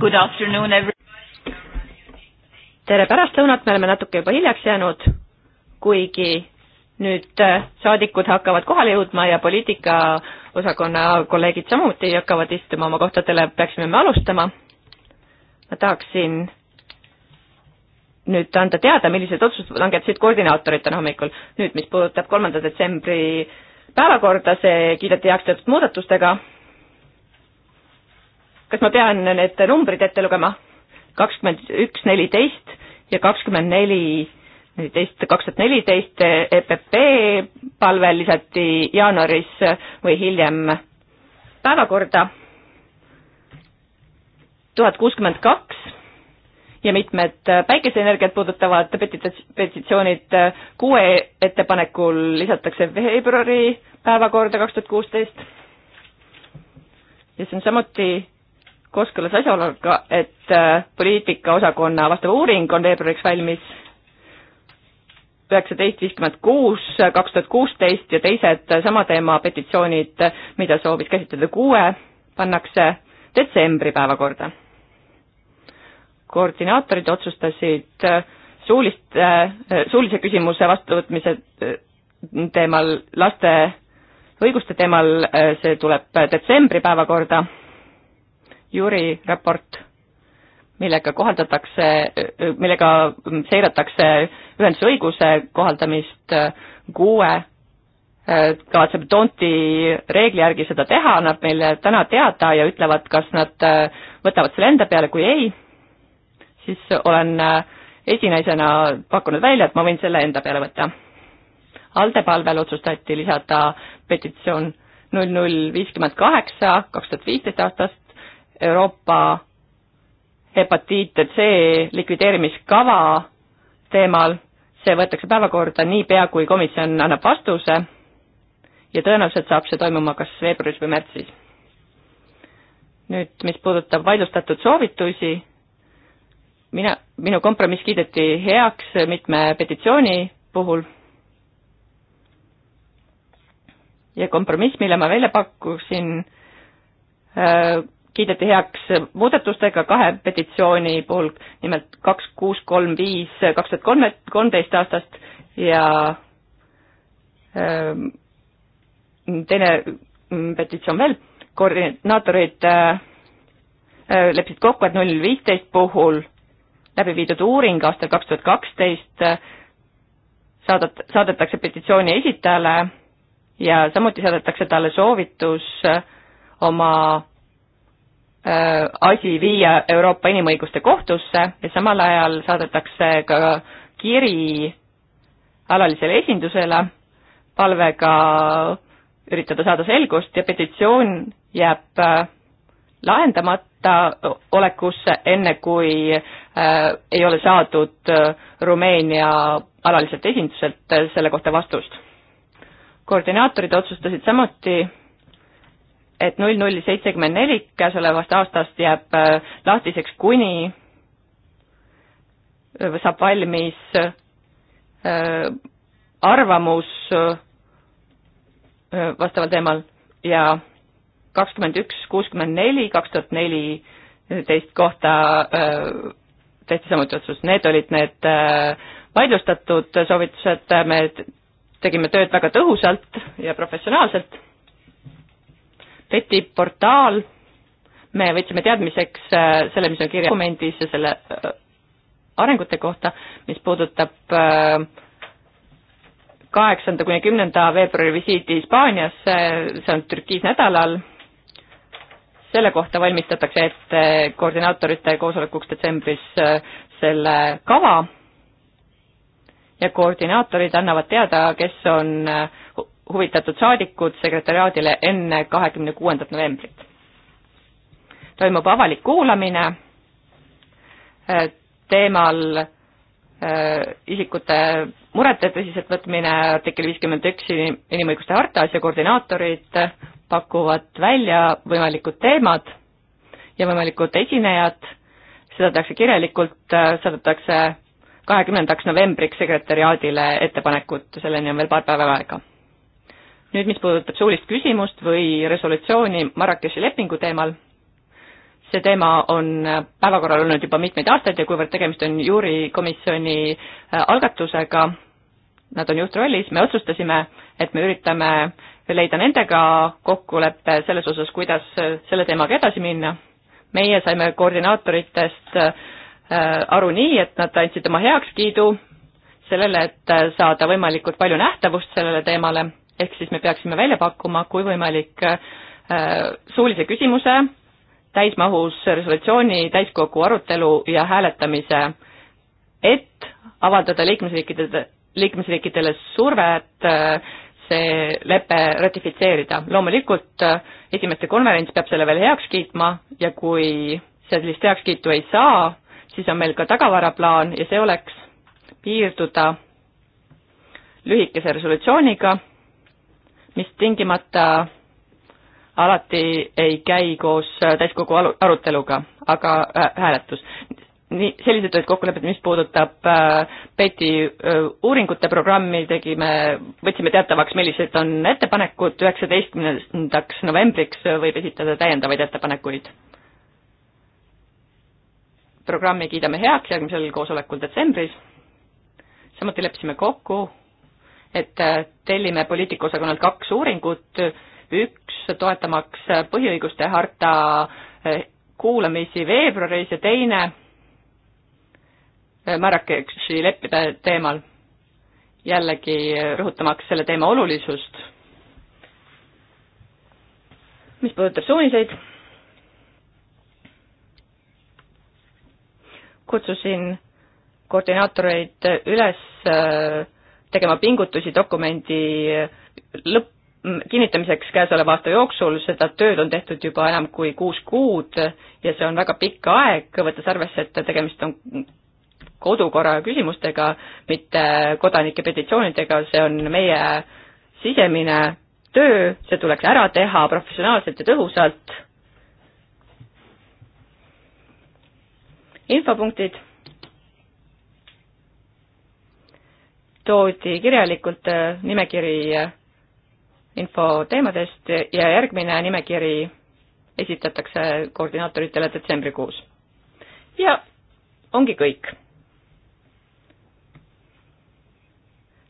Good afternoon everybody. tere pärastlõunat, me oleme natuke juba hiljaks jäänud, kuigi nüüd äh, saadikud hakkavad kohale jõudma ja poliitikaosakonna kolleegid samuti hakkavad istuma oma kohtadele, peaksime me alustama. ma tahaksin nüüd anda teada, millised otsused langetasid koordinaatorid täna hommikul. nüüd, mis puudutab kolmanda detsembri päevakorda, see kiideti heaks teatud muudatustega kas ma pean need numbrid ette lugema? kakskümmend üks, neliteist ja kakskümmend neli, neliteist, kaks tuhat neliteist EPP palve lisati jaanuaris või hiljem päevakorda tuhat kuuskümmend kaks ja mitmed päikeseenergiat puudutavad petitsioonid kuue ettepanekul lisatakse veebruari päevakorda kaks tuhat kuusteist ja see on samuti kooskõlas asjaoluga, et äh, poliitikaosakonna vastav uuring on veebruariks valmis, üheksateist viiskümmend kuus, kaks tuhat kuusteist ja teised sama teema petitsioonid, mida soovis käsitleda kuue, pannakse detsembri päevakorda. koordinaatorid otsustasid äh, suulist, äh, suulise küsimuse vastuvõtmise teemal, laste õiguste teemal, see tuleb detsembri päevakorda juri raport, millega kohaldatakse, millega seiratakse ühenduse õiguse kohaldamist, kuue kavatseb Donti reegli järgi seda teha, annab meile täna teada ja ütlevad, kas nad võtavad selle enda peale, kui ei, siis olen esinaisena pakkunud välja, et ma võin selle enda peale võtta. ALDE palvel otsustati lisada petitsioon null null viiskümmend kaheksa kaks tuhat viisteist aastast, Euroopa hepatiite C likvideerimiskava teemal, see võetakse päevakorda niipea, kui komisjon annab vastuse ja tõenäoliselt saab see toimuma kas veebruaris või märtsis. nüüd, mis puudutab vaidlustatud soovitusi, mina, minu kompromiss kiideti heaks mitme petitsiooni puhul ja kompromiss, mille ma välja pakkusin äh,, kiideti heaks muudatustega kahe petitsiooni puhul, nimelt kaks kuus kolm viis kaks tuhat kolme, kolmteist aastast ja ähm, teine mm, petitsioon veel, koordinaatorid äh, äh, leppisid kokku, et null viisteist puhul läbi viidud uuring aastal kaks tuhat kaksteist äh, saadet-, saadetakse petitsiooni esitajale ja samuti saadetakse talle soovitus oma Äh, asi viia Euroopa Inimõiguste Kohtusse ja samal ajal saadetakse ka kiri alalisele esindusele palvega üritada saada selgust ja petitsioon jääb äh, lahendamata olekusse, enne kui äh, ei ole saadud Rumeenia alaliselt esinduselt selle kohta vastust. koordinaatorid otsustasid samuti et null null seitsekümmend neli käesolevast aastast jääb äh, lahtiseks, kuni äh, saab valmis äh, arvamus vastaval teemal ja kakskümmend üks kuuskümmend neli kaks tuhat neliteist kohta tehti samuti otsus, need olid need vaidlustatud soovitused, me tegime tööd väga tõhusalt ja professionaalselt petiportaal, me võtsime teadmiseks äh, selle, mis on kirja dokumendis ja selle äh, arengute kohta, mis puudutab äh, kaheksanda kuni kümnenda veebruari visiiti Hispaaniasse, see on Türgis nädalal, selle kohta valmistatakse ette koordinaatorite koosolekuks detsembris selle kava ja koordinaatorid annavad teada, kes on äh, huvitatud saadikud sekretäriaadile enne kahekümne kuuendat novembrit. toimub avalik kuulamine äh, teemal äh, isikute murete tõsiseltvõtmine, artikkel viiskümmend üks inimõiguste hartas ja koordinaatorid pakuvad välja võimalikud teemad ja võimalikud esinejad, seda tehakse kirjalikult, äh, saadetakse kahekümnendaks novembriks sekretäriaadile ettepanekud, selleni on veel paar päeva aega nüüd, mis puudutab suulist küsimust või resolutsiooni Marrakechi lepingu teemal, see teema on päevakorral olnud juba mitmeid aastaid ja kuivõrd tegemist on juurikomisjoni äh, algatusega, nad on juhtrollis, me otsustasime, et me üritame leida nendega kokkuleppe selles osas, kuidas äh, selle teemaga edasi minna. meie saime koordinaatoritest äh, aru nii, et nad andsid oma heakskiidu sellele, et saada võimalikult palju nähtavust sellele teemale ehk siis me peaksime välja pakkuma, kui võimalik, äh, suulise küsimuse, täismahus resolutsiooni täiskogu arutelu ja hääletamise, et avaldada liikmesriikidele, liikmesriikidele survet äh, see lepe ratifitseerida. loomulikult äh, esimeste konverents peab selle veel heaks kiitma ja kui sellist heakskiitu ei saa, siis on meil ka tagavaraplaan ja see oleks piirduda lühikese resolutsiooniga mis tingimata alati ei käi koos äh, täiskogu aruteluga, aga äh, hääletus. nii, sellised olid kokkulepped, mis puudutab äh, PETi äh, uuringute programmi, tegime, võtsime teatavaks, millised on ettepanekud, üheksateistkümnendaks novembriks võib esitada täiendavaid ettepanekuid. programmi kiidame heaks järgmisel koosolekul detsembris, samuti leppisime kokku et äh, tellime poliitikaosakonnalt kaks uuringut, üks toetamaks põhiõiguste harta äh, kuulamisi veebruaris ja teine äh, Marrakechi leppide teemal, jällegi rõhutamaks selle teema olulisust. mis puudutab suuniseid, kutsusin koordinaatoreid üles äh, tegema pingutusi dokumendi lõpp, kinnitamiseks käesoleva aasta jooksul, seda tööd on tehtud juba enam kui kuus kuud ja see on väga pikk aeg, võttes arvesse, et tegemist on kodukorra küsimustega, mitte kodanike petitsioonidega, see on meie sisemine töö, see tuleks ära teha professionaalselt ja tõhusalt. infopunktid toodi kirjalikult äh, nimekiri äh, infoteemadest ja järgmine nimekiri esitatakse koordinaatoritele detsembrikuus. ja ongi kõik.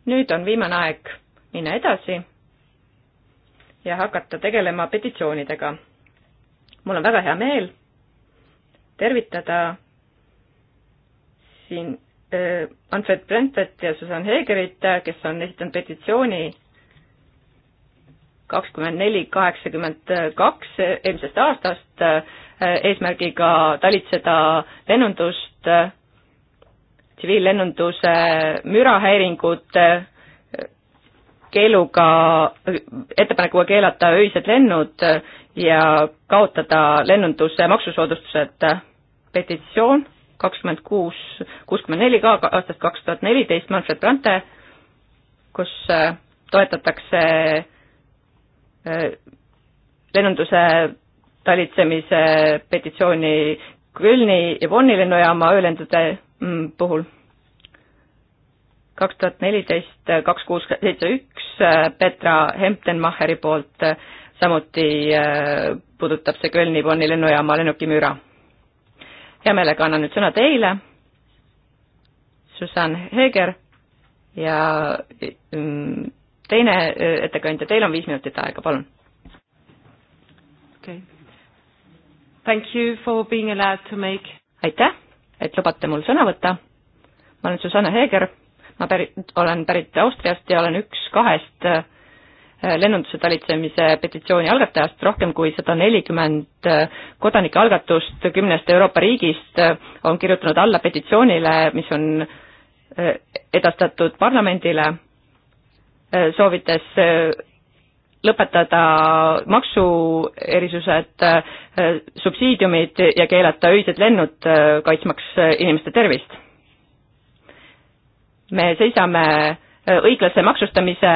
nüüd on viimane aeg minna edasi ja hakata tegelema petitsioonidega. mul on väga hea meel tervitada siin Äh, Anfred Brentet ja Susan Heegerit, kes on esitanud petitsiooni kakskümmend neli kaheksakümmend kaks eelmisest aastast äh, eesmärgiga talitseda lennundust, tsiviillennunduse mürahäiringute keeluga, ettepanekuga keelata öised lennud ja kaotada lennunduse maksusoodustused. petitsioon kakskümmend kuus, kuuskümmend neli ka aastast kaks tuhat neliteist Manfred Brandte, kus äh, toetatakse äh, lennunduse talitsemise petitsiooni Kölni ja Bonni lennujaama öölendude mm, puhul. kaks tuhat neliteist äh, kaks kuus seitse üks Petra Hemptenmacheri poolt, samuti puudutab see Kölni-Bonni lennujaama lennukimüüra hea meelega annan nüüd sõna teile, Susanne Heger ja mm, teine äh, ettekandja, teil on viis minutit aega, palun. okei okay.. Thank you for being allowed to make aitäh, et lubate mul sõna võtta. ma olen Susanne Heger, ma pärit, olen pärit Austriast ja olen üks kahest äh, Äh, lennunduse talitsemise petitsiooni algatajast, rohkem kui sada nelikümmend äh, kodanikealgatust kümnest Euroopa riigist äh, on kirjutanud alla petitsioonile, mis on edastatud parlamendile, soovides lõpetada maksuerisused, subsiidiumid ja keelata öised lennud, kaitsmaks inimeste tervist. me seisame õiglase maksustamise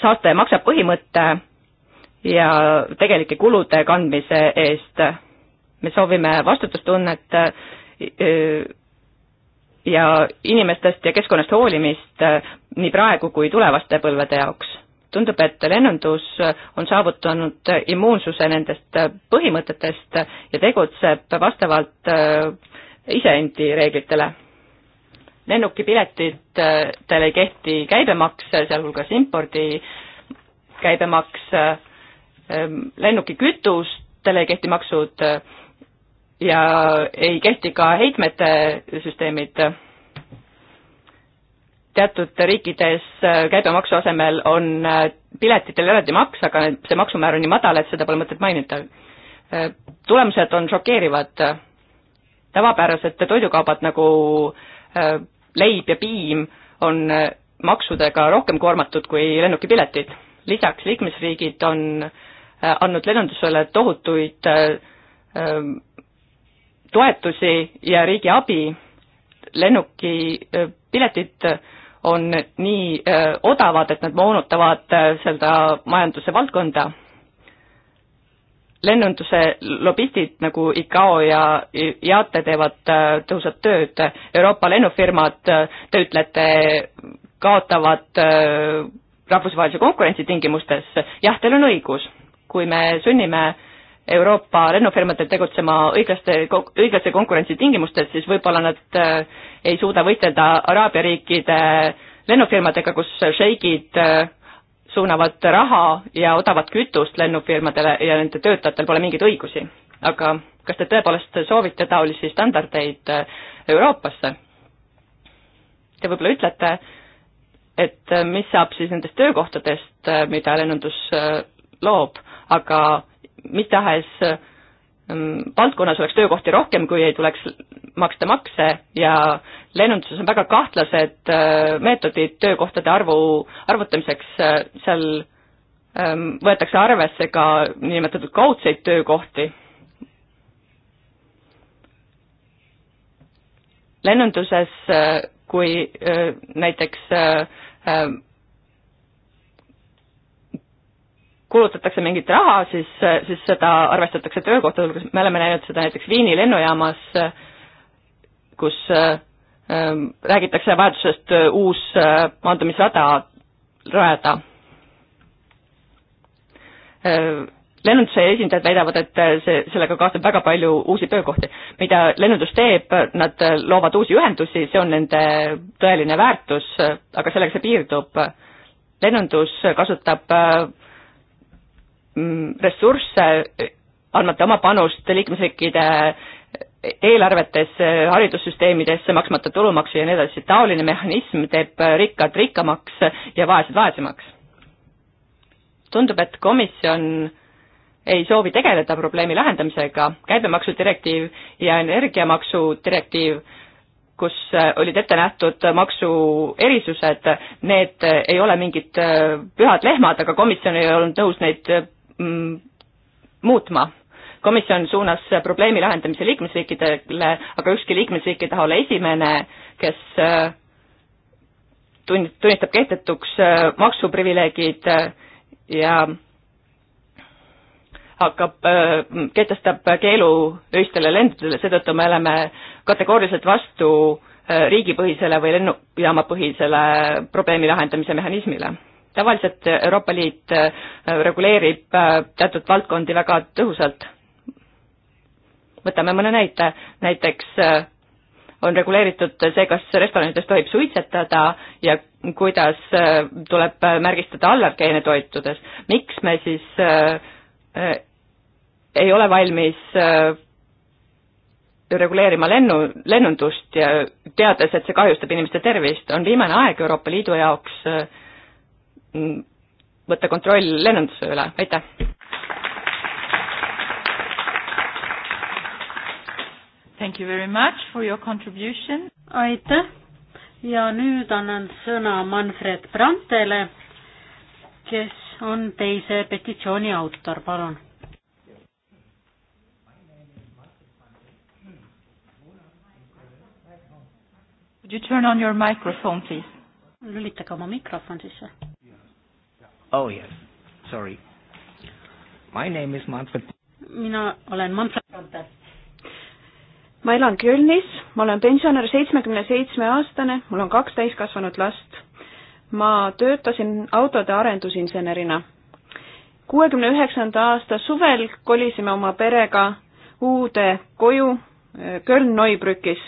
saastaja maksab põhimõte ja tegelike kulude kandmise eest. me soovime vastutustunnet äh, ja inimestest ja keskkonnast hoolimist äh, nii praegu kui tulevaste põlvede jaoks. tundub, et lennundus on saavutanud immuunsuse nendest äh, põhimõtetest ja tegutseb vastavalt iseendi reeglitele lennukipiletitele äh, ei kehti käibemaks, sealhulgas impordi käibemaks, äh, ähm, lennukikütustele ei kehti maksud äh, ja ei kehti ka heitmete süsteemid. teatud riikides käibemaksu asemel on piletitel eraldi maks, aga see maksumäär on nii madal, et seda pole mõtet mainida. tulemused on šokeerivad. tavapärased toidukaubad nagu leib ja piim on äh, maksudega rohkem koormatud kui lennukipiletid. lisaks liikmesriigid on äh, andnud lennundusele tohutuid äh, ähm, toetusi ja riigi abi, lennukipiletid on nii odavad, et nad moonutavad seda majanduse valdkonda lennunduse lobistid nagu ICAO ja IATA teevad äh, tõhusat tööd, Euroopa lennufirmad, äh, töötlejate kaotavad äh, rahvusvahelise konkurentsi tingimustes, jah, teil on õigus, kui me sunnime Euroopa lennufirmadel tegutsema õiglaste, õiglaste konkurentsitingimustes, siis võib-olla nad ei suuda võitelda Araabia riikide lennufirmadega, kus šeigid äh, suunavad raha ja odavat kütust lennufirmadele ja nende töötajatel pole mingeid õigusi. aga kas te tõepoolest soovite taolisi standardeid äh, Euroopasse? Te võib-olla ütlete, et äh, mis saab siis nendest töökohtadest, äh, mida lennundus loob, aga mis tahes Ehm, valdkonnas oleks töökohti rohkem, kui ei tuleks maksta makse ja lennunduses on väga kahtlased ehm, meetodid töökohtade arvu arvutamiseks, ehm, seal võetakse arvesse ka niinimetatud kaudseid töökohti. lennunduses, kui näiteks kulutatakse mingit raha, siis, siis seda arvestatakse töökohtadel, kus me oleme näinud seda näiteks Viini lennujaamas, kus ähm, räägitakse vajadusest äh, uus äh, maandumisrada rajada. Äh, lennunduse esindajad väidavad, et see, sellega kaasneb väga palju uusi töökohti. mida lennundus teeb, nad loovad uusi ühendusi, see on nende tõeline väärtus, aga sellega see piirdub. lennundus kasutab Mm, ressursse, andmata oma panust liikmesriikide eelarvetes, haridussüsteemidesse, maksmata tulumaksu ja nii edasi, taoline mehhanism teeb rikkad rikkamaks ja vaesed vaesemaks. tundub, et komisjon ei soovi tegeleda probleemi lahendamisega, käibemaksudirektiiv ja energiamaksudirektiiv, kus olid ette nähtud maksuerisused, need ei ole mingid pühad lehmad, aga komisjon ei olnud nõus neid Mm, muutma. komisjon suunas probleemi lahendamise liikmesriikidele, aga ükski liikmesriik ei taha olla esimene, kes äh, tun-, tunnistab kehtetuks äh, maksuprivileegid äh, ja hakkab, kehtestab keelu öistele lendudele, seetõttu me oleme kategooriliselt vastu riigipõhisele või lennujaamapõhisele probleemi lahendamise mehhanismile tavaliselt Euroopa Liit äh, reguleerib äh, teatud valdkondi väga tõhusalt. võtame mõne näite, näiteks äh, on reguleeritud see, kas restoranides tohib suitsetada ja kuidas tuleb märgistada allergeene toitudes. miks me siis äh, ei ole valmis äh, reguleerima lennu, lennundust ja teades, et see kahjustab inimeste tervist, on viimane aeg Euroopa Liidu jaoks äh, võtta kontroll lennunduse üle, aitäh! Thank you very much for your contribution. aitäh ja nüüd annan sõna Manfred Brandtele, kes on teise petitsiooni autor, palun. Would you turn on your microphone please? lülitage oma mikrofon sisse Oh yes, sorry. My name is Manfred. mina olen Manfred Randel. ma elan Kölnis, ma olen pensionär, seitsmekümne seitsme aastane, mul on kaks täiskasvanud last. ma töötasin autode arendusinsenerina. kuuekümne üheksanda aasta suvel kolisime oma perega uude koju eh, Köln-Neubrückis.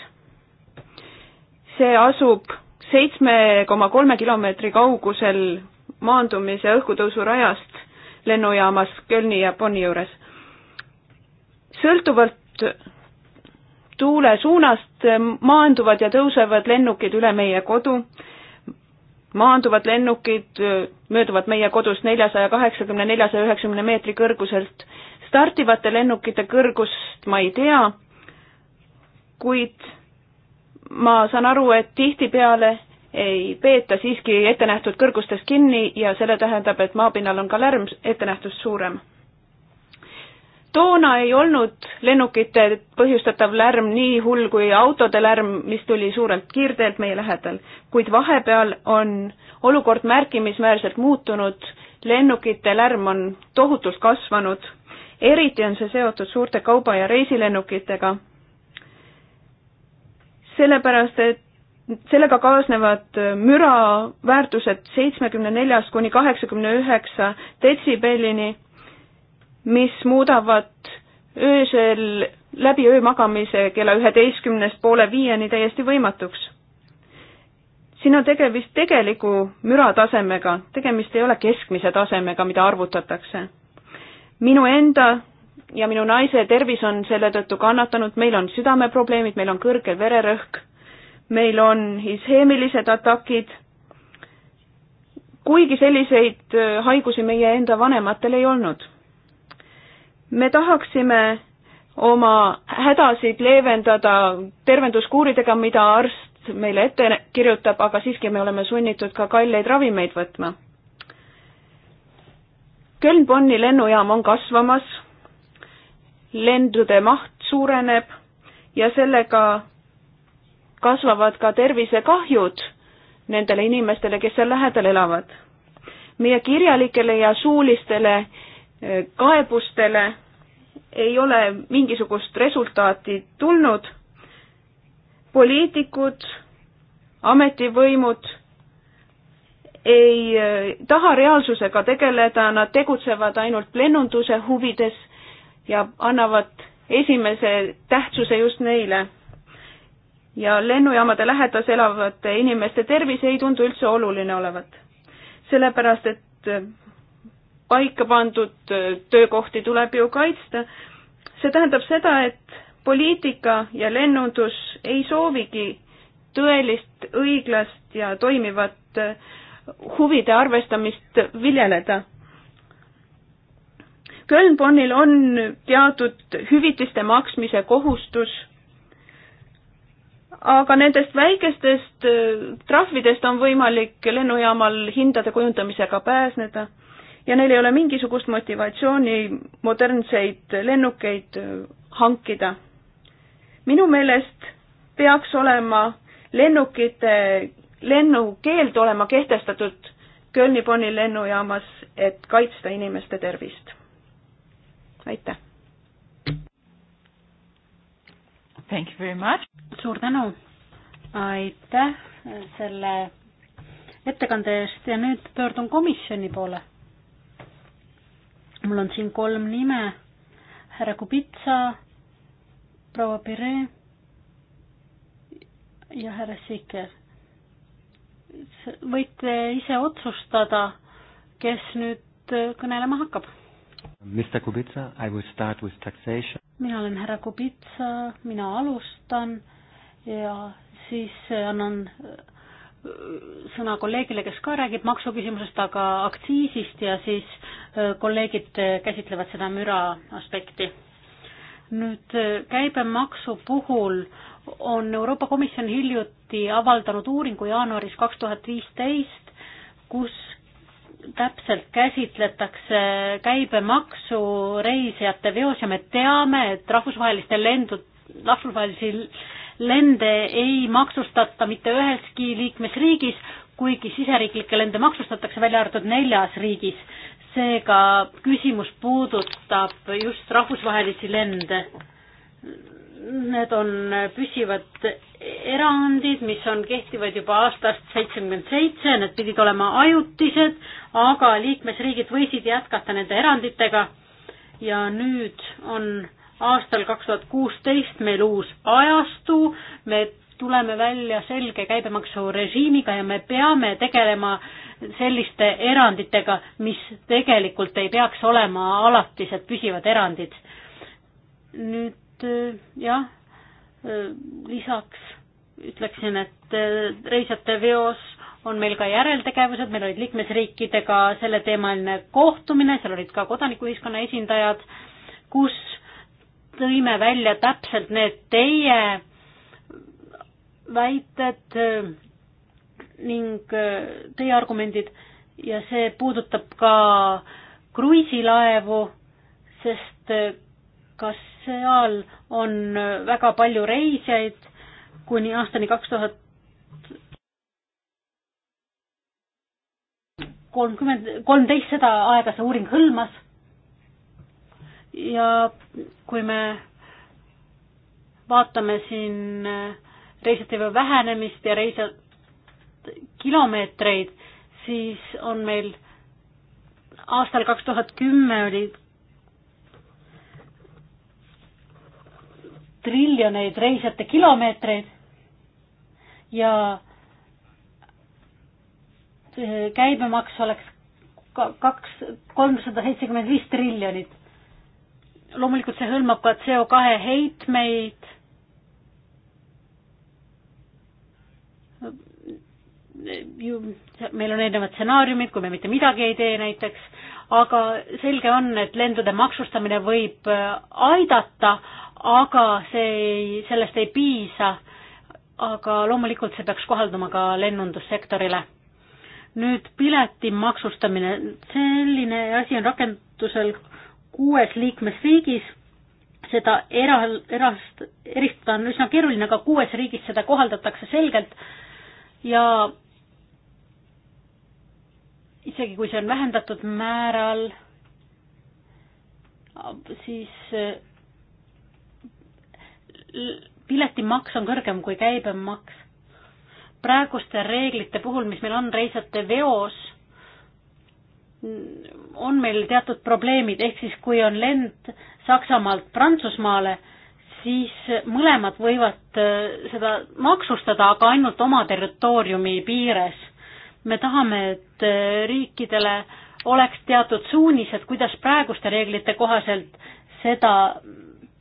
see asub seitsme koma kolme kilomeetri kaugusel maandumise õhkutõusurajast lennujaamas Kölni ja Bonni juures. sõltuvalt tuule suunast maanduvad ja tõusevad lennukid üle meie kodu, maanduvad lennukid mööduvad meie kodust neljasaja kaheksakümne, neljasaja üheksakümne meetri kõrguselt. startivate lennukite kõrgust ma ei tea, kuid ma saan aru, et tihtipeale ei peeta siiski ettenähtud kõrgustest kinni ja selle tähendab, et maapinnal on ka lärm ettenähtust suurem. toona ei olnud lennukite põhjustatav lärm nii hull kui autode lärm, mis tuli suurelt kiirteelt meie lähedal, kuid vahepeal on olukord märkimisväärselt muutunud, lennukite lärm on tohutult kasvanud, eriti on see seotud suurte kauba- ja reisilennukitega, sellepärast et sellega kaasnevad äh, müra väärtused seitsmekümne neljast kuni kaheksakümne üheksa detsibellini, mis muudavad öösel läbi öö magamise kella üheteistkümnest poole viieni täiesti võimatuks. siin on tegemist tegeliku müratasemega, tegemist ei ole keskmise tasemega, mida arvutatakse. minu enda ja minu naise tervis on selle tõttu kannatanud, meil on südameprobleemid, meil on kõrge vererõhk meil on isheemilised atakid, kuigi selliseid äh, haigusi meie enda vanematel ei olnud. me tahaksime oma hädasid leevendada tervenduskuuridega, mida arst meile ette kirjutab, aga siiski me oleme sunnitud ka kalleid ravimeid võtma. Köln-Bonni lennujaam on kasvamas, lendude maht suureneb ja sellega kasvavad ka tervisekahjud nendele inimestele, kes seal lähedal elavad. meie kirjalikele ja suulistele eh, kaebustele ei ole mingisugust resultaati tulnud. poliitikud, ametivõimud ei eh, taha reaalsusega tegeleda, nad tegutsevad ainult lennunduse huvides ja annavad esimese tähtsuse just neile ja lennujaamade lähedas elavate inimeste tervis ei tundu üldse oluline olevat. sellepärast, et äh, paika pandud äh, töökohti tuleb ju kaitsta. see tähendab seda, et poliitika ja lennundus ei soovigi tõelist, õiglast ja toimivat äh, huvide arvestamist viljeleda. Köln-Bonnil on teatud hüvitiste maksmise kohustus aga nendest väikestest äh, trahvidest on võimalik lennujaamal hindade kujundamisega pääseda ja neil ei ole mingisugust motivatsiooni modernseid lennukeid äh, hankida. minu meelest peaks olema lennukite lennukeeld olema kehtestatud Kölni-Bonni lennujaamas, et kaitsta inimeste tervist. aitäh! Thank you very much. suur tänu. aitäh selle ettekande eest ja nüüd pöördun komisjoni poole. mul on siin kolm nime, härra Kubitsa, proua Pire ja härra Siker. võite ise otsustada, kes nüüd kõnelema hakkab mina olen härra Kubitsa, mina alustan ja siis annan äh, sõna kolleegile, kes ka räägib maksuküsimusest, aga aktsiisist ja siis äh, kolleegid äh, käsitlevad seda müra aspekti. nüüd käibemaksu puhul on Euroopa Komisjon hiljuti avaldanud uuringu jaanuaris kaks tuhat viisteist, kus täpselt käsitletakse käibemaksu reisijate veos ja me teame, et rahvusvahelistel lendud, rahvusvahelisi lende ei maksustata mitte üheski liikmesriigis, kuigi siseriiklikke lende maksustatakse, välja arvatud neljas riigis. seega küsimus puudutab just rahvusvahelisi lende need on püsivad erandid, mis on kehtivad juba aastast seitsekümmend seitse, need pidid olema ajutised, aga liikmesriigid võisid jätkata nende eranditega ja nüüd on aastal kaks tuhat kuusteist meil uus ajastu, me tuleme välja selge käibemaksurežiimiga ja me peame tegelema selliste eranditega, mis tegelikult ei peaks olema alatised püsivad erandid. nüüd et äh, jah, äh, lisaks ütleksin, et äh, reisijate veos on meil ka järeltegevused, meil olid liikmesriikidega selleteemaline kohtumine, seal olid ka kodanikuühiskonna esindajad, kus tõime välja täpselt need teie väited ning teie argumendid ja see puudutab ka kruiisilaevu, sest kas seal on äh, väga palju reisijaid kuni aastani kaks tuhat kolmkümmend, kolmteist seda aega see uuring hõlmas. ja kui me vaatame siin äh, reisijate vähenemist ja reisijate kilomeetreid, siis on meil aastal kaks tuhat kümme oli triljoneid reisijate kilomeetreid ja käibemaks oleks kaks, kolmsada seitsekümmend viis triljonit. loomulikult see hõlmab ka CO kahe heitmeid. ju meil on erinevad stsenaariumid, kui me mitte midagi ei tee näiteks, aga selge on, et lendude maksustamine võib aidata, aga see ei, sellest ei piisa. aga loomulikult see peaks kohalduma ka lennundussektorile. nüüd pileti maksustamine, selline asi on rakendusel kuues liikmesriigis, seda era, erast, eristada on üsna keeruline, aga kuues riigis seda kohaldatakse selgelt ja isegi kui see on vähendatud määral, siis piletimaks on kõrgem kui käibemaks. praeguste reeglite puhul, mis meil on reisijate veos, on meil teatud probleemid, ehk siis kui on lend Saksamaalt Prantsusmaale, siis mõlemad võivad äh, seda maksustada, aga ainult oma territooriumi piires. me tahame, et äh, riikidele oleks teatud suunised, kuidas praeguste reeglite kohaselt seda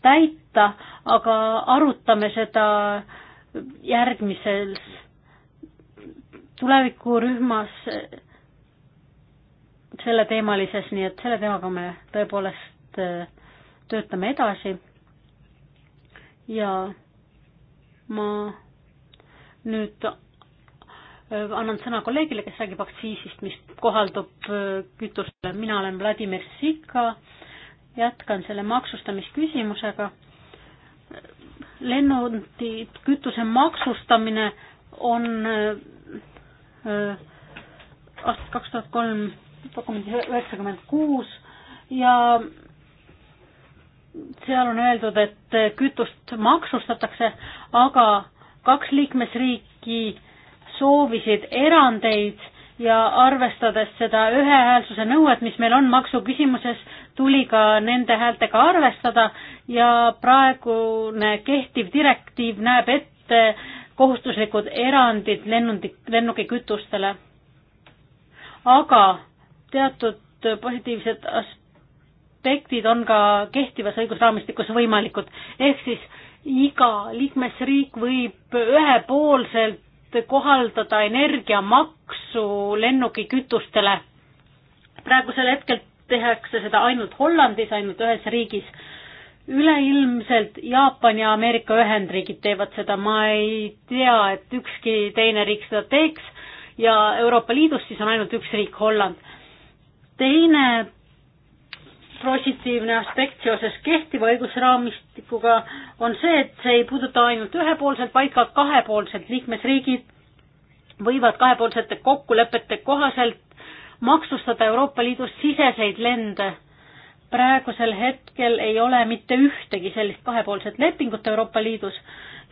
täita, aga arutame seda järgmises tulevikurühmas selleteemalises, nii et selle teemaga me tõepoolest äh, töötame edasi. ja ma nüüd äh, annan sõna kolleegile, kes räägib aktsiisist, mis kohaldub äh, kütusele. mina olen Vladimir Sika jätkan selle maksustamisküsimusega. lennukikütuse maksustamine on äh, äh, aastast kaks tuhat kolm dokumendis üheksakümmend kuus ja seal on öeldud, et kütust maksustatakse, aga kaks liikmesriiki soovisid erandeid ja arvestades seda ühehäälsuse nõuet, mis meil on maksuküsimuses, tuli ka nende häältega arvestada ja praegune kehtiv direktiiv näeb ette kohustuslikud erandid lennundi, lennukikütustele. aga teatud positiivsed aspektid on ka kehtivas õigusraamistikus võimalikud, ehk siis iga liikmesriik võib ühepoolselt kohaldada energiamaksu lennukikütustele. praegusel hetkel tehakse seda ainult Hollandis, ainult ühes riigis. üleilmselt Jaapan ja Ameerika Ühendriigid teevad seda, ma ei tea, et ükski teine riik seda teeks ja Euroopa Liidus siis on ainult üks riik, Holland. teine positiivne aspekt seoses kehtiva õigusraamistikuga on see, et see ei puuduta ainult ühepoolselt, vaid ka kahepoolselt. liikmesriigid võivad kahepoolsete kokkulepete kohaselt maksustada Euroopa Liidu siseseid lende. praegusel hetkel ei ole mitte ühtegi sellist kahepoolset lepingut Euroopa Liidus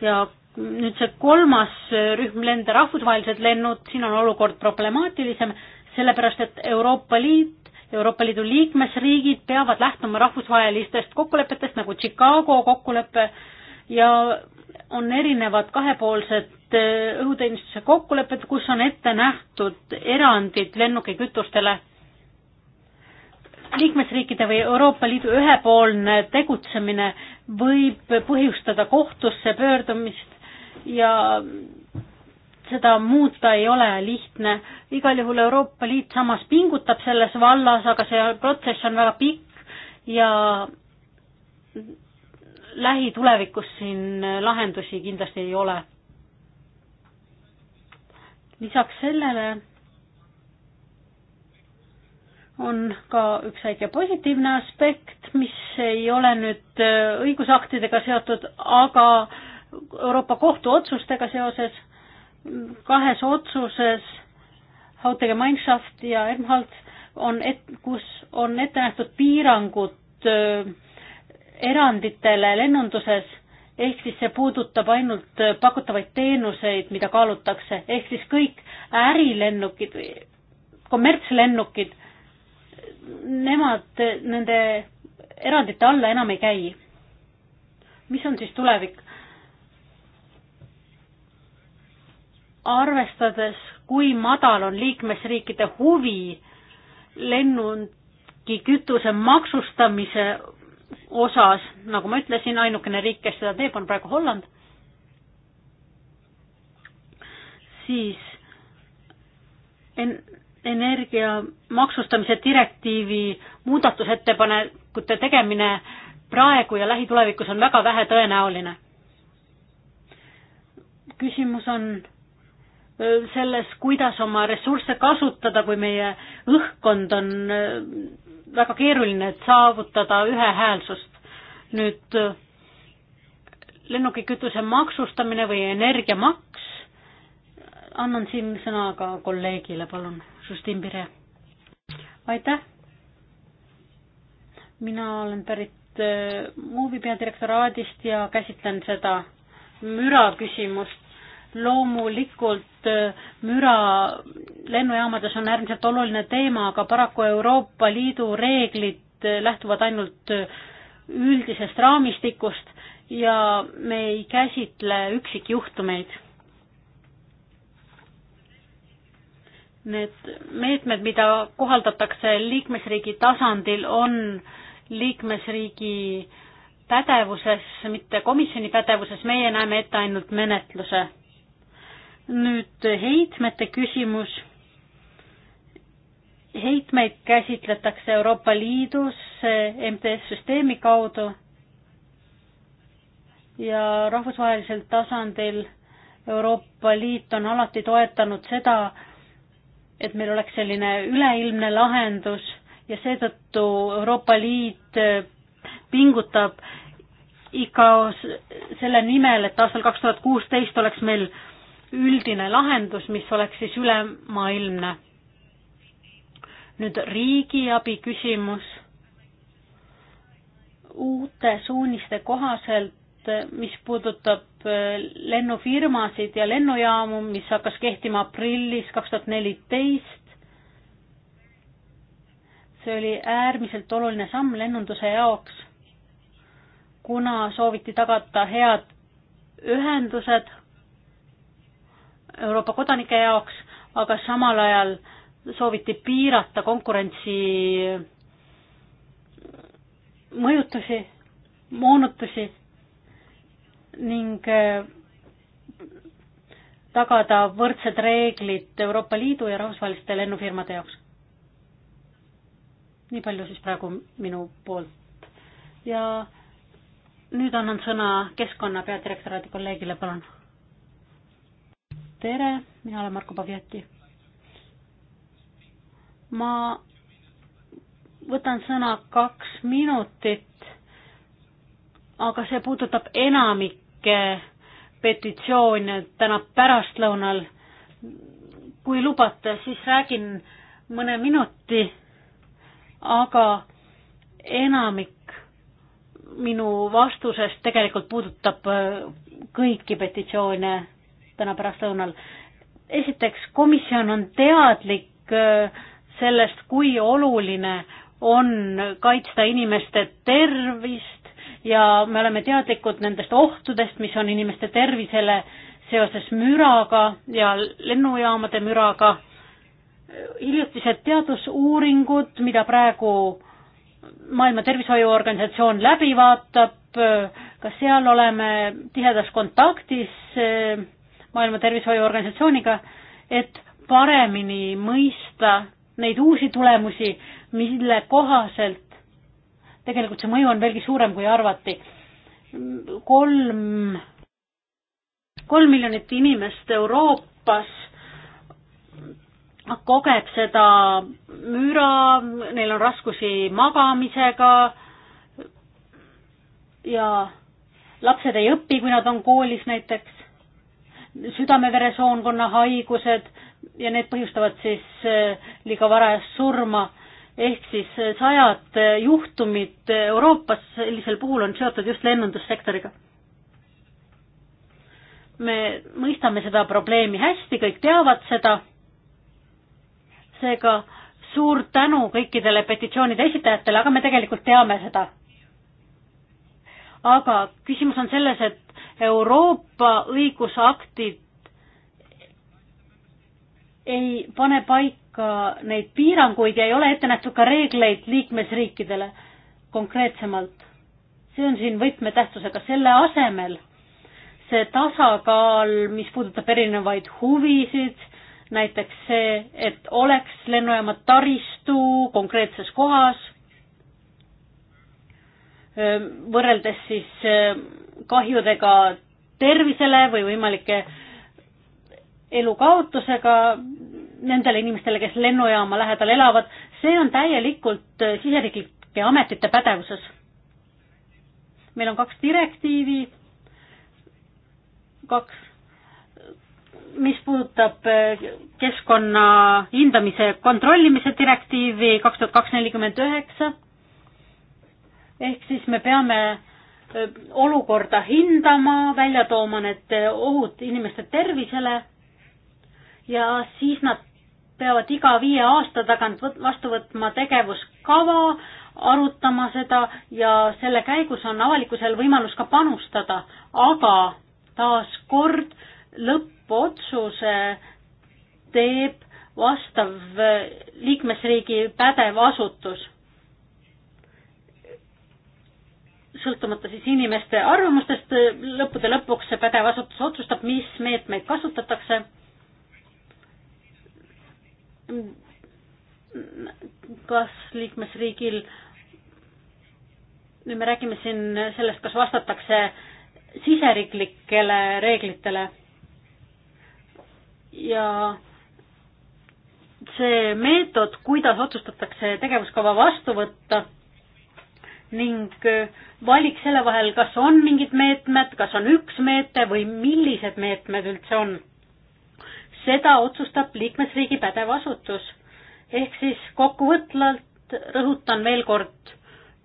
ja nüüd see kolmas rühm lende, rahvusvahelised lennud, siin on olukord problemaatilisem, sellepärast et Euroopa Liit Euroopa Liidu liikmesriigid peavad lähtuma rahvusvahelistest kokkulepetest nagu Chicago kokkulepe ja on erinevad kahepoolsed eh, õhuteenistuse kokkulepped, kus on ette nähtud erandid lennukikütustele. liikmesriikide või Euroopa Liidu ühepoolne tegutsemine võib põhjustada kohtusse pöördumist ja seda muuta ei ole lihtne. igal juhul Euroopa Liit samas pingutab selles vallas, aga see protsess on väga pikk ja lähitulevikus siin lahendusi kindlasti ei ole. lisaks sellele on ka üks väike positiivne aspekt, mis ei ole nüüd õigusaktidega seotud, aga Euroopa Kohtu otsustega seoses kahes otsuses Hautege Mineshaft ja Ermhalt on, kus on ette nähtud piirangud äh, eranditele lennunduses, ehk siis see puudutab ainult äh, pakutavaid teenuseid, mida kaalutakse, ehk siis kõik ärilennukid, kommertslennukid, nemad äh, nende erandite alla enam ei käi. mis on siis tulevik? arvestades, kui madal on liikmesriikide huvi lennukikütuse maksustamise osas, nagu ma ütlesin, ainukene riik, kes seda teeb, on praegu Holland, siis en-, energia maksustamise direktiivi muudatusettepanekute tegemine praegu ja lähitulevikus on väga vähetõenäoline. küsimus on selles, kuidas oma ressursse kasutada, kui meie õhkkond on äh, väga keeruline, et saavutada ühehäälsust. nüüd äh, lennukikütuse maksustamine või energiamaks, annan siin sõna ka kolleegile, palun, Justin Pire. aitäh! mina olen pärit äh, Muuvi peadirektoraadist ja käsitlen seda müra küsimust loomulikult äh, müra lennujaamades on äärmiselt oluline teema, aga paraku Euroopa Liidu reeglid äh, lähtuvad ainult äh, üldisest raamistikust ja me ei käsitle üksikjuhtumeid. Need meetmed, mida kohaldatakse liikmesriigi tasandil, on liikmesriigi pädevuses, mitte komisjoni pädevuses, meie näeme ette ainult menetluse nüüd heitmete küsimus. heitmeid käsitletakse Euroopa Liidus eh, MTS-süsteemi kaudu ja rahvusvahelisel tasandil Euroopa Liit on alati toetanud seda, et meil oleks selline üleilmne lahendus ja seetõttu Euroopa Liit eh, pingutab ikka selle nimel, et aastal kaks tuhat kuusteist oleks meil üldine lahendus, mis oleks siis ülemaailmne. nüüd riigiabi küsimus. uute suuniste kohaselt, mis puudutab eh, lennufirmasid ja lennujaamu, mis hakkas kehtima aprillis kaks tuhat neliteist, see oli äärmiselt oluline samm lennunduse jaoks, kuna sooviti tagada head ühendused Euroopa kodanike jaoks, aga samal ajal sooviti piirata konkurentsi mõjutusi, moonutusi ning äh, tagada võrdsed reeglid Euroopa Liidu ja rahvusvaheliste lennufirmade jaoks. nii palju siis praegu minu poolt ja nüüd annan sõna keskkonna peadirektoraadi kolleegile, palun tere, mina olen Marko Pavjati. ma võtan sõna kaks minutit, aga see puudutab enamikke petitsioone täna pärastlõunal. kui lubate, siis räägin mõne minuti, aga enamik minu vastusest tegelikult puudutab kõiki petitsioone täna pärastlõunal. esiteks, komisjon on teadlik äh, sellest, kui oluline on kaitsta inimeste tervist ja me oleme teadlikud nendest ohtudest, mis on inimeste tervisele seoses müraga ja lennujaamade müraga. hiljutised teadusuuringud, mida praegu Maailma Tervishoiuorganisatsioon läbi vaatab, ka seal oleme tihedas kontaktis Maailma Tervishoiuorganisatsiooniga, et paremini mõista neid uusi tulemusi, mille kohaselt tegelikult see mõju on veelgi suurem, kui arvati. kolm, kolm miljonit inimest Euroopas kogeb seda müra, neil on raskusi magamisega ja lapsed ei õpi, kui nad on koolis näiteks südame-veresoonkonna haigused ja need põhjustavad siis eh, liiga varajast surma. ehk siis eh, sajad eh, juhtumid Euroopas sellisel puhul on seotud just lennundussektoriga. me mõistame seda probleemi hästi, kõik teavad seda. seega suur tänu kõikidele petitsioonide esitajatele, aga me tegelikult teame seda. aga küsimus on selles, et Euroopa õigusaktid ei pane paika neid piiranguid ja ei ole ette nähtud ka reegleid liikmesriikidele konkreetsemalt. see on siin võtmetähtsusega, selle asemel see tasakaal, mis puudutab erinevaid huvisid, näiteks see, et oleks lennujaama taristu konkreetses kohas Ehm, võrreldes siis ehm, kahjudega tervisele või võimalike elukaotusega nendele inimestele, kes lennujaama lähedal elavad, see on täielikult eh, siseriiklike ametite pädevuses. meil on kaks direktiivi, kaks, mis puudutab eh, keskkonna hindamise kontrollimise direktiivi kaks tuhat kaks nelikümmend üheksa ehk siis me peame olukorda hindama, välja tooma need ohud inimeste tervisele ja siis nad peavad iga viie aasta tagant vastu võtma tegevuskava, arutama seda ja selle käigus on avalikkusel võimalus ka panustada, aga taaskord lõppotsuse teeb vastav liikmesriigi pädev asutus sõltumata siis inimeste arvamustest, lõppude lõpuks see pädev asutus otsustab, mis meetmeid kasutatakse. kas liikmesriigil, nüüd me räägime siin sellest, kas vastatakse siseriiklikele reeglitele ja see meetod, kuidas otsustatakse tegevuskava vastu võtta ning äh, valik selle vahel, kas on mingid meetmed, kas on üks meede või millised meetmed üldse on. seda otsustab liikmesriigi pädev asutus. ehk siis kokkuvõtvalt rõhutan veel kord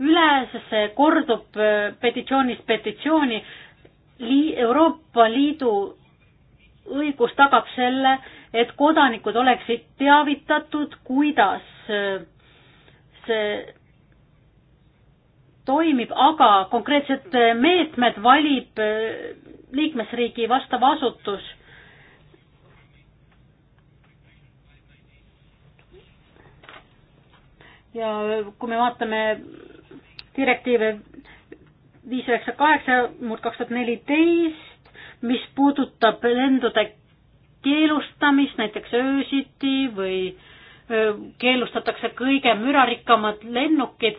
üle, sest see kordub äh, petitsioonist petitsiooni. Euroopa Liidu õigus tagab selle, et kodanikud oleksid teavitatud, kuidas äh, see toimib, aga konkreetsed meetmed valib äh, liikmesriigi vastav asutus. ja kui me vaatame direktiive viis üheksa kaheksa murd kaks tuhat neliteist, mis puudutab lendude keelustamist näiteks öösiti või äh, keelustatakse kõige mürarikkamad lennukid,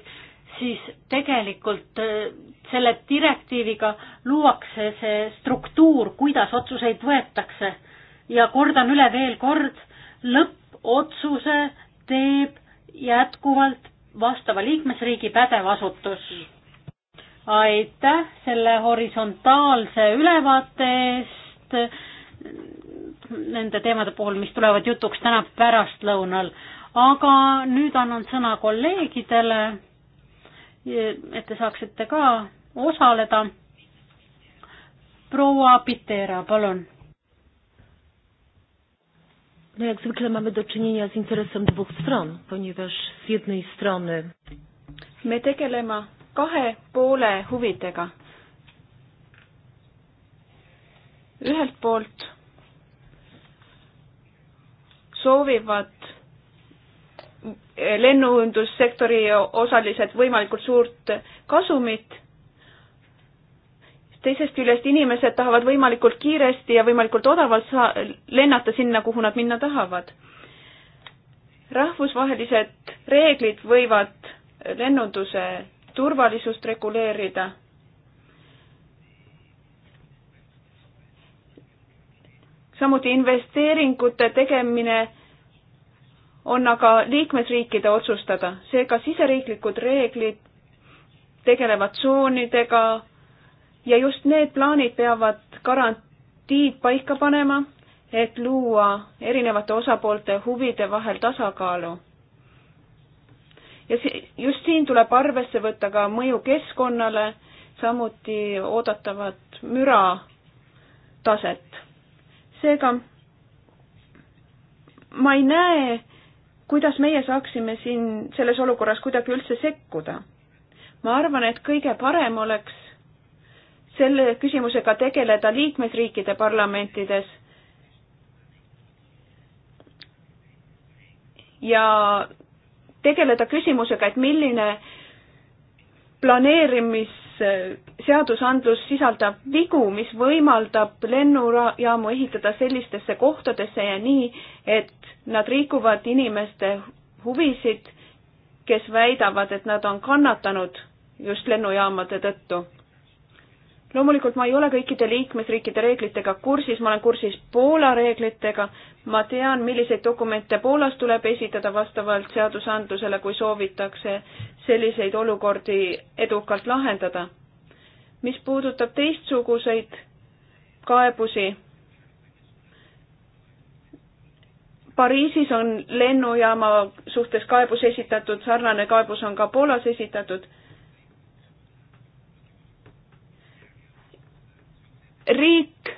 siis tegelikult äh, selle direktiiviga luuakse see struktuur, kuidas otsuseid võetakse. ja kordan üle veel kord, lõppotsuse teeb jätkuvalt vastava liikmesriigi pädev asutus. aitäh selle horisontaalse ülevaate eest nende teemade puhul, mis tulevad jutuks täna pärastlõunal. aga nüüd annan sõna kolleegidele et te saaksite ka osaleda. proua Pitera, palun. No jak zwykle mamy do czynienia z interesem dwóch stron, ponieważ z jednej strony me tegeleme kahe poole huvidega. ühelt poolt soovivad lennuundussektori osalised võimalikult suurt kasumit. teisest küljest inimesed tahavad võimalikult kiiresti ja võimalikult odavalt saa-, lennata sinna, kuhu nad minna tahavad. rahvusvahelised reeglid võivad lennunduse turvalisust reguleerida. samuti investeeringute tegemine on aga liikmesriikide otsustada, seega siseriiklikud reeglid tegelevad tsoonidega ja just need plaanid peavad garantiid paika panema, et luua erinevate osapoolte huvide vahel tasakaalu. ja see, just siin tuleb arvesse võtta ka mõju keskkonnale, samuti oodatavat müra taset. seega ma ei näe kuidas meie saaksime siin selles olukorras kuidagi üldse sekkuda? ma arvan, et kõige parem oleks selle küsimusega tegeleda liikmesriikide parlamentides ja tegeleda küsimusega, et milline planeerimis Äh, seadusandlus sisaldab vigu, mis võimaldab lennujaamu ehitada sellistesse kohtadesse ja nii, et nad rikuvad inimeste huvisid, kes väidavad, et nad on kannatanud just lennujaamade tõttu. loomulikult ma ei ole kõikide liikmesriikide reeglitega kursis, ma olen kursis Poola reeglitega, ma tean, milliseid dokumente Poolas tuleb esitada vastavalt seadusandlusele, kui soovitakse selliseid olukordi edukalt lahendada. mis puudutab teistsuguseid kaebusi, Pariisis on lennujaama suhtes kaebus esitatud, sarnane kaebus on ka Poolas esitatud. riik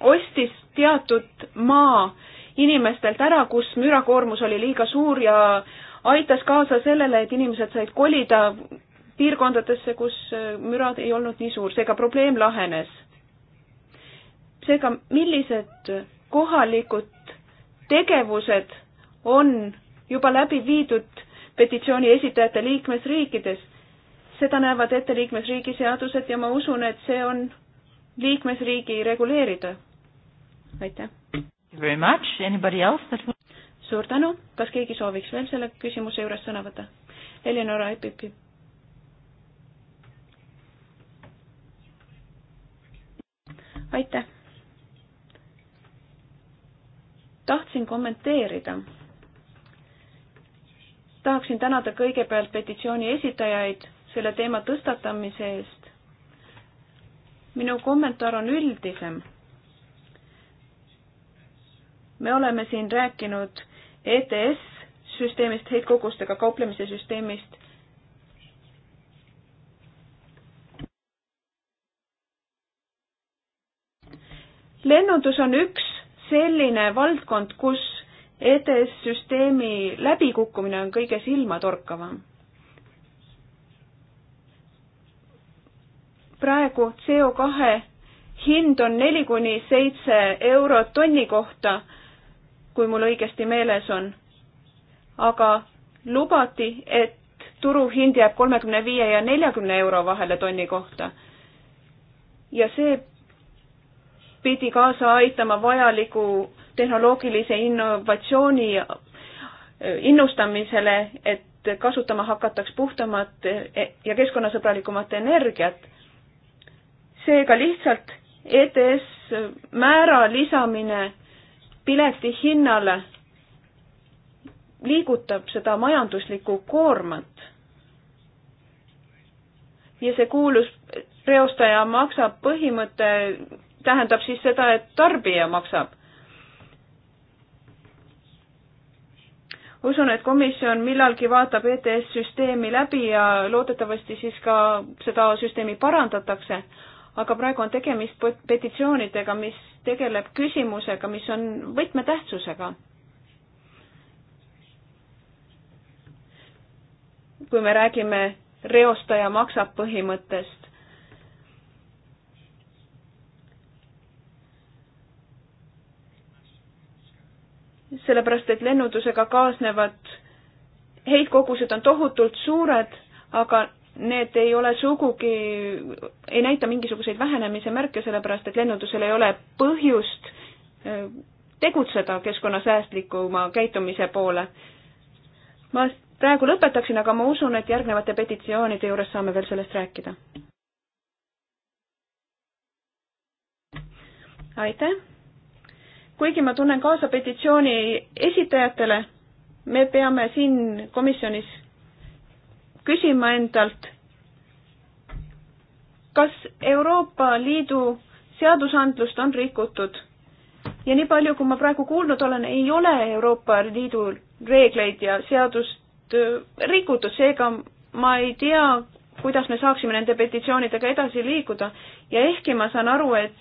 ostis teatud maa inimestelt ära, kus mürakoormus oli liiga suur ja äh, aitas kaasa sellele, et inimesed said kolida piirkondadesse, kus äh, mürad ei olnud nii suur, seega probleem lahenes. seega, millised kohalikud tegevused on juba läbi viidud petitsiooni esitajate liikmesriikides, seda näevad ette liikmesriigi seadused ja ma usun, et see on liikmesriigi reguleerida. aitäh! Very much, anybody else that will suur tänu, kas keegi sooviks veel selle küsimuse juures sõna võtta? Eleonora Epipi. aitäh. tahtsin kommenteerida. tahaksin tänada kõigepealt petitsiooni esitajaid selle teema tõstatamise eest. minu kommentaar on üldisem me oleme siin rääkinud ETS süsteemist, heitkogustega kauplemise süsteemist. lennundus on üks selline valdkond, kus ETS süsteemi läbikukkumine on kõige silmatorkavam. praegu CO kahe hind on neli kuni seitse eurot tonni kohta kui mul õigesti meeles on. aga lubati, et turuhind jääb kolmekümne viie ja neljakümne euro vahele tonni kohta. ja see pidi kaasa aitama vajaliku tehnoloogilise innovatsiooni innustamisele, et kasutama hakataks puhtamat ja keskkonnasõbralikumat energiat. seega lihtsalt ETS määra lisamine piletihinnale liigutab seda majanduslikku koormat. ja see kuulus reostaja maksab põhimõte tähendab siis seda, et tarbija maksab. usun, et komisjon millalgi vaatab ETS-süsteemi läbi ja loodetavasti siis ka seda süsteemi parandatakse, aga praegu on tegemist petitsioonidega, mis tegeleb küsimusega, mis on võtmetähtsusega. kui me räägime reostaja maksab põhimõttest, sellepärast et lennundusega kaasnevad heitkogused on tohutult suured, aga need ei ole sugugi, ei näita mingisuguseid vähenemise märke, sellepärast et lennundusel ei ole põhjust äh, tegutseda keskkonnasäästlikuma käitumise poole. ma praegu lõpetaksin, aga ma usun, et järgnevate petitsioonide juures saame veel sellest rääkida. aitäh! kuigi ma tunnen kaasa petitsiooni esitajatele, me peame siin komisjonis küsima endalt, kas Euroopa Liidu seadusandlust on rikutud. ja nii palju, kui ma praegu kuulnud olen, ei ole Euroopa Liidu reegleid ja seadust äh, rikutud, seega ma ei tea, kuidas me saaksime nende petitsioonidega edasi liikuda ja ehkki ma saan aru, et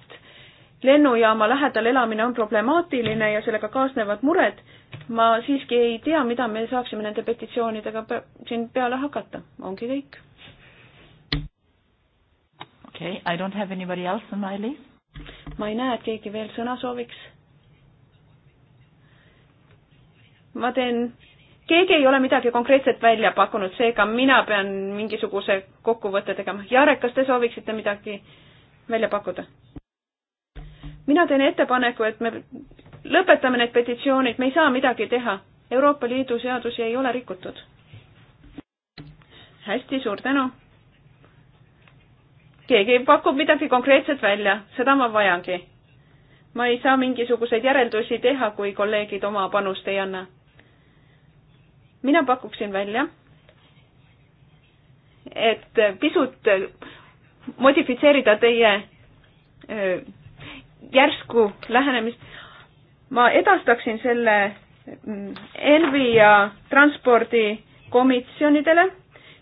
lennujaama lähedal elamine on problemaatiline ja sellega kaasnevad mured, ma siiski ei tea, mida me saaksime nende petitsioonidega pe siin peale hakata, ongi kõik. okei okay,, I don't have anybody else on my list. ma ei näe, et keegi veel sõna sooviks. ma teen, keegi ei ole midagi konkreetset välja pakkunud, seega mina pean mingisuguse kokkuvõtte tegema. Jarek, kas te sooviksite midagi välja pakkuda? mina teen ettepaneku, et me lõpetame need petitsioonid, me ei saa midagi teha. Euroopa Liidu seadusi ei ole rikutud. hästi, suur tänu. keegi pakub midagi konkreetset välja, seda ma vajangi. ma ei saa mingisuguseid järeldusi teha, kui kolleegid oma panust ei anna. mina pakuksin välja, et pisut modifitseerida teie äh, järsku lähenemist ma edastaksin selle mm, ENVI ja transpordikomisjonidele,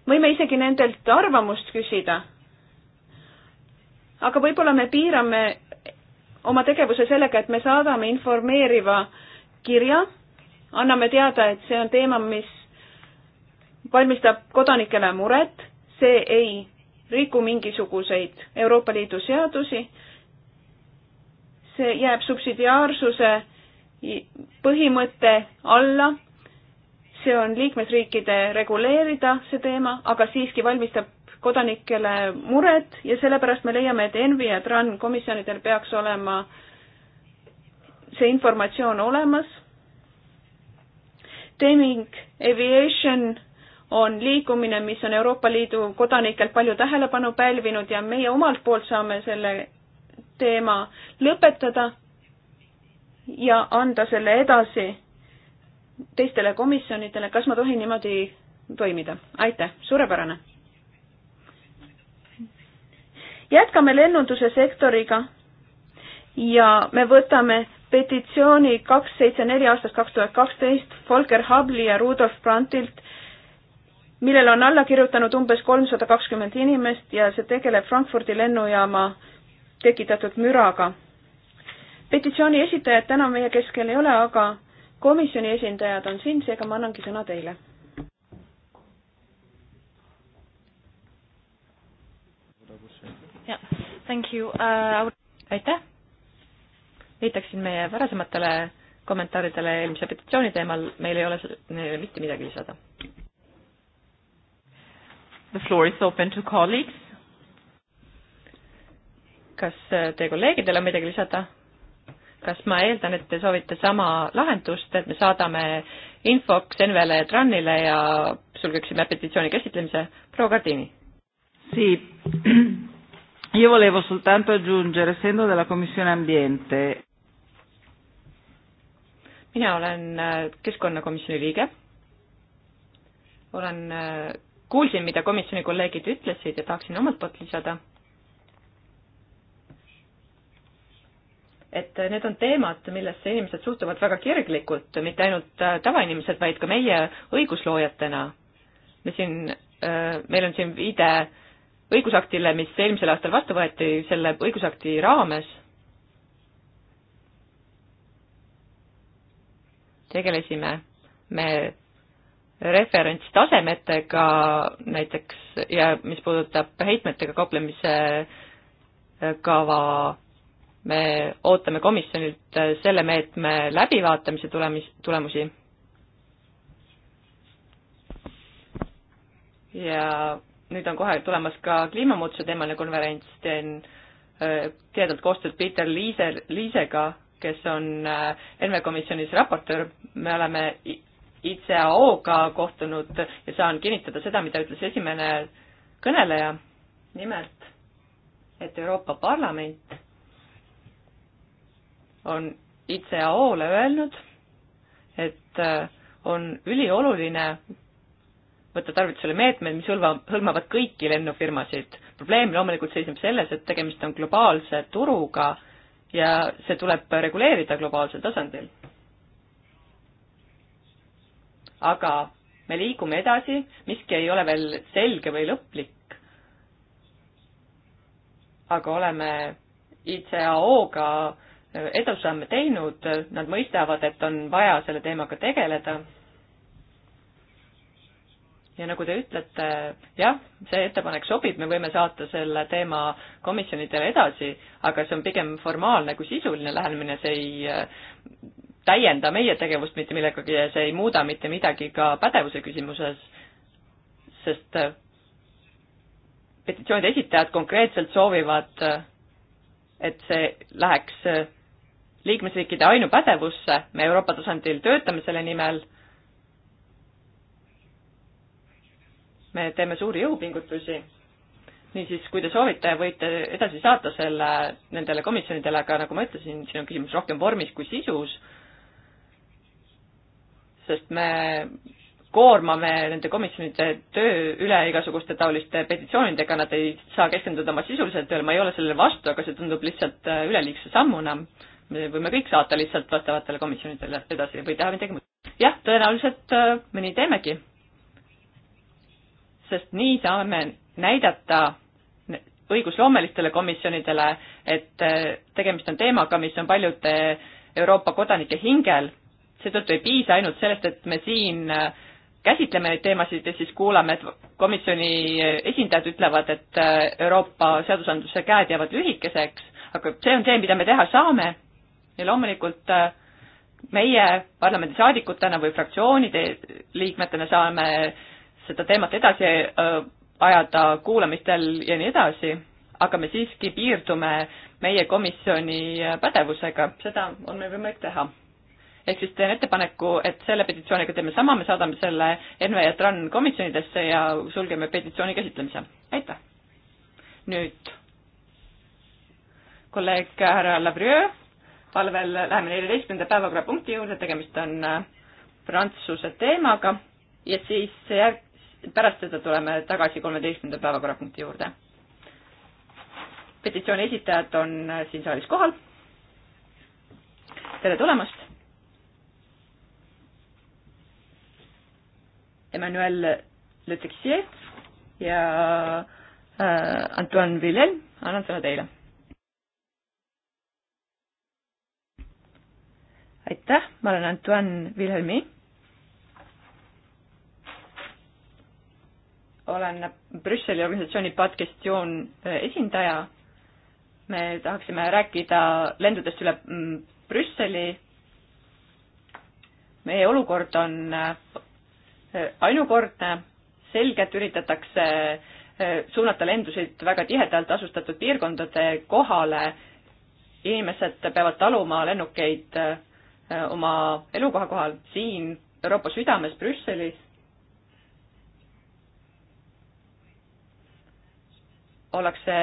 võime isegi nendelt arvamust küsida. aga võib-olla me piirame oma tegevuse sellega, et me saadame informeeriva kirja, anname teada, et see on teema, mis valmistab kodanikele muret, see ei riku mingisuguseid Euroopa Liidu seadusi, see jääb subsidiaarsuse põhimõtte alla. see on liikmesriikide reguleerida, see teema, aga siiski valmistab kodanikele muret ja sellepärast me leiame, et Envi ja TRAN komisjonidel peaks olema see informatsioon olemas. Teming Aviation on liikumine, mis on Euroopa Liidu kodanikelt palju tähelepanu pälvinud ja meie omalt poolt saame selle teema lõpetada ja anda selle edasi teistele komisjonidele, kas ma tohin niimoodi toimida? aitäh, suurepärane! jätkame lennunduse sektoriga ja me võtame petitsiooni kaks seitse neli aastast kaks tuhat kaksteist Volker Habli ja Rudolf Brandtilt, millele on alla kirjutanud umbes kolmsada kakskümmend inimest ja see tegeleb Frankfurdi lennujaama tekitatud müraga petitsiooni esitajad täna meie keskel ei ole, aga komisjoni esindajad on siin, seega ma annangi sõna teile. jah, thank you uh,. aitäh. viitaksin meie varasematele kommentaaridele eelmise petitsiooni teemal, meil ei ole mitte midagi lisada. The floor is open to colleagues. kas äh, teie kolleegidel on midagi lisada? kas ma eeldan, et te soovite sama lahendust, et me saadame infoks Envele ja Tranile ja sulgeksime petitsiooni käsitlemise? proua Gardini. Sì, io volevo soltanto aggiungere, essendo della Commissione Ambiente. mina olen äh, keskkonnakomisjoni liige, olen, äh, kuulsin, mida komisjoni kolleegid ütlesid ja tahaksin omalt poolt lisada et need on teemad, millesse inimesed suhtuvad väga kirglikult, mitte ainult äh, tavainimesed, vaid ka meie õigusloojatena. me siin, äh, meil on siin viide õigusaktile, mis eelmisel aastal vastu võeti selle õigusakti raames. tegelesime me referentstasemetega näiteks ja mis puudutab heitmetega kauplemise äh, kava me ootame komisjonilt äh, selle meetme läbivaatamise tulemis, tulemusi. ja nüüd on kohe tulemas ka kliimamuutuse teemaline konverents, teen äh, tihedalt koostööd Peter Liise, Liisega, kes on äh, ENVE komisjonis raportöör, me oleme ICAO-ga kohtunud ja saan kinnitada seda, mida ütles esimene kõneleja, nimelt, et Euroopa Parlament on ICAO-le öelnud, et äh, on ülioluline võtta tarvitusele meetmed, mis hõlma, hõlmavad kõiki lennufirmasid. probleem loomulikult seisneb selles, et tegemist on globaalse turuga ja see tuleb reguleerida globaalsel tasandil. aga me liigume edasi, miski ei ole veel selge või lõplik. aga oleme ICAO-ga edusamme teinud, nad mõistavad, et on vaja selle teemaga tegeleda. ja nagu te ütlete, jah, see ettepanek sobib, me võime saata selle teema komisjonidele edasi, aga see on pigem formaalne kui sisuline lähenemine, see ei äh, täienda meie tegevust mitte millegagi ja see ei muuda mitte midagi ka pädevuse küsimuses, sest äh, petitsioonide esitajad konkreetselt soovivad, äh, et see läheks liikmesriikide ainupädevusse, me Euroopa tasandil töötame selle nimel, me teeme suuri jõupingutusi, niisiis, kui te soovite, võite edasi saata selle nendele komisjonidele, aga nagu ma ütlesin, siin on küsimus rohkem vormis kui sisus, sest me koormame nende komisjonide töö üle igasuguste taoliste petitsioonidega, nad ei saa keskenduda oma sisulisele tööle, ma ei ole sellele vastu, aga see tundub lihtsalt üleliigse sammuna me võime kõik saata lihtsalt vastavatele komisjonidele edasi või teha midagi muud. jah, tõenäoliselt äh, me nii teemegi. sest nii saame näidata õigusloomelistele komisjonidele, et äh, tegemist on teemaga, mis on paljude Euroopa kodanike hingel, seetõttu ei piisa ainult sellest, et me siin äh, käsitleme neid teemasid ja siis kuulame, et komisjoni esindajad ütlevad, et Euroopa seadusandluse käed jäävad lühikeseks, aga see on see, mida me teha saame ja loomulikult äh, meie parlamendisaadikutena või fraktsioonide liikmetena saame seda teemat edasi äh, ajada kuulamistel ja nii edasi, aga me siiski piirdume meie komisjoni äh, pädevusega, seda on meil võimalik teha. ehk siis teen ettepaneku, et selle petitsiooniga teeme sama, me saadame selle NV ja TRAN komisjonidesse ja sulgeme petitsiooni käsitlemise. aitäh! nüüd kolleeg härra Lavrieux palvel läheme neljateistkümnenda päevakorrapunkti juurde, tegemist on äh, prantsuse teemaga ja siis järg-, pärast seda tuleme tagasi kolmeteistkümnenda päevakorrapunkti juurde. petitsiooni esitajad on äh, siin saalis kohal. tere tulemast. Emmanuel Le Texier ja äh, Antoine Villel, annan sõna teile aitäh, ma olen Antoine Wilhelmi. olen Brüsseli organisatsiooni Padgestion äh, esindaja. me tahaksime rääkida lendudest üle mm, Brüsseli. meie olukord on äh, ainukordne, selgelt üritatakse äh, suunata lendusid väga tihedalt asustatud piirkondade kohale. inimesed peavad taluma lennukeid Äh, oma elukoha kohal siin Euroopa südames Brüsselis, ollakse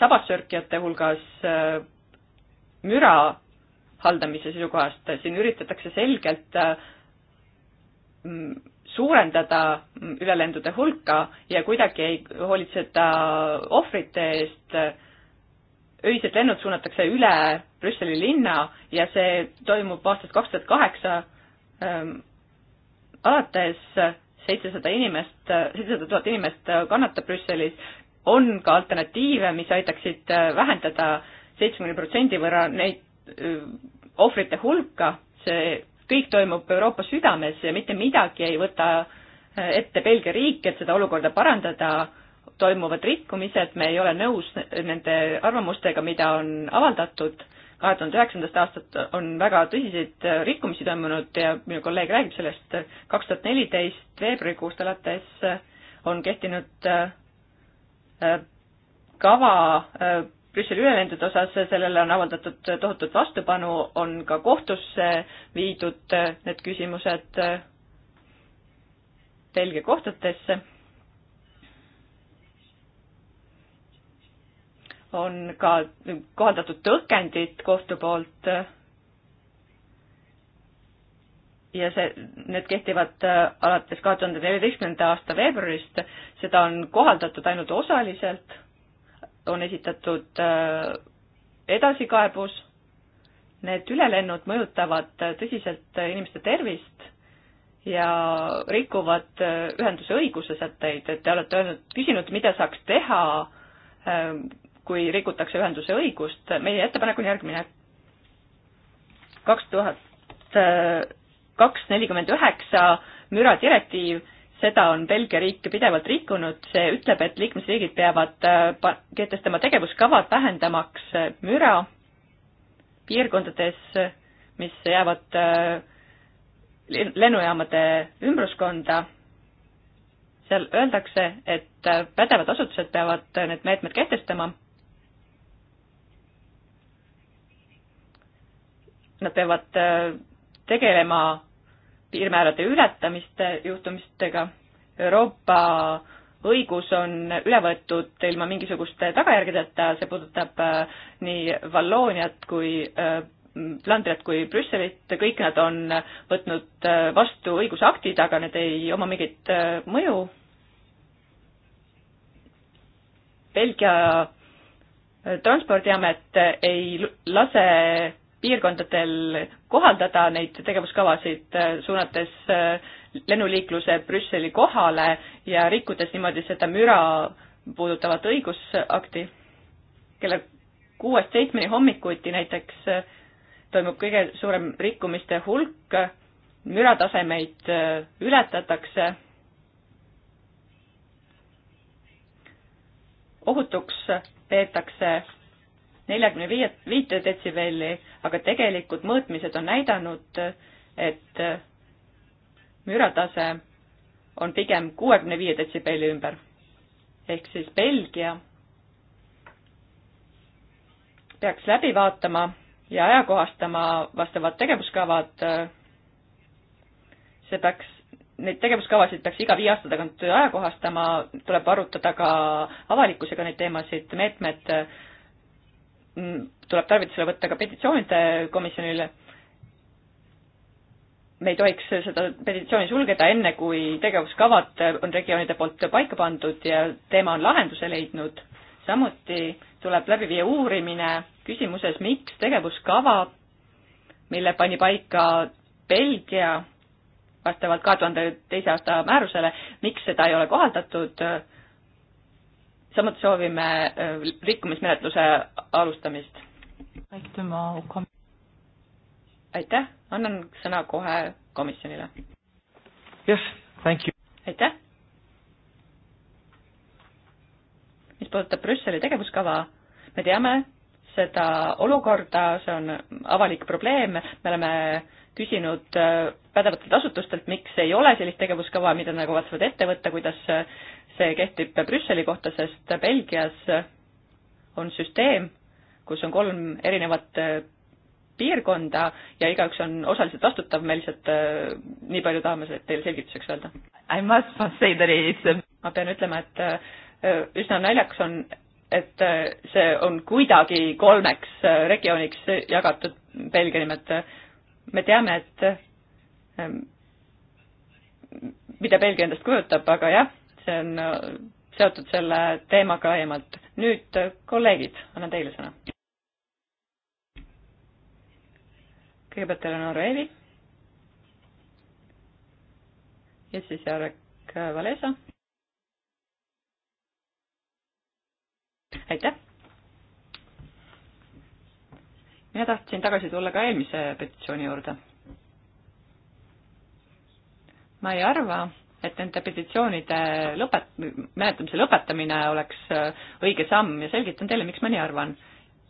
sabassörkijate hulgas äh, müra haldamise seisukohast, siin üritatakse selgelt äh, mm, suurendada mm, ülelendude hulka ja kuidagi ei hoolitseta ohvrite eest öised lennud suunatakse üle Brüsseli linna ja see toimub aastast kaks tuhat kaheksa ähm, alates seitsesada inimest, seitsesada tuhat inimest kannatab Brüsselis, on ka alternatiive, mis aitaksid äh, vähendada seitsmekümne protsendi võrra neid äh, ohvrite hulka, see kõik toimub Euroopa südames ja mitte midagi ei võta äh, ette Belgia riik, et seda olukorda parandada toimuvad rikkumised, me ei ole nõus nende arvamustega, mida on avaldatud, kahe tuhande üheksandast aastast on väga tõsiseid rikkumisi toimunud ja minu kolleeg räägib sellest, kaks tuhat neliteist veebruarikuust alates on kehtinud äh, äh, kava äh, Brüsseli ülelendude osas, sellele on avaldatud tohutut vastupanu, on ka kohtusse viidud need küsimused Belgia kohtutesse on ka kohaldatud tõkendit kohtu poolt. ja see, need kehtivad äh, alates kahe tuhande neljateistkümnenda aasta veebruarist, seda on kohaldatud ainult osaliselt, on esitatud äh, edasikaebus, need ülelennud mõjutavad äh, tõsiselt inimeste tervist ja rikuvad ühenduse õiguse sätteid, et te olete öelnud, küsinud, mida saaks teha kui rikutakse ühenduse õigust, meie ettepanek on järgmine. kaks tuhat äh, kaks nelikümmend üheksa müradirektiiv, seda on Belgia riik pidevalt rikkunud, see ütleb, et liikmesriigid peavad äh, kehtestama tegevuskavad vähendamaks äh, müra piirkondades, mis jäävad lennujaamade ümbruskonda. seal öeldakse, et pädevad asutused peavad need meetmed kehtestama nad peavad äh, tegelema piirmäärade ületamiste juhtumistega. Euroopa õigus on üle võetud ilma mingisuguste tagajärgedeta, see puudutab äh, nii Vallooniat kui äh, Flandriat kui Brüsselit, kõik nad on võtnud vastu õigusaktid, aga need ei oma mingit mõju. Belgia transpordiamet ei lase piirkondadel kohaldada neid tegevuskavasid, äh, suunates äh, lennuliikluse Brüsseli kohale ja rikkudes niimoodi seda müra puudutavat õigusakti. kella kuuest seitsmeni hommikuti näiteks äh, toimub kõige suurem rikkumiste hulk, müratasemeid ületatakse ohutuks peetakse neljakümne viie, viite detsibelli, aga tegelikult mõõtmised on näidanud, et müratase on pigem kuuekümne viie detsibelli ümber. ehk siis Belgia peaks läbi vaatama ja ajakohastama vastavad tegevuskavad. see peaks, neid tegevuskavasid peaks iga viie aasta tagant ajakohastama, tuleb arutada ka avalikkusega neid teemasid, meetmed Mm, tuleb tarvitusele võtta ka petitsioonide komisjonile. me ei tohiks seda petitsiooni sulgeda enne, kui tegevuskavad on regioonide poolt paika pandud ja teema on lahenduse leidnud. samuti tuleb läbi viia uurimine küsimuses, miks tegevuskava, mille pani paika Belgia vastavalt kahe tuhande teise aasta määrusele, miks seda ei ole kohaldatud äh, samuti soovime äh, rikkumismenetluse alustamist. aitäh, annan sõna kohe komisjonile. jah yes,, thank you. aitäh. mis puudutab Brüsseli tegevuskava, me teame seda olukorda, see on avalik probleem, me oleme küsinud äh, pädevatelt asutustelt, miks ei ole sellist tegevuskava, mida nad nagu kavatsevad ette võtta, kuidas äh, see kehtib Brüsseli kohta, sest Belgias on süsteem, kus on kolm erinevat äh, piirkonda ja igaüks on osaliselt vastutav, me lihtsalt äh, nii palju tahame teile selgituseks öelda. ma pean ütlema, et äh, üsna naljakas on, et see on kuidagi kolmeks regiooniks jagatud Belgia nimed. me teame, et ähm, mida Belgia endast kujutab, aga jah see on äh, seotud selle teemaga laiemalt. nüüd äh, kolleegid, annan teile sõna. kõigepealt Eleonora Eevi. ja siis Jarek äh, Valesa. aitäh. mina tahtsin tagasi tulla ka eelmise petitsiooni juurde. ma ei arva, et nende petitsioonide lõpet-, menetlemise lõpetamine oleks äh, õige samm ja selgitan teile, miks ma nii arvan.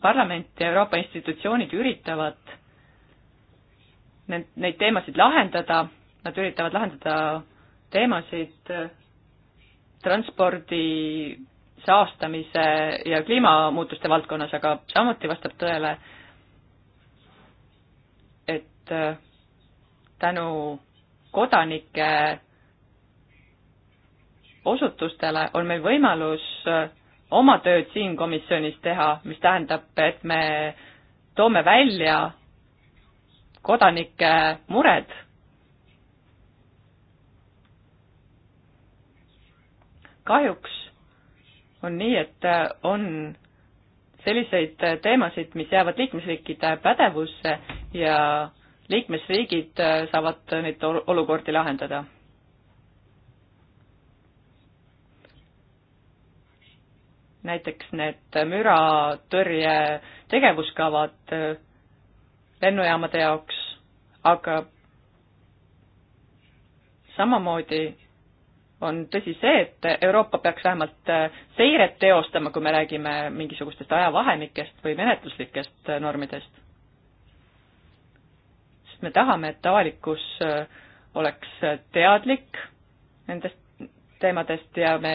parlament ja Euroopa institutsioonid üritavad need, neid teemasid lahendada, nad üritavad lahendada teemasid äh, transpordi saastamise ja kliimamuutuste valdkonnas, aga samuti vastab tõele, et äh, tänu kodanike osutustele, on meil võimalus äh, oma tööd siin komisjonis teha, mis tähendab, et me toome välja kodanike mured. kahjuks on nii, et äh, on selliseid äh, teemasid, mis jäävad liikmesriikide pädevusse ja liikmesriigid saavad neid olukordi lahendada näiteks need müratõrje tegevuskavad äh, lennujaamade jaoks, aga samamoodi on tõsi see, et Euroopa peaks vähemalt äh, seiret teostama, kui me räägime mingisugustest ajavahemikest või menetluslikest äh, normidest. sest me tahame, et avalikkus oleks teadlik nendest teemadest ja me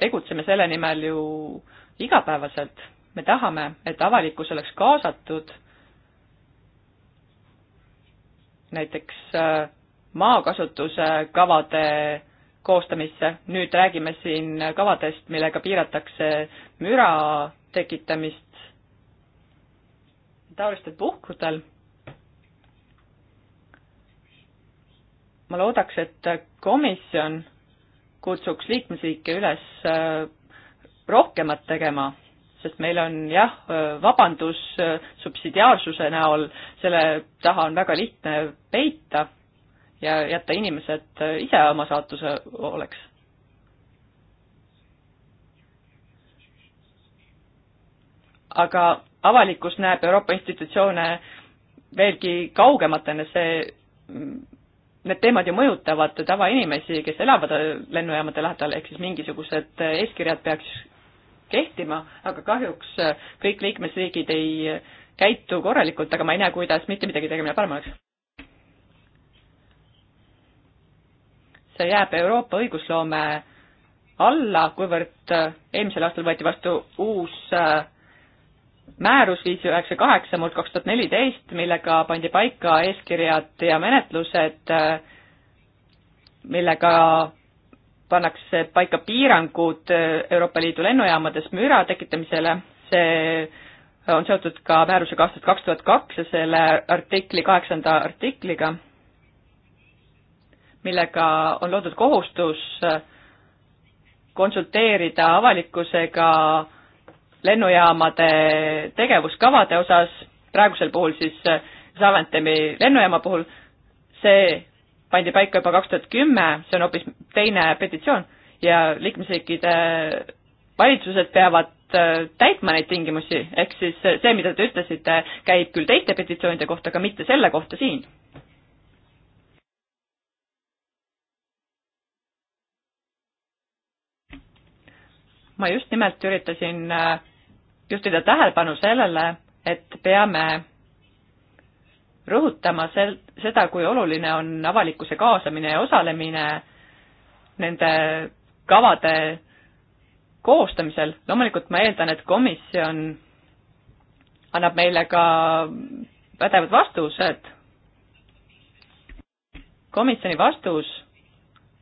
tegutseme selle nimel ju igapäevaselt. me tahame, et avalikkus oleks kaasatud näiteks äh, maakasutuse kavade koostamisse, nüüd räägime siin kavadest, millega piiratakse müra tekitamist taolistel puhkudel. ma loodaks, et komisjon kutsuks liikmesriike üles äh, rohkemat tegema, sest meil on jah, äh, vabandus äh, subsidiaarsuse näol, selle taha on väga lihtne peita ja jätta inimesed ise oma saatuse hooleks. aga avalikkus näeb Euroopa institutsioone veelgi kaugematena, see mm, need teemad ju mõjutavad tavainimesi, kes elavad lennujaamade lähedal, ehk siis mingisugused eeskirjad peaks kehtima, aga kahjuks kõik liikmesriigid ei käitu korralikult, aga ma ei näe, kuidas mitte midagi tegemine parem oleks. see jääb Euroopa õigusloome alla, kuivõrd eelmisel aastal võeti vastu uus äh, määrus viis üheksa kaheksa murd kaks tuhat neliteist, millega pandi paika eeskirjad ja menetlused, millega pannakse paika piirangud Euroopa Liidu lennujaamades müra tekitamisele, see on seotud ka määrusega aastast kaks tuhat kaks ja selle artikli, kaheksanda artikliga, millega on loodud kohustus konsulteerida avalikkusega lennujaamade tegevuskavade osas, praegusel puhul siis äh, Saventemi lennujaama puhul, see pandi paika juba kaks tuhat kümme, see on hoopis teine petitsioon ja liikmesriikide valitsused peavad äh, täitma neid tingimusi, ehk siis äh, see, mida te ütlesite, käib küll teiste petitsioonide kohta, aga mitte selle kohta siin ma just nimelt üritasin juhtida tähelepanu sellele, et peame rõhutama sel-, seda, kui oluline on avalikkuse kaasamine ja osalemine nende kavade koostamisel, loomulikult ma eeldan, et komisjon annab meile ka pädevad vastused. komisjoni vastus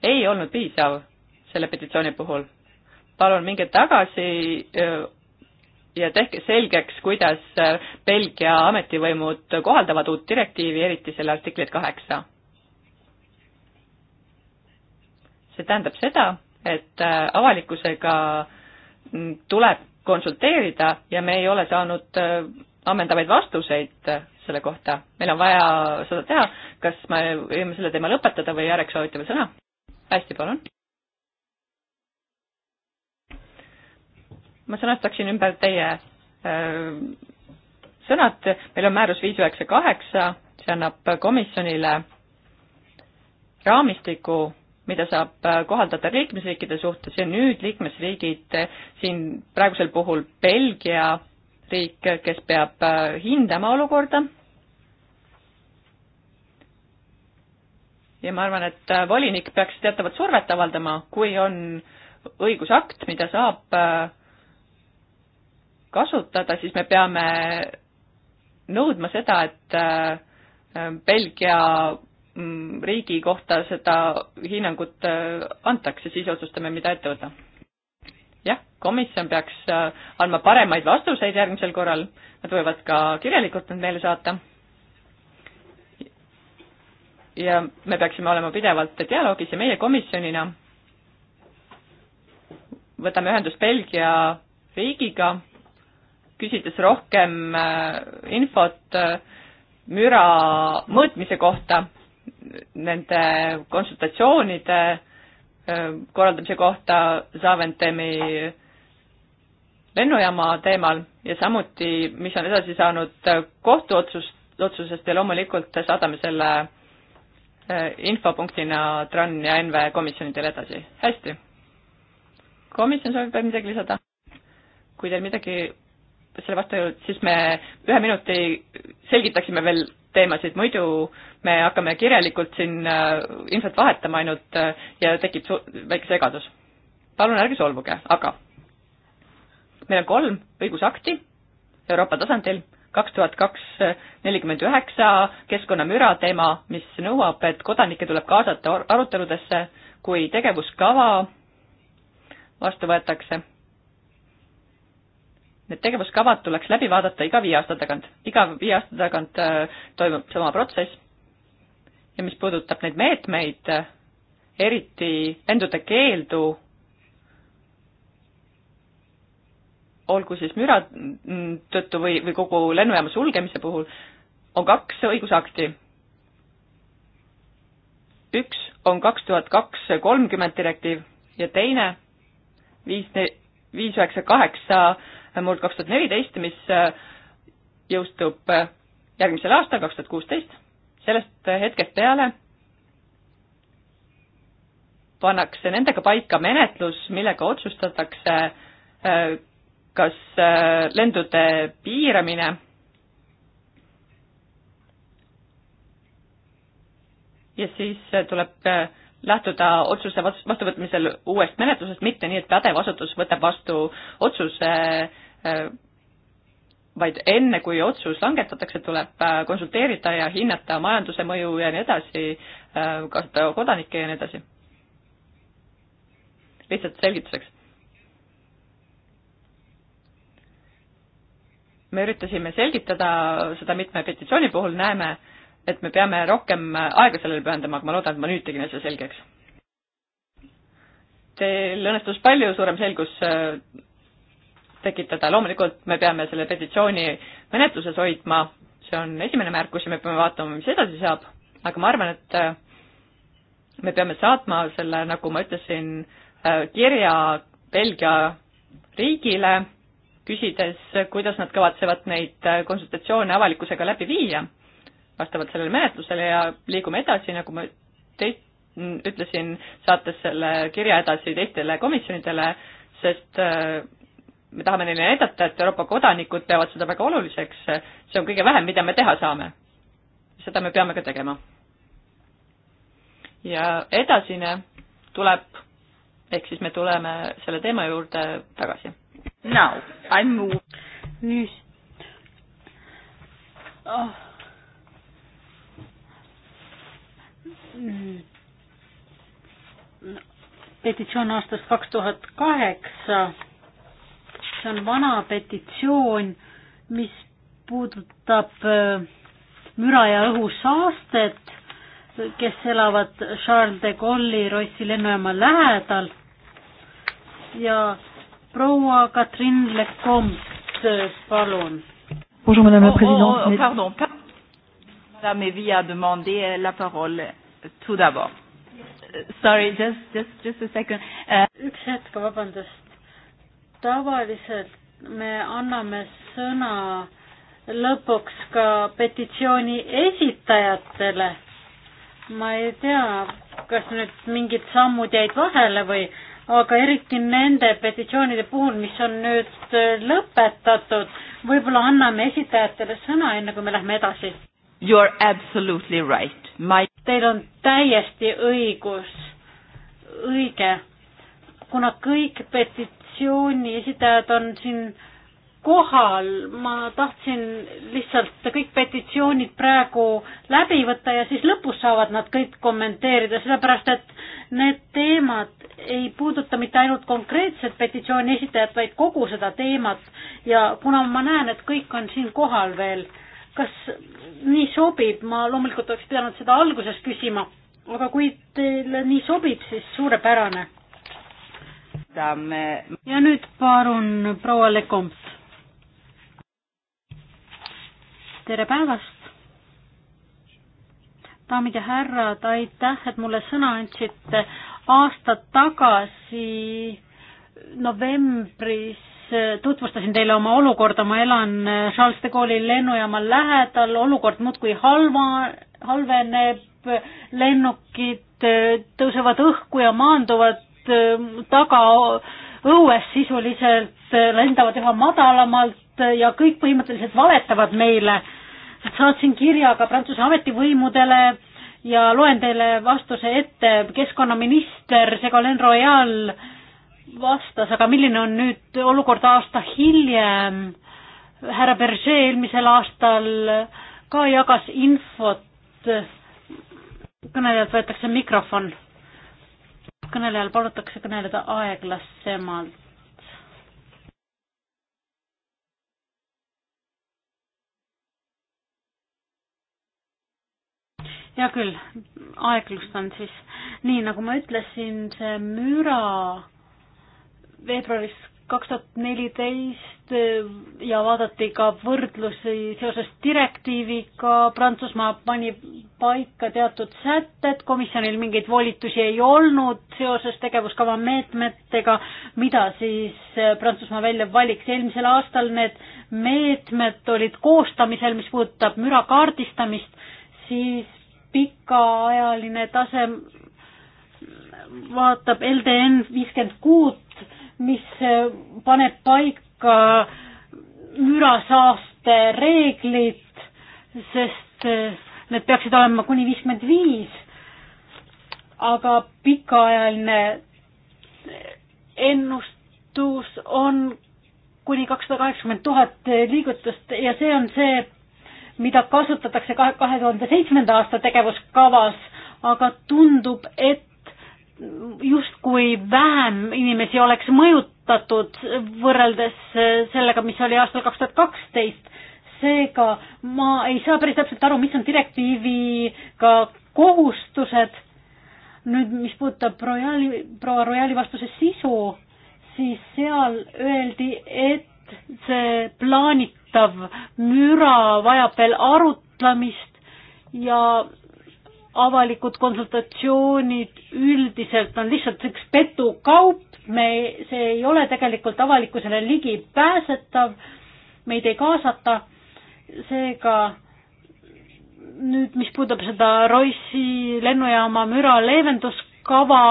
ei olnud piisav selle petitsiooni puhul. palun minge tagasi ja tehke selgeks, kuidas äh, Belgia ametivõimud kohaldavad uut direktiivi, eriti selle artiklit kaheksa. see tähendab seda, et äh, avalikkusega mm, tuleb konsulteerida ja me ei ole saanud äh, ammendavaid vastuseid selle kohta. meil on vaja seda teha, kas me võime selle teema lõpetada või Jarek, soovitame sõna? hästi, palun ma sõnastaksin ümber teie öö, äh, sõnad, meil on määrus viis üheksa kaheksa, see annab komisjonile raamistiku, mida saab äh, kohaldada liikmesriikide suhtes ja nüüd liikmesriigid, äh, siin praegusel puhul Belgia riik, kes peab hindama olukorda, ja ma arvan, et volinik peaks teatavat survet avaldama, kui on õigusakt, mida saab kasutada, siis me peame nõudma seda, et äh, Belgia mm, riigi kohta seda hinnangut äh, antakse, siis otsustame, mida ette võtta. jah, komisjon peaks äh, andma paremaid vastuseid järgmisel korral, nad võivad ka kirjalikult need meile saata. ja me peaksime olema pidevalt dialoogis ja meie komisjonina võtame ühendust Belgia riigiga küsides rohkem äh, infot äh, müra mõõtmise kohta, nende konsultatsioonide äh, korraldamise kohta Zaventemi lennujaama teemal ja samuti, mis on edasi saanud kohtuotsust, otsusest ja loomulikult saadame selle infopunktina TRAN ja NV komisjonidele edasi. hästi. komisjon soovib veel midagi lisada? kui teil midagi selle vastu ei olnud, siis me ühe minuti selgitaksime veel teemasid, muidu me hakkame kirjalikult siin äh, infot vahetama ainult äh, ja tekib väike segadus. palun ärge solvuge, aga meil on kolm õigusakti Euroopa tasandil, kaks tuhat kaks äh, nelikümmend üheksa keskkonnamüra teema, mis nõuab, et kodanikke tuleb kaasata aruteludesse, kui tegevuskava vastu võetakse Need tegevuskavad tuleks läbi vaadata iga viie aasta tagant, iga viie aasta tagant äh, toimub sama protsess ja mis puudutab neid meetmeid, äh, eriti lendude keeldu, olgu siis müra tõttu või, või kogu lennujaama sulgemise puhul, on kaks õigusakti. üks on kaks tuhat kaks kolmkümmend direktiiv ja teine viis viis üheksa kaheksa murd kaks tuhat neliteist, mis äh, jõustub äh, järgmisel aastal, kaks tuhat kuusteist, sellest äh, hetkest peale pannakse nendega paika menetlus, millega otsustatakse, kas lendude piiramine ja siis tuleb lähtuda otsuse vastuvõtmisel uuest menetlusest, mitte nii, et pädev asutus võtab vastu otsuse, äh, vaid enne, kui otsus langetatakse, tuleb äh, konsulteerida ja hinnata majanduse mõju ja nii edasi, äh, kasutada kodanikke ja nii edasi. lihtsalt selgituseks. me üritasime selgitada seda mitme petitsiooni puhul, näeme, et me peame rohkem aega sellele pühendama, aga ma loodan, et ma nüüd tegin asja selgeks. Teil õnnestus palju suurem selgus äh, tekitada, loomulikult me peame selle petitsiooni menetluses hoidma, see on esimene märkus ja me peame vaatama, mis edasi saab, aga ma arvan, et äh, me peame saatma selle, nagu ma ütlesin, äh, kirja Belgia riigile, küsides, kuidas nad kavatsevad neid konsultatsioone avalikkusega läbi viia vastavalt sellele menetlusele ja liigume edasi, nagu ma tei-, ütlesin, saates selle kirja edasi teistele komisjonidele, sest äh, me tahame neile näidata, et Euroopa kodanikud peavad seda väga oluliseks, see on kõige vähem, mida me teha saame. seda me peame ka tegema. ja edasine tuleb, ehk siis me tuleme selle teema juurde tagasi. Now I move. nüüd oh Mm. petitsioon aastast kaks tuhat kaheksa. see on vana petitsioon, mis puudutab äh, müra ja õhusaastet, kes elavad Charles de Gaulle'i Roissi lennujaama lähedal ja proua Katrin Lecomte, palun. Bonjour madame la présidente. Oh, oh, oh, pardon. Madame Evi a demandé la parole tout d'abord. Sorry, just, just, just a second uh.... üks hetk, vabandust. tavaliselt me anname sõna lõpuks ka petitsiooni esitajatele. ma ei tea, kas nüüd mingid sammud jäid vahele või, aga eriti nende petitsioonide puhul, mis on nüüd äh, lõpetatud, võib-olla anname esitajatele sõna, enne kui me lähme edasi. You are absolutely right ma ei. Teil on täiesti õigus, õige, kuna kõik petitsiooni esitajad on siin kohal, ma tahtsin lihtsalt kõik petitsioonid praegu läbi võtta ja siis lõpus saavad nad kõik kommenteerida, sellepärast et need teemad ei puuduta mitte ainult konkreetset petitsiooni esitajat, vaid kogu seda teemat ja kuna ma näen, et kõik on siin kohal veel kas nii sobib, ma loomulikult oleks pidanud seda alguses küsima, aga kui teile nii sobib, siis suurepärane. ja nüüd palun proua Lekomp. tere päevast! daamid ja härrad, aitäh, et mulle sõna andsite. aastad tagasi novembris tutvustasin teile oma olukorda, ma elan äh, Charles de Gaulle'i lennujaama lähedal, olukord muudkui halva, halveneb, lennukid äh, tõusevad õhku ja maanduvad äh, taga õues sisuliselt, lendavad üha madalamalt ja kõik põhimõtteliselt valetavad meile. saatsin kirja ka Prantsuse ametivõimudele ja loen teile vastuse ette, keskkonnaminister Segalin Royal vastas, aga milline on nüüd olukord aasta hiljem? härra Berger eelmisel aastal ka jagas infot, kõnelejalt võetakse mikrofon. kõnelejal palutakse kõneleda aeglasemalt. hea küll, aeglustan siis. nii nagu ma ütlesin, see müra veebruaris kaks tuhat neliteist eh, ja vaadati ka võrdlusi seoses direktiiviga, Prantsusmaa pani paika teatud sätted, komisjonil mingeid volitusi ei olnud seoses tegevuskava meetmetega, mida siis eh, Prantsusmaa välja valiks. eelmisel aastal need meetmed olid koostamisel, mis puudutab müra kaardistamist, siis pikaajaline tase vaatab LDN viiskümmend kuut mis eh, paneb paika mürasaaste reeglid, sest eh, need peaksid olema kuni viiskümmend viis, aga pikaajaline eh, ennustus on kuni kakssada kaheksakümmend tuhat liigutust ja see on see, mida kasutatakse kahe, kahe tuhande seitsmenda aasta tegevuskavas, aga tundub, et justkui vähem inimesi oleks mõjutatud võrreldes äh, sellega, mis oli aastal kaks tuhat kaksteist. seega ma ei saa päris täpselt aru, mis on direktiiviga kohustused. nüüd, mis puudutab Royali, proua Royali vastuse sisu, siis seal öeldi, et see plaanitav müra vajab veel arutlemist ja avalikud konsultatsioonid üldiselt on lihtsalt üks petukaup, me, see ei ole tegelikult avalikkusele ligipääsetav, meid ei kaasata, seega nüüd, mis puudutab seda Roissi lennujaama müra leevenduskava,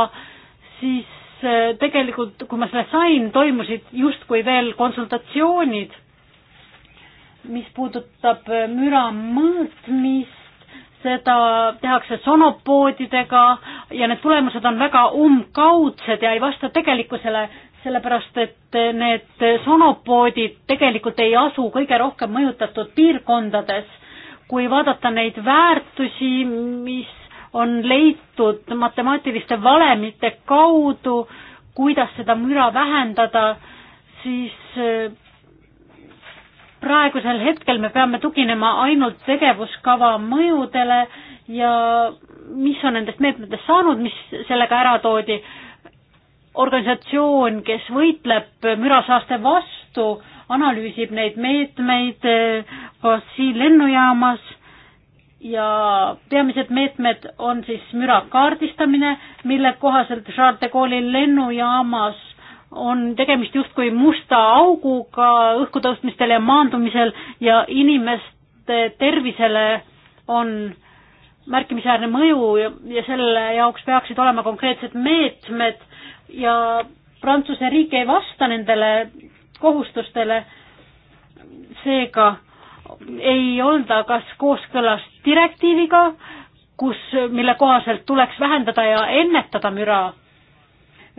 siis äh, tegelikult, kui ma selle sain, toimusid justkui veel konsultatsioonid, mis puudutab äh, müra mõõtmist, seda tehakse sonopoodidega ja need tulemused on väga umbkaudsed ja ei vasta tegelikkusele, sellepärast et need sonopoodid tegelikult ei asu kõige rohkem mõjutatud piirkondades. kui vaadata neid väärtusi, mis on leitud matemaatiliste valemite kaudu, kuidas seda müra vähendada, siis praegusel hetkel me peame tuginema ainult tegevuskava mõjudele ja mis on nendest meetmetest saanud, mis sellega ära toodi. organisatsioon, kes võitleb mürasaaste vastu, analüüsib neid meetmeid siin lennujaamas ja peamised meetmed on siis müra kaardistamine, mille kohaselt Charles de Gaulle'i lennujaamas on tegemist justkui musta auguga õhkutõustmistel ja maandumisel ja inimeste tervisele on märkimisväärne mõju ja, ja selle jaoks peaksid olema konkreetsed meetmed ja Prantsuse riik ei vasta nendele kohustustele, seega ei olda kas kooskõlas direktiiviga, kus, mille kohaselt tuleks vähendada ja ennetada müra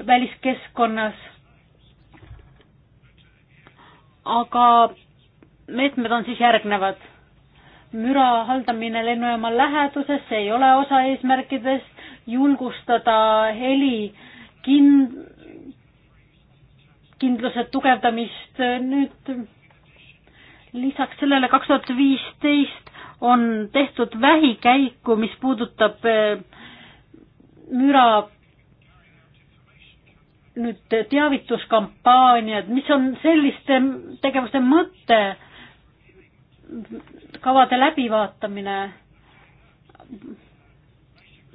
väliskeskkonnas aga meetmed on siis järgnevad. müra haldamine lennujaama läheduses, see ei ole osa eesmärkidest, julgustada heli kin-, kindluse tugevdamist, nüüd lisaks sellele kaks tuhat viisteist on tehtud vähikäiku, mis puudutab eh, müra nüüd teavituskampaaniad, mis on selliste tegevuste mõte, kavade läbivaatamine,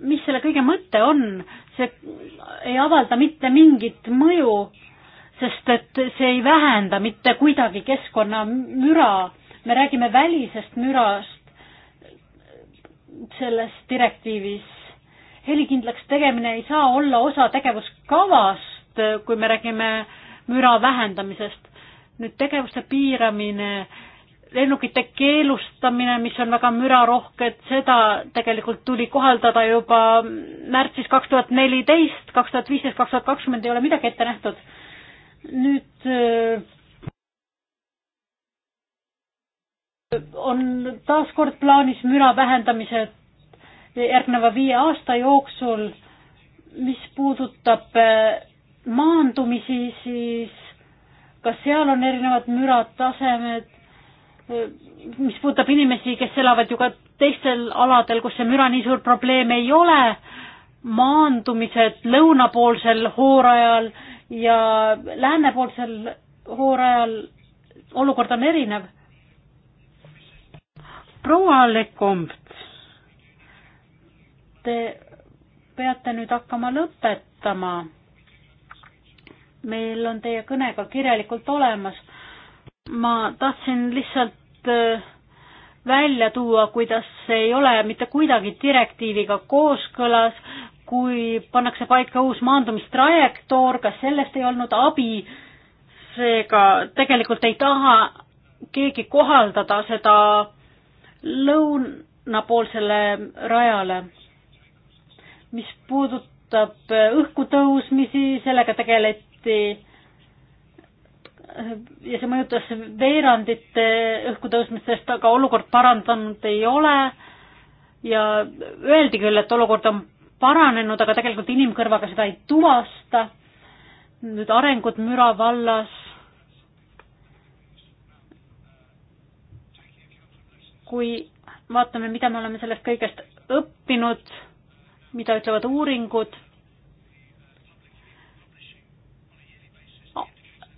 mis selle kõige mõte on, see ei avalda mitte mingit mõju, sest et see ei vähenda mitte kuidagi keskkonnamüra, me räägime välisest mürast selles direktiivis helikindlaks tegemine ei saa olla osa tegevuskavast, Äh, kui me räägime müra vähendamisest. nüüd tegevuste piiramine, lennukite keelustamine, mis on väga mürarohked, seda tegelikult tuli kohaldada juba märtsis kaks tuhat neliteist, kaks tuhat viisteist, kaks tuhat kakskümmend ei ole midagi ette nähtud. nüüd äh, on taaskord plaanis müra vähendamised järgneva viie aasta jooksul, mis puudutab äh, maandumisi, siis kas seal on erinevad mürad, tasemed, mis puudutab inimesi, kes elavad ju ka teistel aladel, kus see müra nii suur probleem ei ole, maandumised lõunapoolsel hoorajal ja läänepoolsel hoorajal olukord on erinev. proua Lekompt, te peate nüüd hakkama lõpetama meil on teie kõne ka kirjalikult olemas. ma tahtsin lihtsalt äh, välja tuua, kuidas see ei ole mitte kuidagi direktiiviga kooskõlas, kui pannakse paika uus maandumistrajektoor, kas sellest ei olnud abi, seega tegelikult ei taha keegi kohaldada seda lõunapoolsele rajale. mis puudutab õhkutõusmisi, sellega tegeleti hästi ja see mõjutas veerandite õhku tõusmistest, aga olukord parandanud ei ole ja öeldi küll, et olukord on paranenud, aga tegelikult inimkõrvaga seda ei tuvasta. nüüd arengud müra vallas. kui vaatame, mida me oleme sellest kõigest õppinud, mida ütlevad uuringud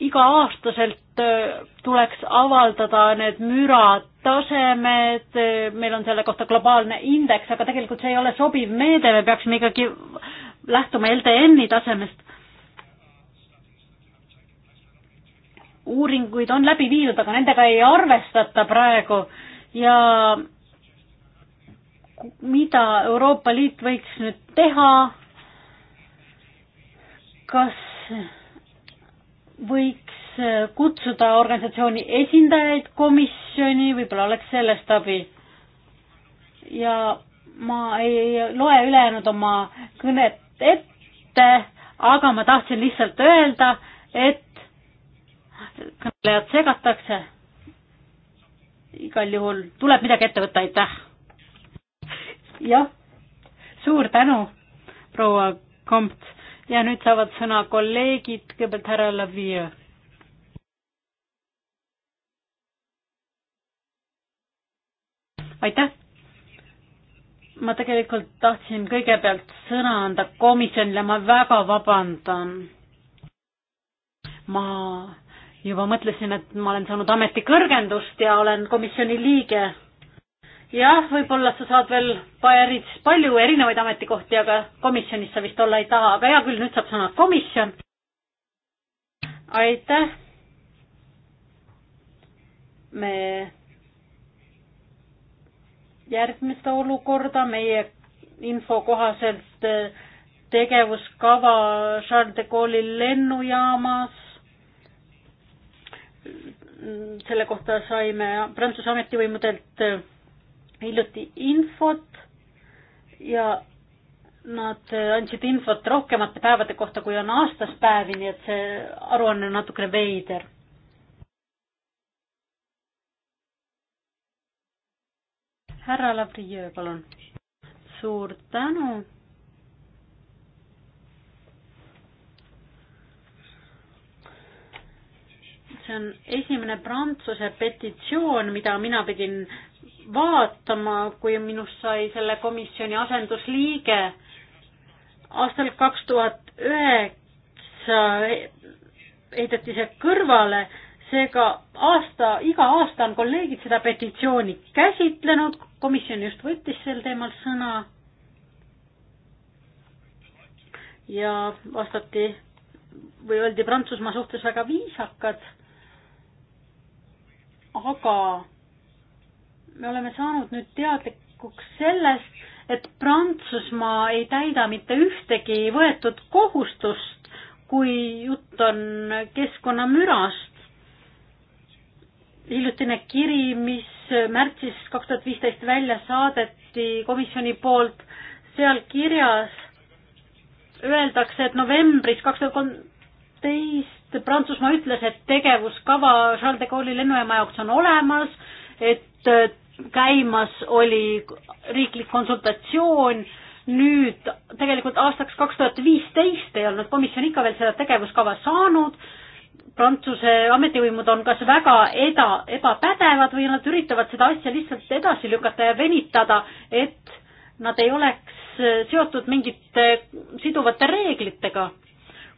iga-aastaselt äh, tuleks avaldada need müratasemed, äh, meil on selle kohta globaalne indeks, aga tegelikult see ei ole sobiv meede, me peaksime ikkagi lähtuma LDN-i tasemest. uuringuid on läbi viidud, aga nendega ei arvestata praegu ja mida Euroopa Liit võiks nüüd teha, kas võiks äh, kutsuda organisatsiooni esindajaid komisjoni, võib-olla oleks sellest abi. ja ma ei loe ülejäänud oma kõnet ette, aga ma tahtsin lihtsalt öelda, et kõnelejad segatakse. igal juhul tuleb midagi ette võtta, aitäh. jah, suur tänu, proua Komp ja nüüd saavad sõna kolleegid, kõigepealt härra Lavia. aitäh. ma tegelikult tahtsin kõigepealt sõna anda komisjonile, ma väga vabandan. ma juba mõtlesin, et ma olen saanud ametikõrgendust ja olen komisjoni liige jah, võib-olla sa saad veel päris palju erinevaid ametikohti, aga komisjonis sa vist olla ei taha, aga hea küll, nüüd saab sõna komisjon. aitäh. me järgme seda olukorda, meie info kohaselt eh, tegevuskava Charles de Gaulle'i lennujaamas selle kohta saime Prantsuse ametivõimudelt eh, hiljuti infot ja nad andsid infot rohkemate päevade kohta, kui on aastas päevi, nii et see aruanne on natukene veider. härra Lavrijev, palun. suur tänu. see on esimene Prantsuse petitsioon, mida mina pidin äh, vaatama, kui minust sai selle komisjoni asendusliige. aastal kaks tuhat üheksa heideti see kõrvale, seega aasta, iga aasta on kolleegid seda petitsiooni käsitlenud, komisjon just võttis sel teemal sõna ja vastati või öeldi Prantsusmaa suhtes väga viisakad, aga me oleme saanud nüüd teadlikuks sellest, et Prantsusmaa ei täida mitte ühtegi võetud kohustust, kui jutt on keskkonnamürast. hiljutine kiri, mis märtsis kaks tuhat viisteist välja saadeti komisjoni poolt, seal kirjas öeldakse, et novembris kaks tuhat kolmteist Prantsusmaa ütles, et tegevuskava Charles de Gaulle'i lennujaama jaoks on olemas, et käimas oli riiklik konsultatsioon, nüüd tegelikult aastaks kaks tuhat viisteist ei olnud komisjon ikka veel seda tegevuskava saanud, Prantsuse ametivõimud on kas väga eda-, ebapädevad või nad üritavad seda asja lihtsalt edasi lükata ja venitada, et nad ei oleks seotud mingite siduvate reeglitega.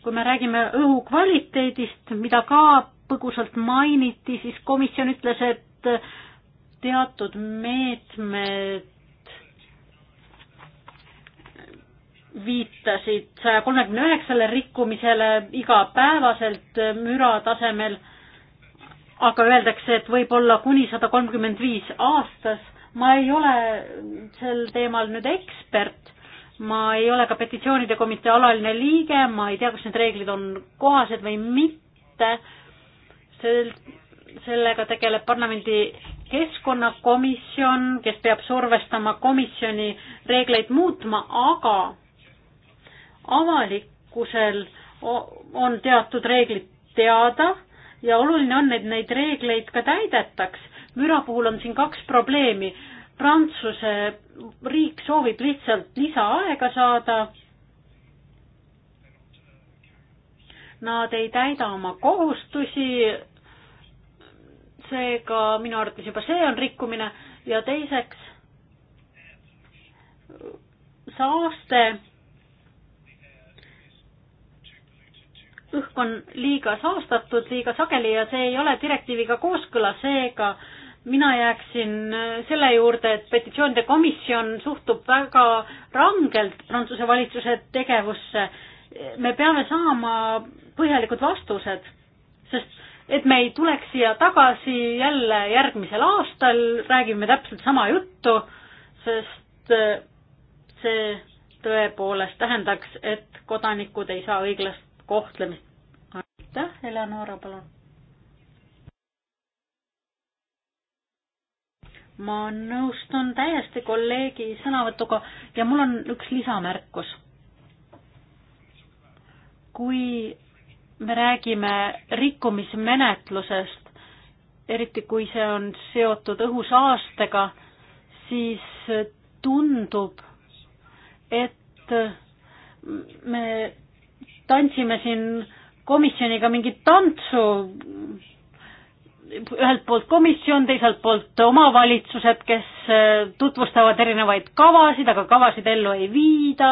kui me räägime õhu kvaliteedist, mida ka põgusalt mainiti, siis komisjon ütles, et teatud meetmed viitasid saja kolmekümne üheksale rikkumisele igapäevaselt müra tasemel, aga öeldakse, et võib-olla kuni sada kolmkümmend viis aastas. ma ei ole sel teemal nüüd ekspert, ma ei ole ka petitsioonide komitee alaline liige, ma ei tea, kas need reeglid on kohased või mitte. sel, sellega tegeleb parlamendi keskkonnakomisjon, kes peab survestama komisjoni reegleid muutma, aga avalikkusel on teatud reeglid teada ja oluline on, et neid reegleid ka täidetaks. müra puhul on siin kaks probleemi. Prantsuse riik soovib lihtsalt lisaaega saada. Nad ei täida oma kohustusi seega minu arvates juba see on rikkumine ja teiseks saaste. õhk on liiga saastatud liiga sageli ja see ei ole direktiiviga kooskõlas, seega mina jääksin selle juurde, et petitsioonide komisjon suhtub väga rangelt Prantsuse valitsuse tegevusse. me peame saama põhjalikud vastused, sest et me ei tuleks siia tagasi jälle järgmisel aastal, räägime täpselt sama juttu, sest äh, see tõepoolest tähendaks, et kodanikud ei saa õiglast kohtlemist. aitäh, Eleonora, palun. ma nõustun täiesti kolleegi sõnavõtuga ja mul on üks lisamärkus. kui me räägime rikkumismenetlusest, eriti kui see on seotud õhusaastega, siis tundub, et me tantsime siin komisjoniga mingit tantsu, ühelt poolt komisjon, teiselt poolt omavalitsused, kes tutvustavad erinevaid kavasid, aga kavasid ellu ei viida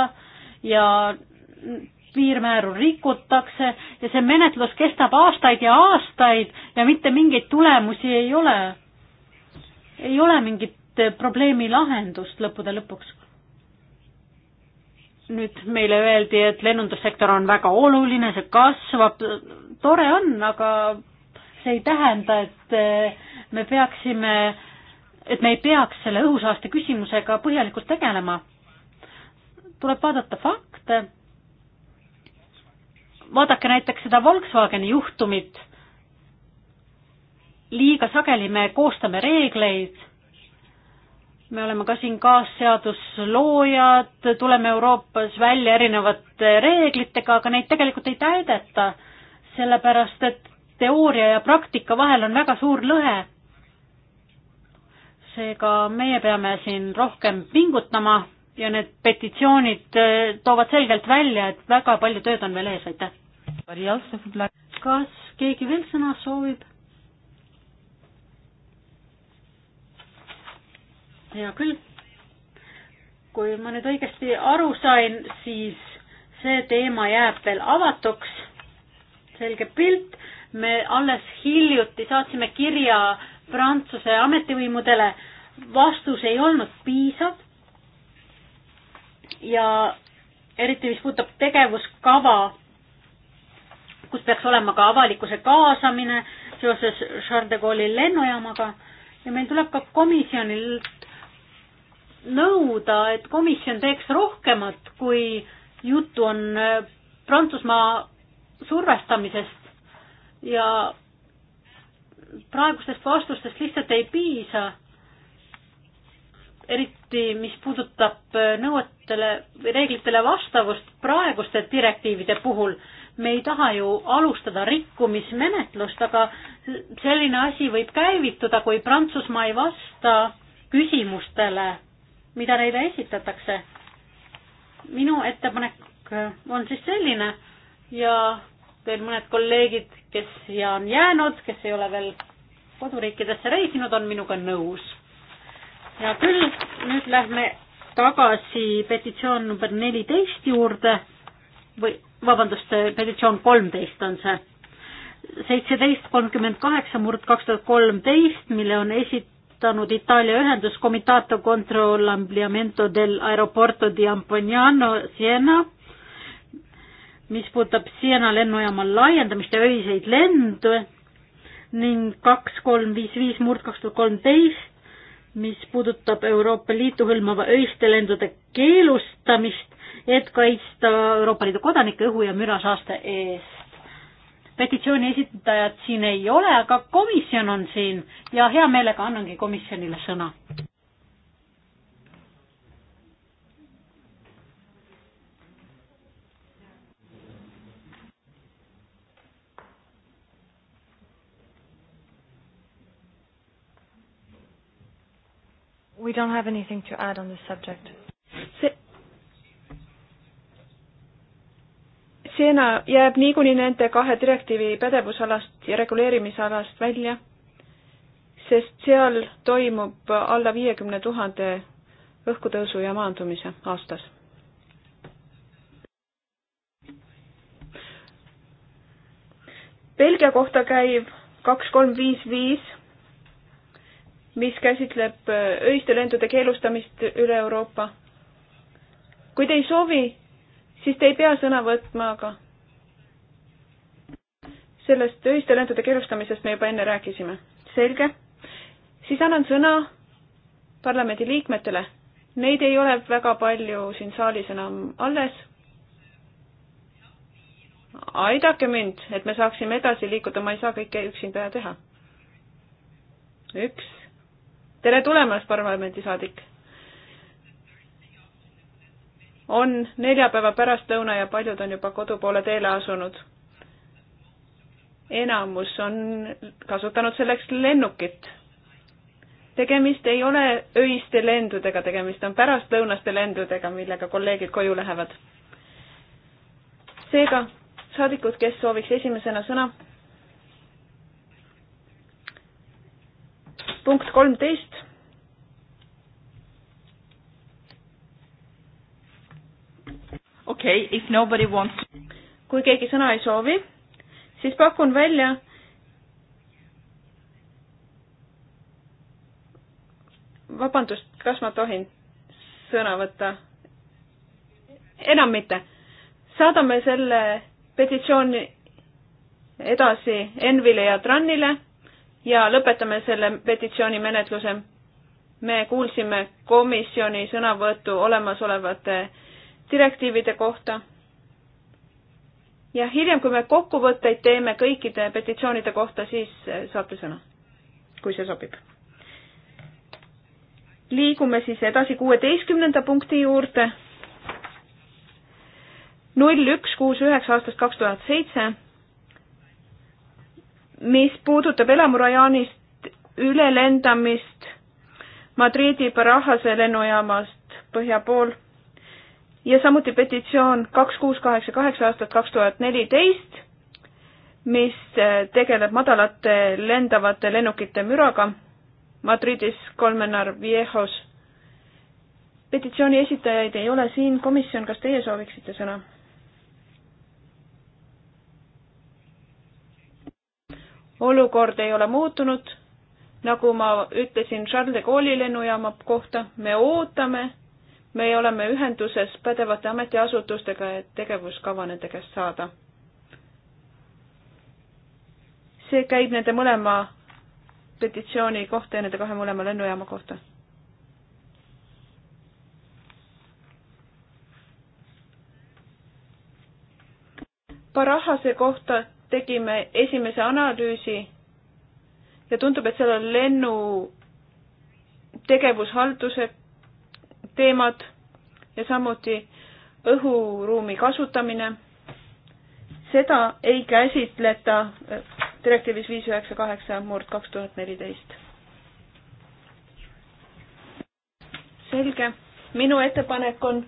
ja piirmääru rikutakse ja see menetlus kestab aastaid ja aastaid ja mitte mingeid tulemusi ei ole. ei ole mingit eh, probleemi lahendust lõppude lõpuks. nüüd meile öeldi, et lennundussektor on väga oluline, see kasvab, tore on, aga see ei tähenda, et eh, me peaksime, et me ei peaks selle õhusaaste küsimusega põhjalikult tegelema. tuleb vaadata fakte vaadake näiteks seda Volkswageni juhtumit. liiga sageli me koostame reegleid, me oleme ka siin kaasseadusloojad, tuleme Euroopas välja erinevate reeglitega, aga neid tegelikult ei täideta, sellepärast et teooria ja praktika vahel on väga suur lõhe. seega meie peame siin rohkem pingutama ja need petitsioonid äh, toovad selgelt välja, et väga palju tööd on veel ees, aitäh. kas keegi veel sõna soovib? hea küll. kui ma nüüd õigesti aru sain, siis see teema jääb veel avatuks. selge pilt, me alles hiljuti saatsime kirja Prantsuse ametivõimudele, vastus ei olnud piisav ja eriti, mis puudutab tegevuskava, kus peaks olema ka avalikkuse kaasamine seoses Charles de Gaulle'i lennujaamaga ja meil tuleb ka komisjonilt nõuda, et komisjon teeks rohkemat, kui juttu on äh, Prantsusmaa survestamisest ja praegustest vastustest lihtsalt ei piisa eriti mis puudutab äh, nõuetele, reeglitele vastavust praeguste direktiivide puhul, me ei taha ju alustada rikkumismenetlust, aga selline asi võib käivituda, kui Prantsusmaa ei vasta küsimustele, mida neile esitatakse. minu ettepanek äh, on siis selline ja veel mõned kolleegid, kes siia on jäänud, kes ei ole veel koduriikidesse reisinud, on minuga nõus hea küll, nüüd lähme tagasi petitsioon number neliteist juurde või vabandust, petitsioon kolmteist on see, seitseteist kolmkümmend kaheksa murd kaks tuhat kolmteist, mille on esitanud Itaalia ühendus Comitato contro l'ampliamento del aeroporto di Ampognano Siena, mis puudutab Siena lennujaama laiendamist ja öiseid lende ning kaks kolm viis viis murd kaks tuhat kolmteist, mis puudutab Euroopa Liitu hõlmava öiste lendude keelustamist, et kaitsta Euroopa Liidu kodanike õhu- ja mürasaaste eest. petitsiooni esitajat siin ei ole, aga komisjon on siin ja hea meelega annangi komisjonile sõna. We don't have anything to add on this subject. see, seena jääb niikuinii nende kahe direktiivi pädevusalast ja reguleerimisalast välja, sest seal toimub alla viiekümne tuhande õhkutõusu ja maandumise aastas. Belgia kohta käiv kaks, kolm, viis, viis mis käsitleb äh, öiste lendude keelustamist üle Euroopa. kui te ei soovi, siis te ei pea sõna võtma, aga sellest öiste lendude keelustamisest me juba enne rääkisime. selge. siis annan sõna parlamendi liikmetele. Neid ei ole väga palju siin saalis enam alles. aidake mind, et me saaksime edasi liikuda, ma ei saa kõike üksinda teha. üks tere tulemast, parlamendisaadik! on neljapäeva pärastlõuna ja paljud on juba kodu poole teele asunud. enamus on kasutanud selleks lennukit. tegemist ei ole öiste lendudega, tegemist on pärastlõunaste lendudega, millega kolleegid koju lähevad. seega, saadikud, kes sooviks esimesena sõna? punkt kolmteist. okei okay,, if nobody wants. kui keegi sõna ei soovi, siis pakun välja. vabandust, kas ma tohin sõna võtta? enam mitte. saadame selle petitsiooni edasi Envile ja Trannile ja lõpetame selle petitsiooni menetluse. me kuulsime komisjoni sõnavõttu olemasolevate direktiivide kohta. ja hiljem, kui me kokkuvõtteid teeme kõikide petitsioonide kohta, siis saate sõna, kui see sobib. liigume siis edasi kuueteistkümnenda punkti juurde null üks kuus üheksa aastast kaks tuhat seitse mis puudutab elamurajaanist ülelendamist Madridi Barajase lennujaamast põhja pool ja samuti petitsioon kaks kuus kaheksa kaheksa aastat kaks tuhat neliteist, mis äh, tegeleb madalate lendavate lennukite müraga Madridis Colmenar Viejos. petitsiooni esitajaid ei ole siin, komisjon, kas teie sooviksite sõna? olukord ei ole muutunud, nagu ma ütlesin Charles de Gaulle'i lennujaama kohta, me ootame, me oleme ühenduses pädevate ametiasutustega, et tegevuskava nende käest saada. see käib nende mõlema petitsiooni kohta ja nende kahe mõlema lennujaama kohta. Barahase kohta tegime esimese analüüsi ja tundub, et seal on lennu tegevushalduse teemad ja samuti õhuruumi kasutamine. seda ei käsitleta direktiivis viis üheksa kaheksa murd kaks tuhat neliteist. selge, minu ettepanek on,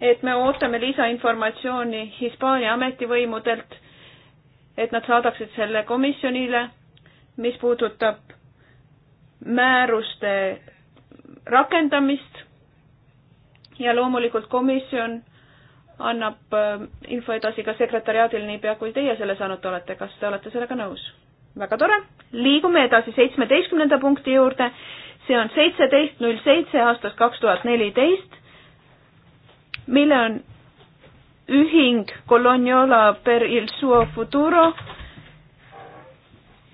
et me ootame lisainformatsiooni Hispaania ametivõimudelt et nad saadaksid selle komisjonile, mis puudutab määruste rakendamist ja loomulikult komisjon annab äh, info edasi ka sekretäriaadil niipea, kui teie selle saanud olete, kas te olete sellega nõus? väga tore, liigume edasi seitsmeteistkümnenda punkti juurde, see on seitseteist null seitse aastast kaks tuhat neliteist, mille on ühing Coloniola per il suo futuro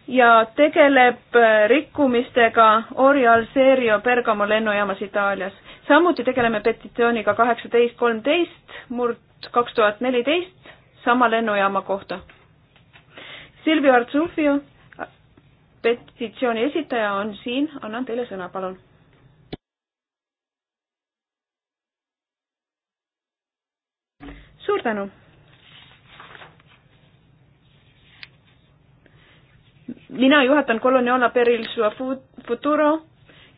ja tegeleb rikkumistega Orial Serio Bergamo lennujaamas Itaalias. samuti tegeleme petitsiooniga kaheksateist kolmteist murd kaks tuhat neliteist sama lennujaama kohta. Silvio Artsufio, petitsiooni esitaja on siin, annan teile sõna, palun suur tänu! mina juhatan Coloniala Peril Sua Futuro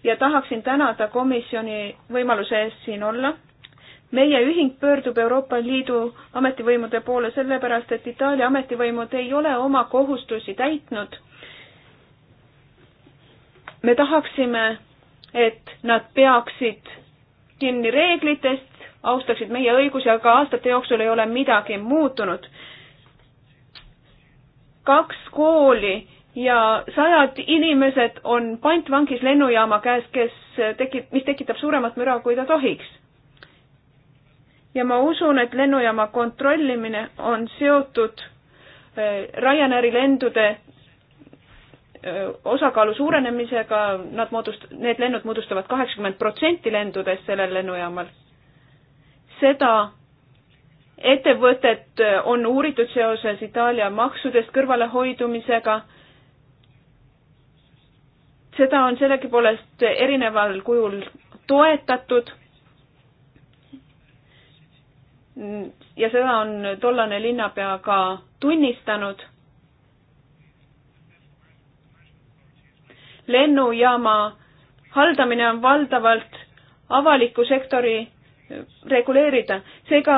ja tahaksin tänada komisjoni võimaluse eest siin olla. meie ühing pöördub Euroopa Liidu ametivõimude poole sellepärast, et Itaalia ametivõimud ei ole oma kohustusi täitnud. me tahaksime, et nad peaksid kinni reeglitest austaksid meie õigusi, aga aastate jooksul ei ole midagi muutunud. kaks kooli ja sajad inimesed on pantvangis lennujaama käes, kes tekib, mis tekitab suuremat müra, kui ta tohiks. ja ma usun, et lennujaama kontrollimine on seotud äh, Ryanairi lendude äh, osakaalu suurenemisega, nad moodust-, need lennud moodustavad kaheksakümmend protsenti lendudest sellel lennujaamal seda ettevõtet äh, on uuritud seoses Itaalia maksudest kõrvalehoidumisega. seda on sellegipoolest erineval kujul toetatud. ja seda on tollane linnapea ka tunnistanud. lennujaama haldamine on valdavalt avaliku sektori reguleerida. seega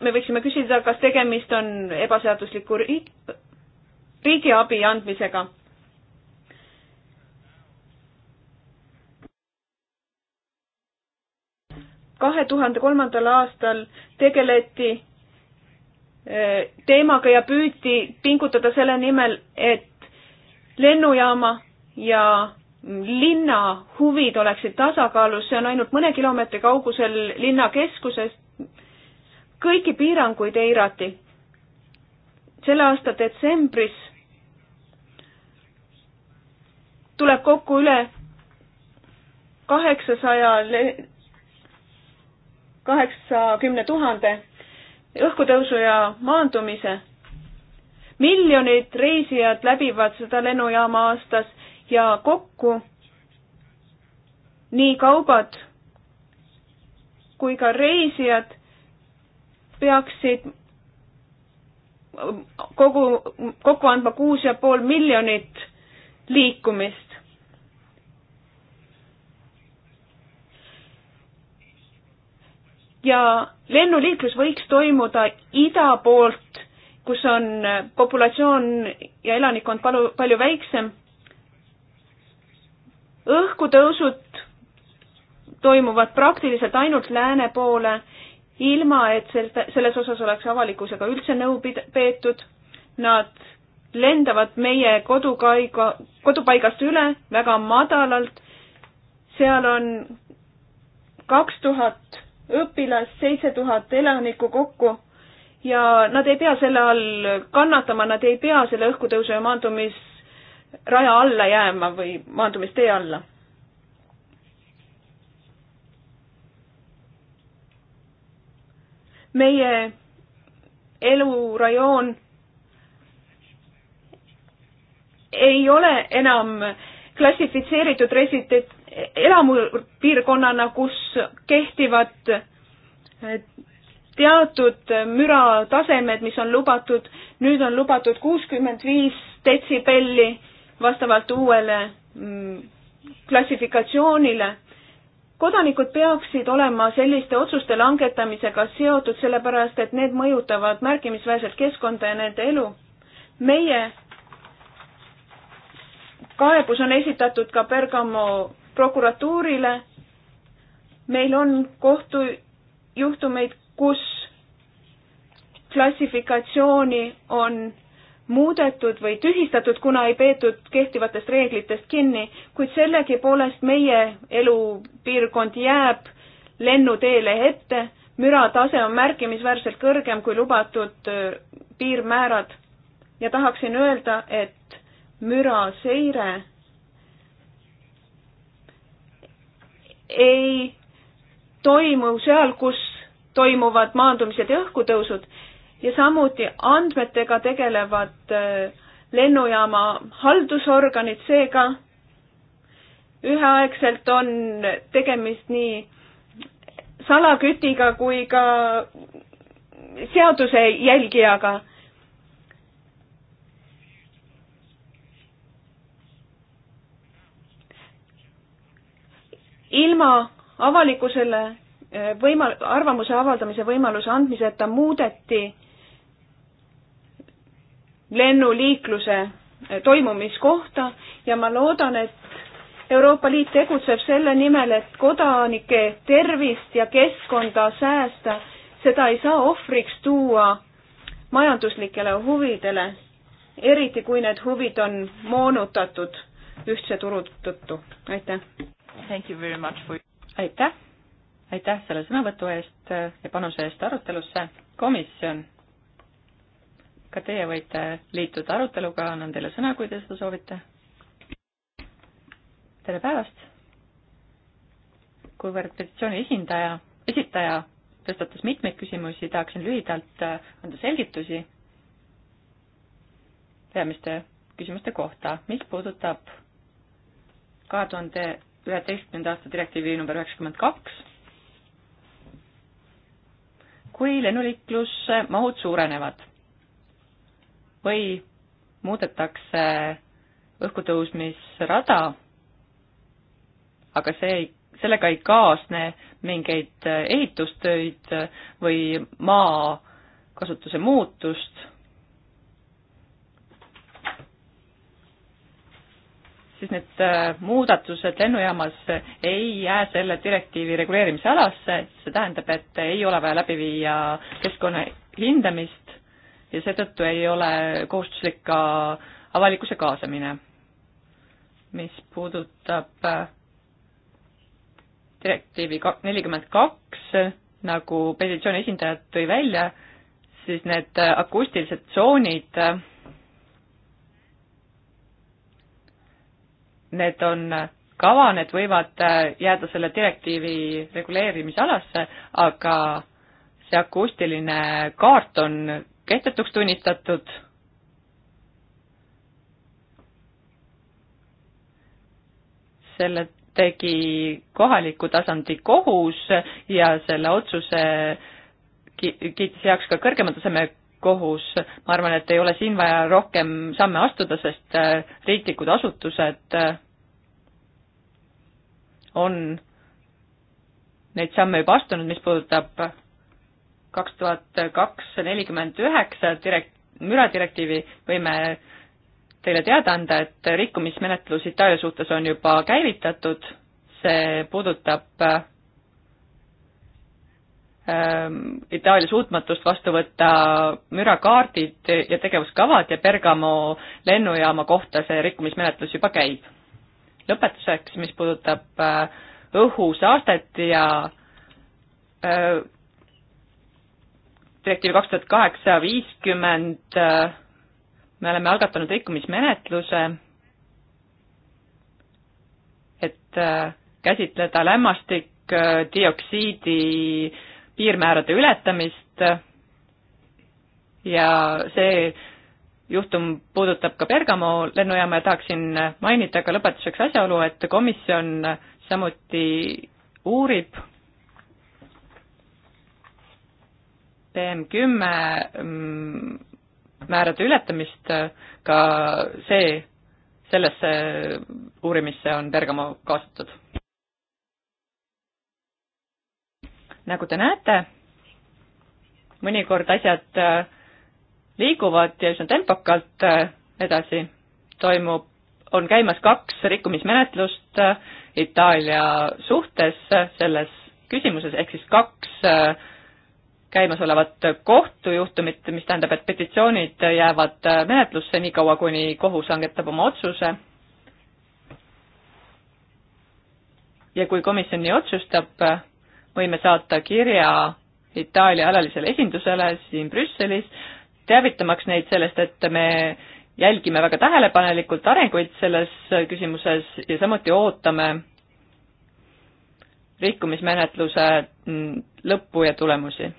me võiksime küsida, kas tegemist on ebaseadusliku riik, riigiabi andmisega. kahe tuhande kolmandal aastal tegeleti eh, teemaga ja püüti pingutada selle nimel, et lennujaama ja linna huvid oleksid tasakaalus, see on ainult mõne kilomeetri kaugusel linnakeskusest. kõiki piiranguid eirati. selle aasta detsembris tuleb kokku üle kaheksasaja, kaheksakümne tuhande õhkutõusu ja maandumise. miljonid reisijad läbivad seda lennujaama aastas ja kokku nii kaubad kui ka reisijad peaksid kogu, kokku andma kuus ja pool miljonit liikumist. ja lennuliiklus võiks toimuda ida poolt, kus on populatsioon ja elanikkond palju, palju väiksem õhkutõusud toimuvad praktiliselt ainult lääne poole, ilma et selles osas oleks avalikkusega üldse nõu peetud. Nad lendavad meie kodukaiga, kodupaigast üle väga madalalt. seal on kaks tuhat õpilast, seitse tuhat elanikku kokku ja nad ei pea selle all kannatama, nad ei pea selle õhkutõusu ja maandumis raja alla jääma või maandumistee alla. meie elurajoon ei ole enam klassifitseeritud resident-, elamupiirkonnana, kus kehtivad teatud müratasemed, mis on lubatud, nüüd on lubatud kuuskümmend viis detsibelli vastavalt uuele mm, klassifikatsioonile. kodanikud peaksid olema selliste otsuste langetamisega seotud, sellepärast et need mõjutavad märkimisväärselt keskkonda ja nende elu. meie kaebus on esitatud ka Bergamo prokuratuurile. meil on kohtujuhtumeid, kus klassifikatsiooni on muudetud või tühistatud, kuna ei peetud kehtivatest reeglitest kinni, kuid sellegipoolest meie elupiirkond jääb lennuteele ette, müratase on märkimisväärselt kõrgem kui lubatud piirmäärad ja tahaksin öelda, et müraseire ei toimu seal, kus toimuvad maandumised ja õhkutõusud ja samuti andmetega tegelevad äh, lennujaama haldusorganid, seega üheaegselt on tegemist nii salakütiga kui ka seaduse jälgijaga. ilma avalikkusele võima-, arvamuse avaldamise võimaluse andmiseta muudeti lennuliikluse eh, toimumiskohta ja ma loodan, et Euroopa Liit tegutseb selle nimel, et kodanike tervist ja keskkonda säästa, seda ei saa ohvriks tuua majanduslikele huvidele, eriti kui need huvid on moonutatud ühtse turu tõttu. aitäh! For... aitäh! aitäh selle sõnavõtu eest ja panuse eest arutelusse. komisjon ka teie võite liituda aruteluga, annan teile sõna, kui te seda soovite. tere päevast! kuivõrd petitsiooni esindaja, esitaja tõstatas mitmeid küsimusi, tahaksin lühidalt äh, anda selgitusi peamiste küsimuste kohta, mis puudutab kahe tuhande üheteistkümnenda aasta direktiivi number üheksakümmend kaks, kui lennuliikluse mahud suurenevad või muudetakse õhkutõusmisrada, aga see ei, sellega ei kaasne mingeid ehitustöid või maa kasutuse muutust, siis need äh, muudatused lennujaamas ei jää selle direktiivi reguleerimise alasse, see tähendab, et ei ole vaja läbi viia keskkonna hindamist ja seetõttu ei ole kohustuslik ka avalikkuse kaasamine. mis puudutab äh, direktiivi nelikümmend kaks, nagu petitsiooni esindajad tõi välja, siis need äh, akustilised tsoonid, äh, need on kava, need võivad jääda selle direktiivi reguleerimisalasse, aga see akustiline kaart on kehtetuks tunnistatud. selle tegi kohaliku tasandi kohus ja selle otsuse kiitis heaks ka kõrgema taseme kohus. ma arvan, et ei ole siin vaja rohkem samme astuda, sest äh, riiklikud asutused äh, on neid samme juba astunud, mis puudutab kaks tuhat kaks nelikümmend üheksa direkt-, müradirektiivi võime teile teada anda, et rikkumismenetlus Itaalia suhtes on juba käivitatud, see puudutab ähm, Itaalia suutmatust vastu võtta mürakaardid ja tegevuskavad ja Bergamo lennujaama kohta see rikkumismenetlus juba käib. lõpetuseks, mis puudutab äh, õhusaastet ja äh, direktiivi kaks tuhat kaheksa viiskümmend äh, me oleme algatanud rikkumismenetluse, et äh, käsitleda lämmastikdioksiidi äh, piirmäärade ületamist ja see juhtum puudutab ka Bergamo lennujaama ja tahaksin mainida ka lõpetuseks asjaolu, et komisjon samuti uurib PM kümme mm, määrade ületamist, ka see, sellesse uurimisse on Bergamo kaasatud. nagu te näete, mõnikord asjad äh, liiguvad ja üsna tempokalt äh, edasi, toimub, on käimas kaks rikkumismenetlust äh, Itaalia suhtes selles küsimuses, ehk siis kaks äh, käimasolevat kohtujuhtumit, mis tähendab, et petitsioonid jäävad menetlusse niikaua, kuni kohus langetab oma otsuse. ja kui komisjon nii otsustab, võime saata kirja Itaalia alalisele esindusele siin Brüsselis, teavitamaks neid sellest, et me jälgime väga tähelepanelikult arenguid selles küsimuses ja samuti ootame rikkumismenetluse lõppu ja tulemusi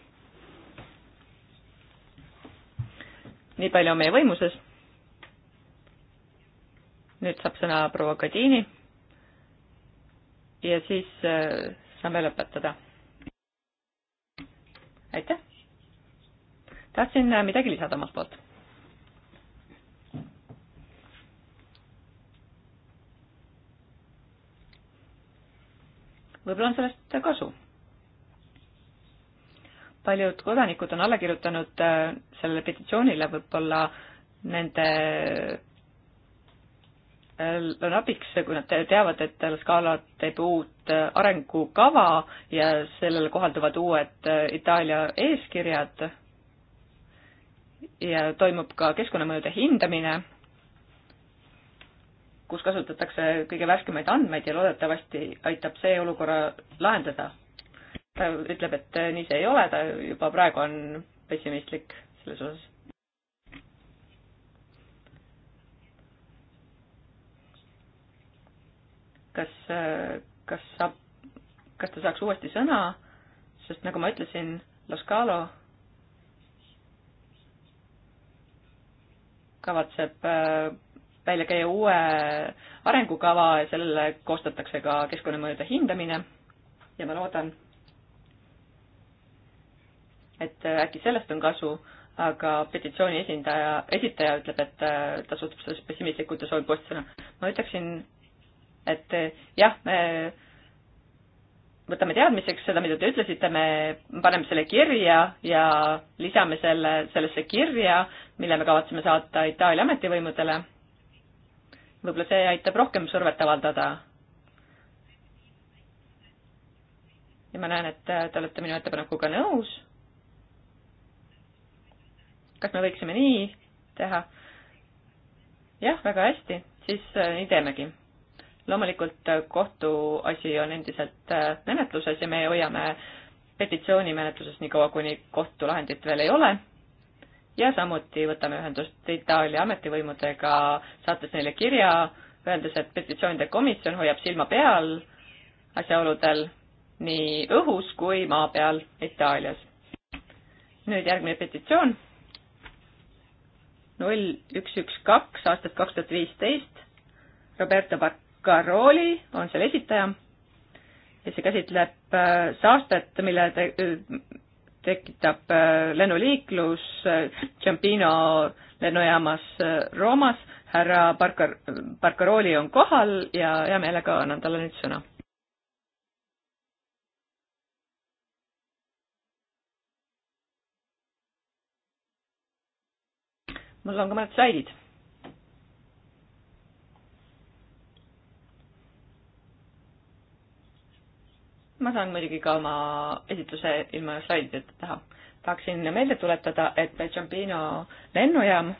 nii palju on meie võimuses. nüüd saab sõna proua Kadiini ja siis äh, saame lõpetada. aitäh! tahtsin äh, midagi lisada omalt poolt. võib-olla on sellest kasu paljud kodanikud on alla kirjutanud äh, sellele petitsioonile, võib-olla nende äh, on abiks, kui nad teavad, et Scala teeb uut äh, arengukava ja sellele kohalduvad uued Itaalia eeskirjad ja toimub ka keskkonnamõjude hindamine, kus kasutatakse kõige värskemaid andmeid ja loodetavasti aitab see olukorra lahendada ütleb, et äh, nii see ei ole, ta juba praegu on pessimistlik selles osas. kas, äh, kas saab, kas ta saaks uuesti sõna, sest nagu ma ütlesin, Los Calo kavatseb äh, välja käia uue arengukava ja sellele koostatakse ka keskkonnamõjude hindamine ja ma loodan, et äh, äkki sellest on kasu, aga petitsiooni esindaja, esitaja ütleb, et äh, ta suhtub sellesse pessimistlikult ja soovib vastusena. ma ütleksin, et äh, jah, me võtame teadmiseks seda, mida te ütlesite, me paneme selle kirja ja lisame selle sellesse kirja, mille me kavatseme saata Itaalia ametivõimudele. võib-olla see aitab rohkem survet avaldada. ja ma näen, et te olete minu ettepanekuga nõus kas me võiksime nii teha? jah, väga hästi, siis äh, nii teemegi. loomulikult äh, kohtuasi on endiselt äh, menetluses ja me hoiame petitsioonimenetluses nii kaua, kuni kohtulahendit veel ei ole. ja samuti võtame ühendust Itaalia ametivõimudega, saates neile kirja, öeldes, et petitsioonide komisjon hoiab silma peal asjaoludel nii õhus kui maa peal Itaalias. nüüd järgmine petitsioon null üks üks kaks aastast kaks tuhat viisteist. Roberto Baccaroli on selle esitaja ja see käsitleb äh, saastet, mille te, tekitab äh, lennuliiklus äh, Ciampino lennujaamas Roomas. härra Barcar-, Barcaroli on kohal ja hea meelega annan talle nüüd sõna mul on ka mõned slaidid. ma saan muidugi ka oma esitluse ilma slaidideta taha. tahaksin meelde tuletada, et Ciampino lennujaam,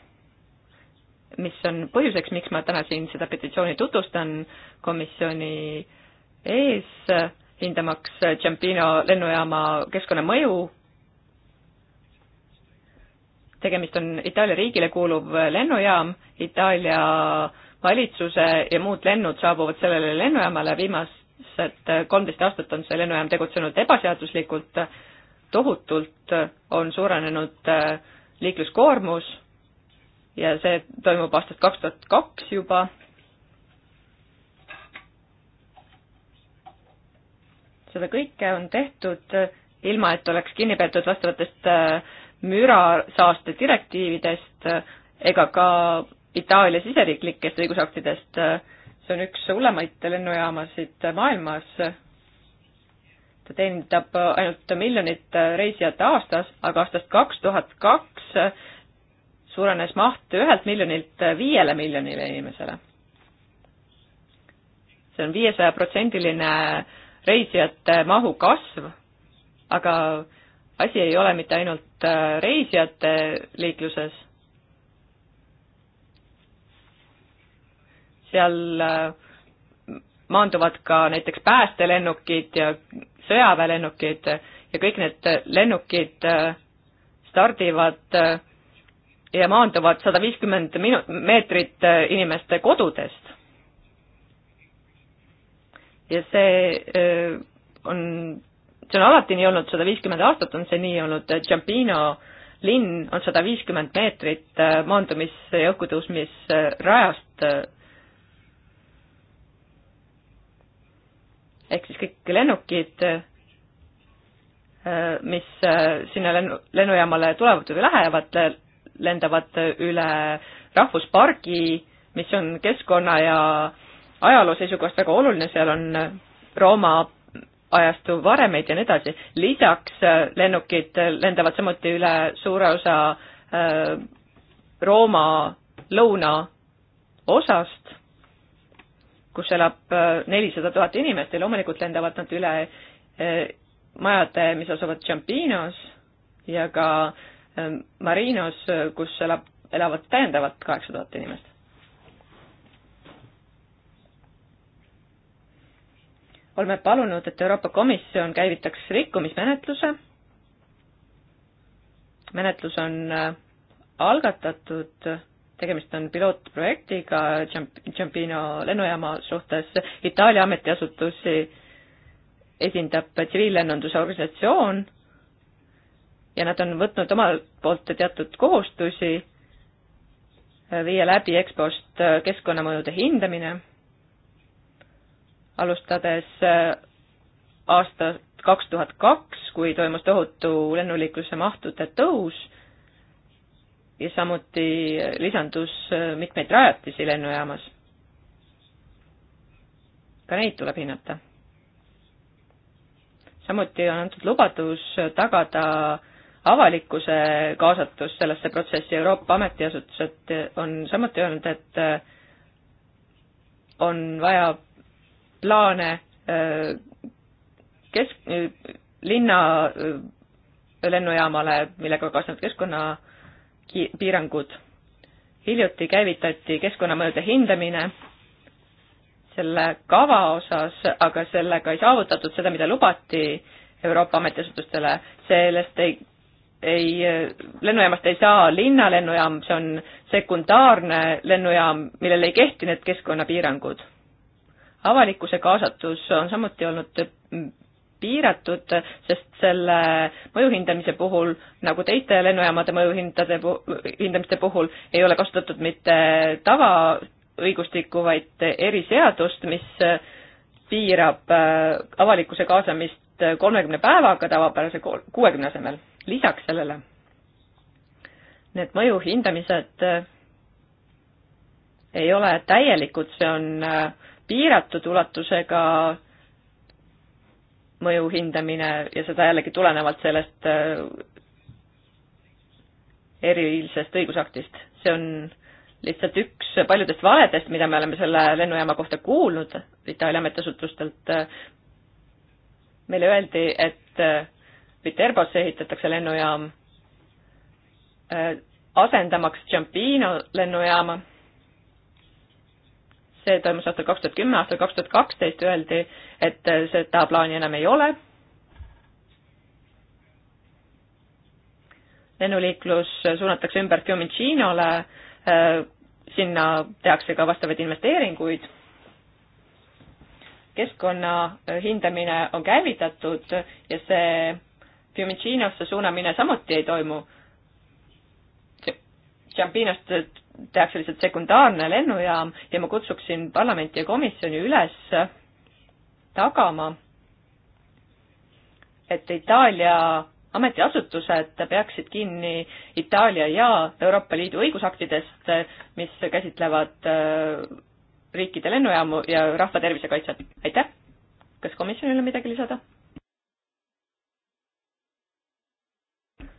mis on põhjuseks, miks ma täna siin seda petitsiooni tutvustan komisjoni ees, hindamaks Ciampino lennujaama keskkonnamõju tegemist on Itaalia riigile kuuluv lennujaam, Itaalia valitsuse ja muud lennud saabuvad sellele lennujaamale, viimased kolmteist aastat on see lennujaam tegutsenud ebaseaduslikult, tohutult on suurenenud äh, liikluskoormus ja see toimub aastast kaks tuhat kaks juba. seda kõike on tehtud äh, ilma, et oleks kinni peetud vastavatest äh, mürasaaste direktiividest äh, ega ka Itaalia siseriiklikest õigusaktidest. Äh, see on üks hullemaid lennujaamasid maailmas. ta teenindab ainult miljonit äh, reisijat aastas, aga aastast kaks tuhat kaks suurenes maht ühelt miljonilt viiele miljonile inimesele. see on viiesajaprotsendiline reisijate mahu kasv, aga asi ei ole mitte ainult ainult äh, reisijate liikluses. seal äh, maanduvad ka näiteks päästelennukid ja sõjaväelennukid ja kõik need lennukid äh, stardivad ja maanduvad sada viiskümmend minu-, meetrit inimeste kodudest. ja see on see on alati nii olnud, sada viiskümmend aastat on see nii olnud, Ciampino linn on sada viiskümmend meetrit äh, maandumis- ja õhkutõusmisrajast. Äh, ehk siis kõik lennukid, äh, mis sinna lennu, lennujaamale tulevad või lähevad, lendavad üle rahvuspargi, mis on keskkonna ja ajaloo seisukohast väga oluline, seal on Rooma ajastu varemeid ja nii edasi. lisaks äh, lennukid äh, lendavad samuti üle suure osa äh, Rooma lõunaosast, kus elab äh, nelisada tuhat inimest ja loomulikult lendavad nad üle äh, majade, mis asuvad Tšampinos ja ka äh, Marinos, kus elab, elavad täiendavalt kaheksa tuhat inimest. oleme palunud, et Euroopa Komisjon käivitaks rikkumismenetluse. menetlus on äh, algatatud, tegemist on pilootprojektiga Ciampino lennujaama suhtes, Itaalia ametiasutusi esindab tsiviillennunduse organisatsioon ja nad on võtnud omalt poolt teatud kohustusi äh, viia läbi EXPO-st äh, keskkonnamõjude hindamine alustades äh, aastast kaks tuhat kaks, kui toimus tohutu lennuliikluse mahtude tõus ja samuti lisandus äh, mitmeid rajatisi lennujaamas. ka neid tuleb hinnata. samuti on antud lubadus tagada avalikkuse kaasatus sellesse protsessi, Euroopa ametiasutused on samuti öelnud, et äh, on vaja plaane äh, kesk, linna äh, lennujaamale, millega kaasnevad keskkonnapiirangud. hiljuti käivitati keskkonnamõjude hindamine selle kava osas, aga sellega ei saavutatud seda, mida lubati Euroopa ametiasutustele, sellest ei, ei, lennujaamast ei saa linnalennujaam, see on sekundaarne lennujaam, millele ei kehti need keskkonnapiirangud avalikkuse kaasatus on samuti olnud piiratud, sest selle mõju hindamise puhul, nagu teiste lennujaamade mõju hindade, hindamiste puhul, ei ole kasutatud mitte tavaõigustikku, vaid eriseadust, mis piirab äh, avalikkuse kaasamist kolmekümne päevaga tavapärase kuuekümne asemel. lisaks sellele need mõju hindamised äh, ei ole täielikud, see on äh, piiratud ulatusega mõju hindamine ja seda jällegi tulenevalt sellest äh, erilisest õigusaktist. see on lihtsalt üks paljudest valedest, mida me oleme selle lennujaama kohta kuulnud Itaalia ametiasutustelt. meile öeldi, et äh, Viterbosse ehitatakse lennujaam äh, asendamaks Ciampino lennujaama see toimus aastal kaks tuhat kümme, aastal kaks tuhat kaksteist öeldi, et äh, seda plaani enam ei ole. lennuliiklus suunatakse ümber Fiumincinole, äh, sinna tehakse ka vastavaid investeeringuid. keskkonna äh, hindamine on käivitatud ja see Fiumicinosse suunamine samuti ei toimu. Tšampinost tehakse lihtsalt sekundaarne lennujaam ja ma kutsuksin parlamenti ja komisjoni üles tagama, et Itaalia ametiasutused peaksid kinni Itaalia ja Euroopa Liidu õigusaktidest, mis käsitlevad äh, riikide lennujaamu ja rahva tervise kaitset. aitäh! kas komisjonil on midagi lisada?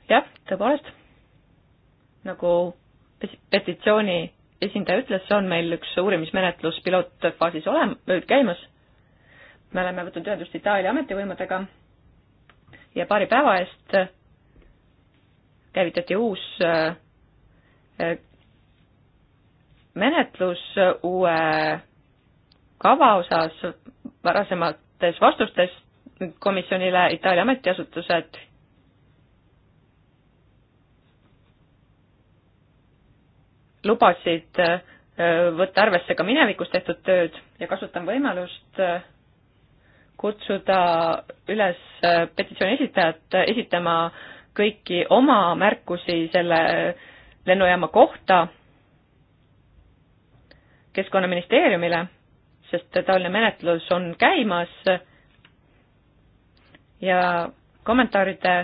jah, tõepoolest, nagu petitsiooni esindaja ütles, see on meil üks uurimismenetlus pilootfaasis olem-, käimas. me oleme võtnud ühendust Itaalia ametivõimudega ja paari päeva eest käivitati uus menetlus uue kava osas varasemates vastustes komisjonile Itaalia ametiasutused lubasid äh, võtta arvesse ka minevikus tehtud tööd ja kasutan võimalust äh, kutsuda üles äh, petitsiooni esitajat esitama kõiki oma märkusi selle lennujaama kohta Keskkonnaministeeriumile, sest taoline menetlus on käimas ja kommentaaride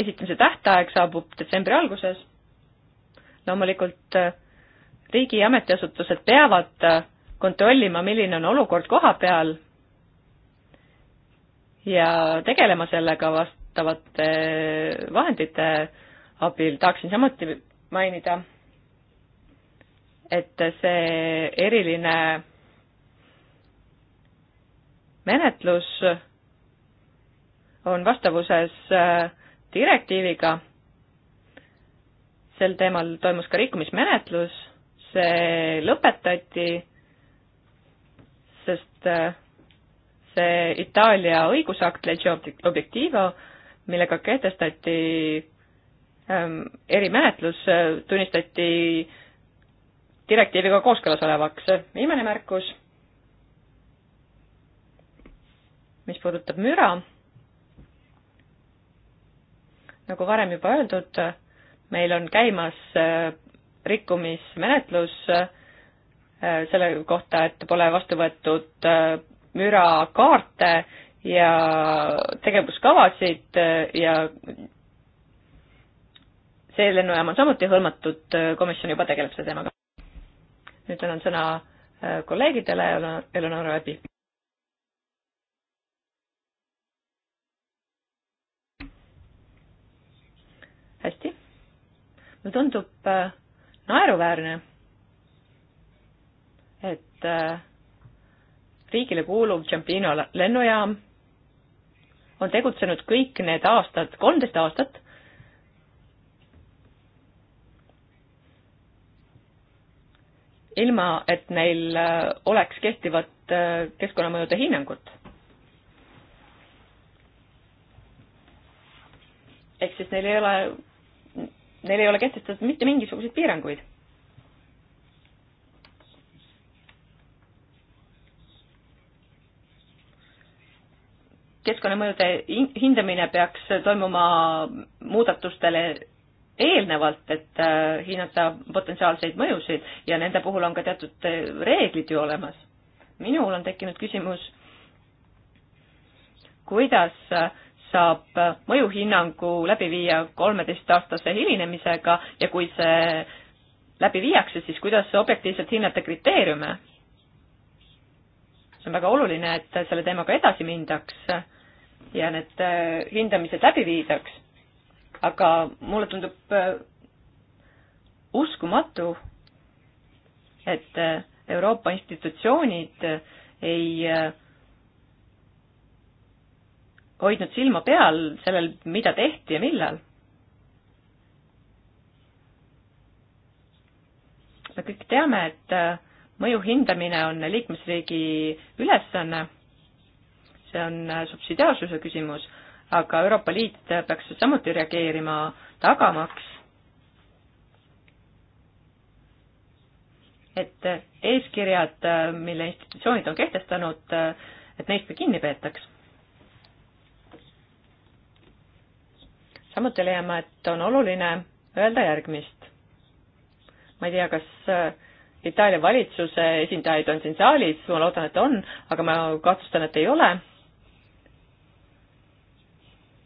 esitamise tähtaeg saabub detsembri alguses loomulikult äh, riigi ametiasutused peavad äh, kontrollima, milline on olukord koha peal ja tegelema sellega vastavate äh, vahendite abil, tahaksin samuti mainida, et see eriline menetlus on vastavuses direktiiviga sel teemal toimus ka rikkumismenetlus, see lõpetati, sest äh, see Itaalia õigusakt, Legio Objectivo, millega kehtestati ähm, erimenetlus, äh, tunnistati direktiiviga kooskõlas olevaks. viimane märkus, mis puudutab müra, nagu varem juba öeldud, meil on käimas äh, rikkumismenetlus äh, selle kohta, et pole vastu võetud äh, mürakaarte ja tegevuskavasid ja see lennujaam on samuti hõlmatud, komisjon juba tegeleb selle teemaga. nüüd annan sõna kolleegidele, Eleonora Ebi. mulle tundub äh, naeruväärne, et äh, riigile kuuluv Tšampino lennujaam on tegutsenud kõik need aastad, kolmteist aastat, ilma et neil äh, oleks kehtivat keskkonnamõjude hinnangut ehk siis neil ei ole neil ei ole kehtestatud mitte mingisuguseid piiranguid. keskkonnamõjude hindamine peaks toimuma muudatustele eelnevalt, et äh, hinnata potentsiaalseid mõjusid ja nende puhul on ka teatud äh, reeglid ju olemas. minul on tekkinud küsimus, kuidas äh, saab mõjuhinnangu läbi viia kolmeteistaastase hilinemisega ja kui see läbi viiakse, siis kuidas objektiivselt hinnata kriteeriume? see on väga oluline, et selle teemaga edasi mindaks ja need äh, hindamised läbi viidaks. aga mulle tundub äh, uskumatu, et äh, Euroopa institutsioonid ei äh, hoidnud silma peal sellel, mida tehti ja millal? me kõik teame, et äh, mõju hindamine on liikmesriigi ülesanne, see on äh, subsidiaarsuse küsimus, aga Euroopa Liit peaks samuti reageerima tagamaks, et äh, eeskirjad, mille institutsioonid on kehtestanud, et neist ka kinni peetaks samuti leian ma, et on oluline öelda järgmist. ma ei tea, kas äh, Itaalia valitsuse esindajaid on siin saalis, ma loodan, et on, aga ma kahtlustan, et ei ole.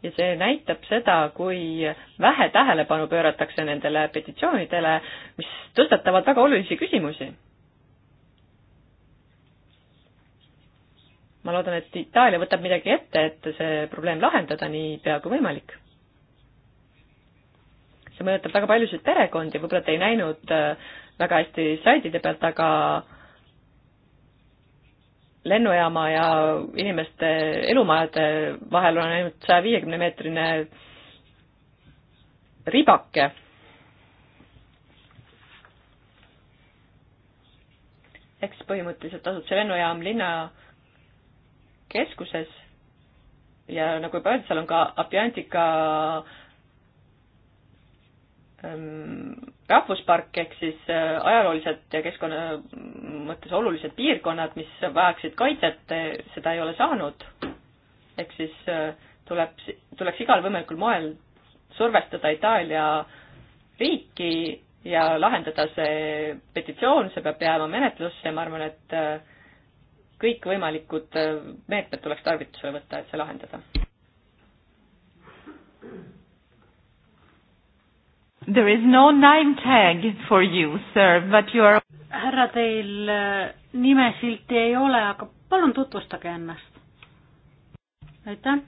ja see näitab seda, kui vähe tähelepanu pööratakse nendele petitsioonidele, mis tõstatavad väga olulisi küsimusi. ma loodan, et Itaalia võtab midagi ette, et see probleem lahendada niipea kui võimalik see mõjutab väga paljusid perekondi, võib-olla te ei näinud äh, väga hästi slaidide pealt, aga lennujaama ja inimeste elumajade vahel on ainult saja viiekümne meetrine ribake. eks põhimõtteliselt asub see lennujaam linna keskuses ja nagu juba öeldud, seal on ka Abiantika äh, Ehm, rahvuspark ehk siis äh, ajaloolised ja keskkonna mm, mõttes olulised piirkonnad, mis vajaksid kaitset, seda ei ole saanud. ehk siis äh, tuleb, tuleks igal võimalikul moel survestada Itaalia riiki ja lahendada see petitsioon, see peab jääma menetlusse, ma arvan, et äh, kõikvõimalikud meetmed tuleks tarvitusele võtta, et see lahendada There is no name tag for you, sir, but you are härra, teil äh, nimesilti ei ole, aga palun tutvustage ennast. aitäh.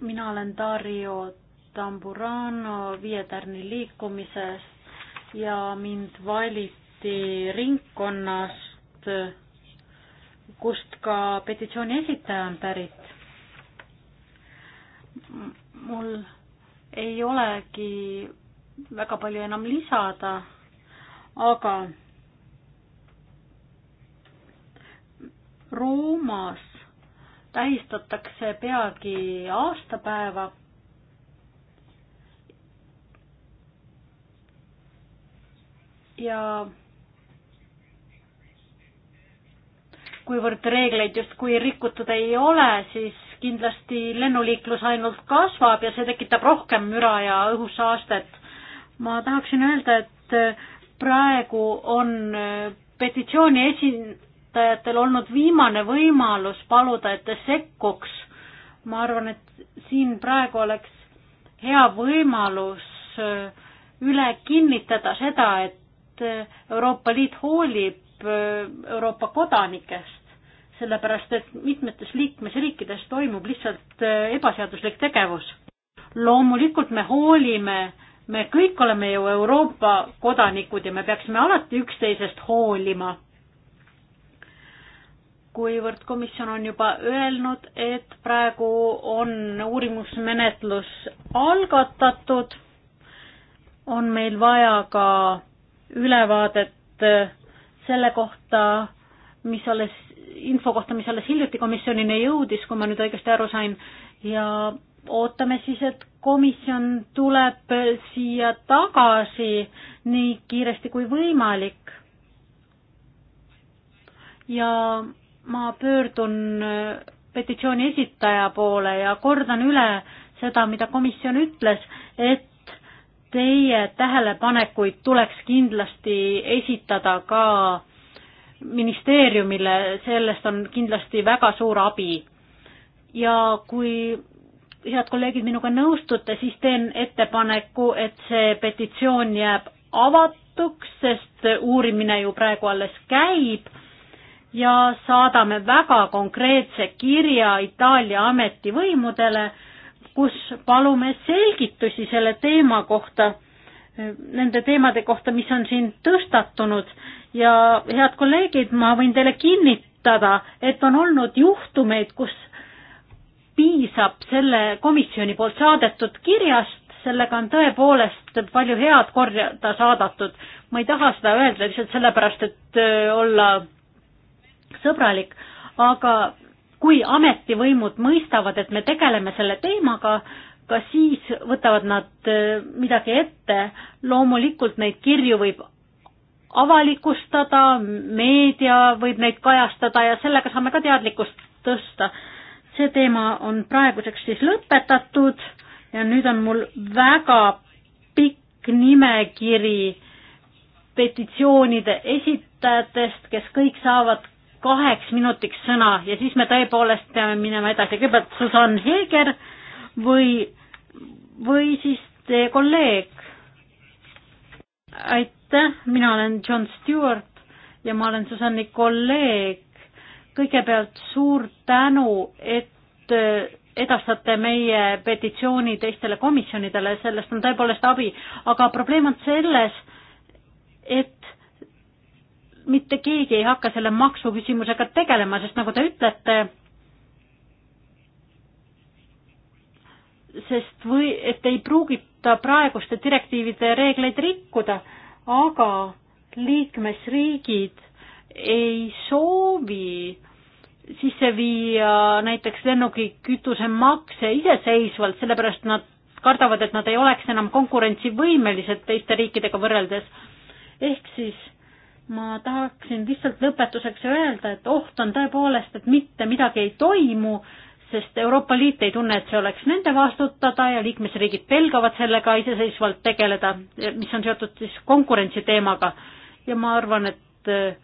mina olen Dario Tamburano Viie Tärni liikumisest ja mind valiti ringkonnast, kust ka petitsiooni esitaja on pärit mul ei olegi väga palju enam lisada, aga Roomas tähistatakse peagi aastapäeva. ja kuivõrd reegleid justkui rikutud ei ole, siis kindlasti lennuliiklus ainult kasvab ja see tekitab rohkem müra ja õhusaastet. ma tahaksin öelda, et praegu on äh, petitsiooni esindajatel olnud viimane võimalus paluda, et te sekkuks. ma arvan, et siin praegu oleks hea võimalus äh, üle kinnitada seda, et äh, Euroopa Liit hoolib Euroopa kodanikest sellepärast et mitmetes liikmesriikides toimub lihtsalt äh, ebaseaduslik tegevus. loomulikult me hoolime, me kõik oleme ju Euroopa kodanikud ja me peaksime alati üksteisest hoolima. kuivõrd komisjon on juba öelnud, et praegu on uurimusmenetlus algatatud, on meil vaja ka ülevaadet äh, selle kohta, mis alles info kohta, mis alles hiljuti komisjonini jõudis, kui ma nüüd õigesti aru sain, ja ootame siis, et komisjon tuleb siia tagasi nii kiiresti kui võimalik. ja ma pöördun petitsiooni esitaja poole ja kordan üle seda, mida komisjon ütles, et teie tähelepanekuid tuleks kindlasti esitada ka ministeeriumile, sellest on kindlasti väga suur abi. ja kui head kolleegid minuga nõustute, siis teen ettepaneku, et see petitsioon jääb avatuks, sest uurimine ju praegu alles käib ja saadame väga konkreetse kirja Itaalia ametivõimudele, kus palume selgitusi selle teema kohta nende teemade kohta, mis on siin tõstatunud ja head kolleegid, ma võin teile kinnitada, et on olnud juhtumeid, kus piisab selle komisjoni poolt saadetud kirjast, sellega on tõepoolest palju head korjata saadetud. ma ei taha seda öelda lihtsalt sellepärast, et äh, olla sõbralik, aga kui ametivõimud mõistavad, et me tegeleme selle teemaga, ka siis võtavad nad äh, midagi ette, loomulikult neid kirju võib avalikustada, meedia võib neid kajastada ja sellega saame ka teadlikkust tõsta. see teema on praeguseks siis lõpetatud ja nüüd on mul väga pikk nimekiri petitsioonide esitajatest, kes kõik saavad kaheks minutiks sõna ja siis me tõepoolest peame minema edasi. kõigepealt Susann Heeger või, või siis teie kolleeg. aitäh, mina olen John Stewart ja ma olen Susanni kolleeg. kõigepealt suur tänu, et äh, edastate meie petitsiooni teistele komisjonidele, sellest on tõepoolest abi, aga probleem on selles, et mitte keegi ei hakka selle maksuküsimusega tegelema, sest nagu te ütlete, sest või, et ei pruugita praeguste direktiivide reegleid rikkuda, aga liikmesriigid ei soovi sisse viia näiteks lennuki kütusemakse iseseisvalt, sellepärast nad kardavad, et nad ei oleks enam konkurentsivõimelised teiste riikidega võrreldes. ehk siis ma tahaksin lihtsalt lõpetuseks öelda, et oht on tõepoolest, et mitte midagi ei toimu, sest Euroopa Liit ei tunne, et see oleks nende vastutada ja liikmesriigid pelgavad sellega iseseisvalt tegeleda, mis on seotud siis konkurentsi teemaga. ja ma arvan, et äh,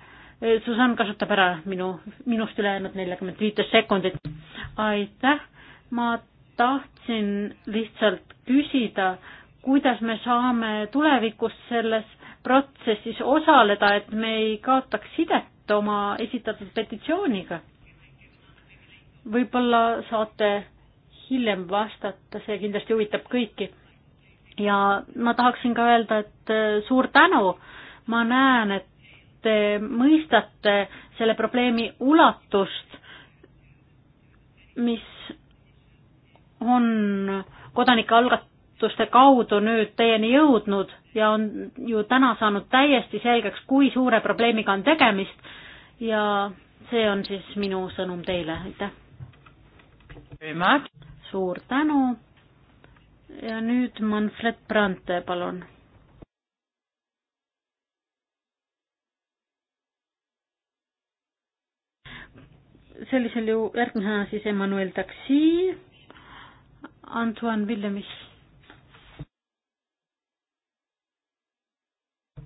Susann kasutab ära minu, minust ülejäänud neljakümmet viite sekundit. aitäh, ma tahtsin lihtsalt küsida, kuidas me saame tulevikus selles protsessis osaleda, et me ei kaotaks sidet oma esitatud petitsiooniga võib-olla saate hiljem vastata, see kindlasti huvitab kõiki. ja ma tahaksin ka öelda, et äh, suur tänu, ma näen, et te mõistate selle probleemi ulatust, mis on kodanikealgatuste kaudu nüüd teieni jõudnud ja on ju täna saanud täiesti selgeks, kui suure probleemiga on tegemist ja see on siis minu sõnum teile, aitäh! suur tänu. ja nüüd Manfred Brandte, palun. sellisel ju järgmisena siis Emmanuel Taxi, Antoine Villemis.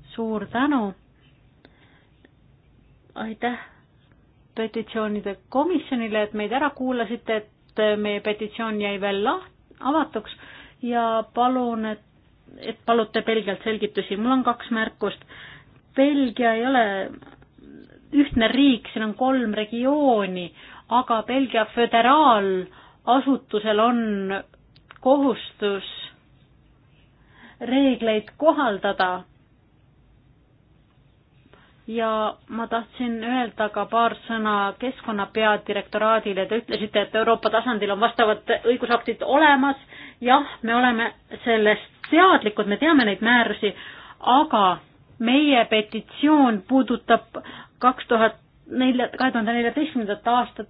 suur tänu. aitäh petitsioonide komisjonile, et meid ära kuulasite, et et äh, meie petitsioon jäi veel laht-, avatuks ja palun, et, et palute Belgialt selgitusi. mul on kaks märkust. Belgia ei ole ühtne riik, siin on kolm regiooni, aga Belgia föderaalasutusel on kohustus reegleid kohaldada ja ma tahtsin öelda ka paar sõna keskkonna peadirektoraadile, te ütlesite, et Euroopa tasandil on vastavad õigusaktid olemas, jah, me oleme sellest teadlikud, me teame neid määrusi, aga meie petitsioon puudutab kaks tuhat nelja, kahe tuhande neljateistkümnendat aastat,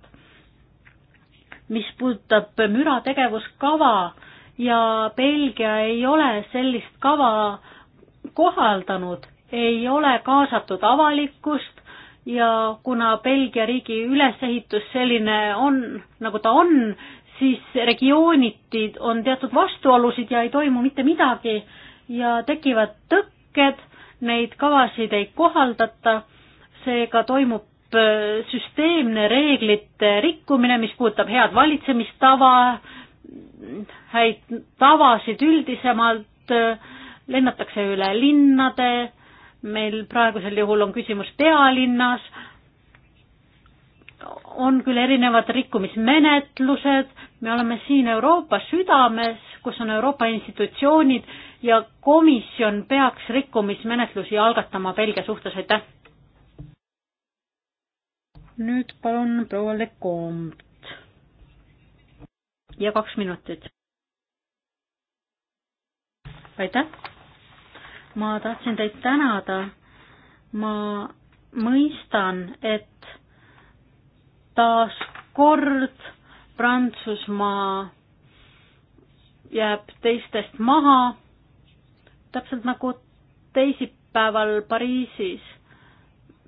mis puudutab müra tegevuskava ja Belgia ei ole sellist kava kohaldanud ei ole kaasatud avalikkust ja kuna Belgia riigi ülesehitus selline on, nagu ta on, siis regiooniti on teatud vastuolusid ja ei toimu mitte midagi ja tekivad tõkked, neid kavasid ei kohaldata, seega toimub äh, süsteemne reeglite rikkumine, mis puudutab head valitsemistava, häid tavasid üldisemalt, äh, lennatakse üle linnade, meil praegusel juhul on küsimus pealinnas, on küll erinevad rikkumismenetlused, me oleme siin Euroopa südames, kus on Euroopa institutsioonid ja komisjon peaks rikkumismenetlusi algatama Belgia suhtes, aitäh! nüüd palun proua Lecomte ja kaks minutit. aitäh! ma tahtsin teid tänada. ma mõistan, et taas kord Prantsusmaa jääb teistest maha, täpselt nagu teisipäeval Pariisis.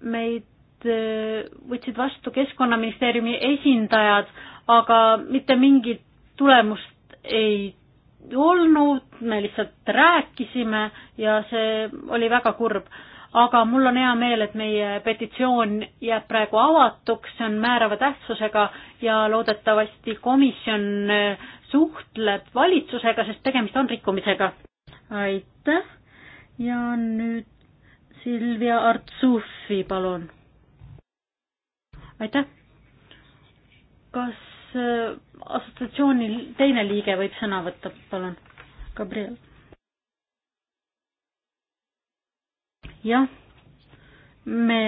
meid äh, võtsid vastu Keskkonnaministeeriumi esindajad, aga mitte mingit tulemust ei olnud, me lihtsalt rääkisime ja see oli väga kurb. aga mul on hea meel, et meie petitsioon jääb praegu avatuks, see on määrava tähtsusega ja loodetavasti komisjon eh, suhtleb valitsusega, sest tegemist on rikkumisega. aitäh ja nüüd Silvia Artsufi, palun. aitäh. kas Äh, assotsiatsiooni teine liige võib sõna võtta, palun? Gabriel. jah, me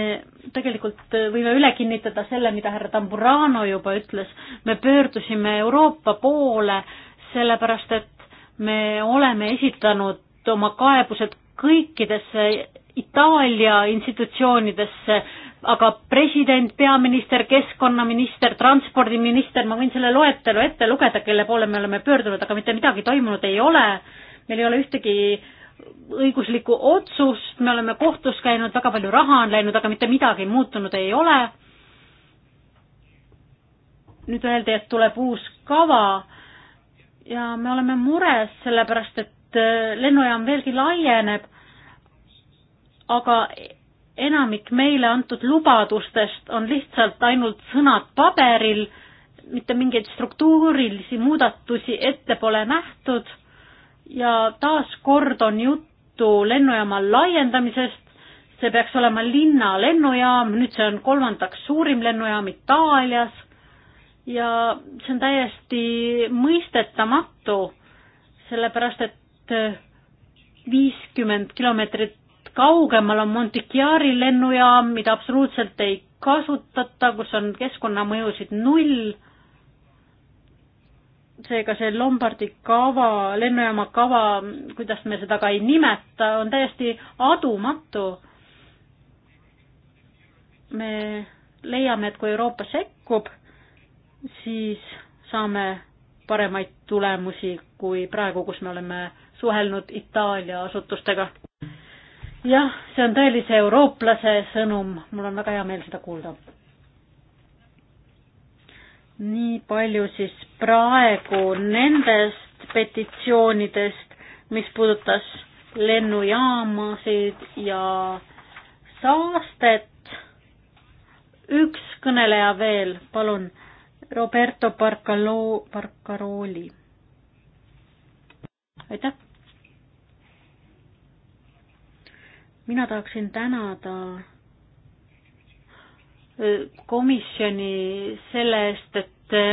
tegelikult võime üle kinnitada selle, mida härra Tamburano juba ütles, me pöördusime Euroopa poole, sellepärast et me oleme esitanud oma kaebused kõikidesse Itaalia institutsioonidesse äh, aga president, peaminister, keskkonnaminister, transpordiminister, ma võin selle loetelu ette lugeda, kelle poole me oleme pöördunud, aga mitte midagi toimunud ei ole. meil ei ole ühtegi õiguslikku otsust, me oleme kohtus käinud, väga palju raha on läinud, aga mitte midagi muutunud ei ole. nüüd öeldi, et tuleb uus kava ja me oleme mures, sellepärast et äh, lennujaam veelgi laieneb, aga enamik meile antud lubadustest on lihtsalt ainult sõnad paberil, mitte mingeid struktuurilisi muudatusi ette pole nähtud ja taaskord on juttu lennujaama laiendamisest, see peaks olema linna lennujaam, nüüd see on kolmandaks suurim lennujaam Itaalias ja see on täiesti mõistetamatu, sellepärast et viiskümmend kilomeetrit kaugemal on Montichiari lennujaam, mida absoluutselt ei kasutata, kus on keskkonnamõjusid null. seega see Lombardi kava, lennujaama kava, kuidas me seda ka ei nimeta, on täiesti adumatu. me leiame, et kui Euroopa sekkub, siis saame paremaid tulemusi kui praegu, kus me oleme suhelnud Itaalia asutustega jah, see on tõelise eurooplase sõnum, mul on väga hea meel seda kuulda. nii palju siis praegu nendest petitsioonidest, mis puudutas lennujaamasid ja saastet. üks kõneleja veel, palun, Roberto Barcalo, Barcaroli. aitäh mina tahaksin tänada komisjoni selle eest, et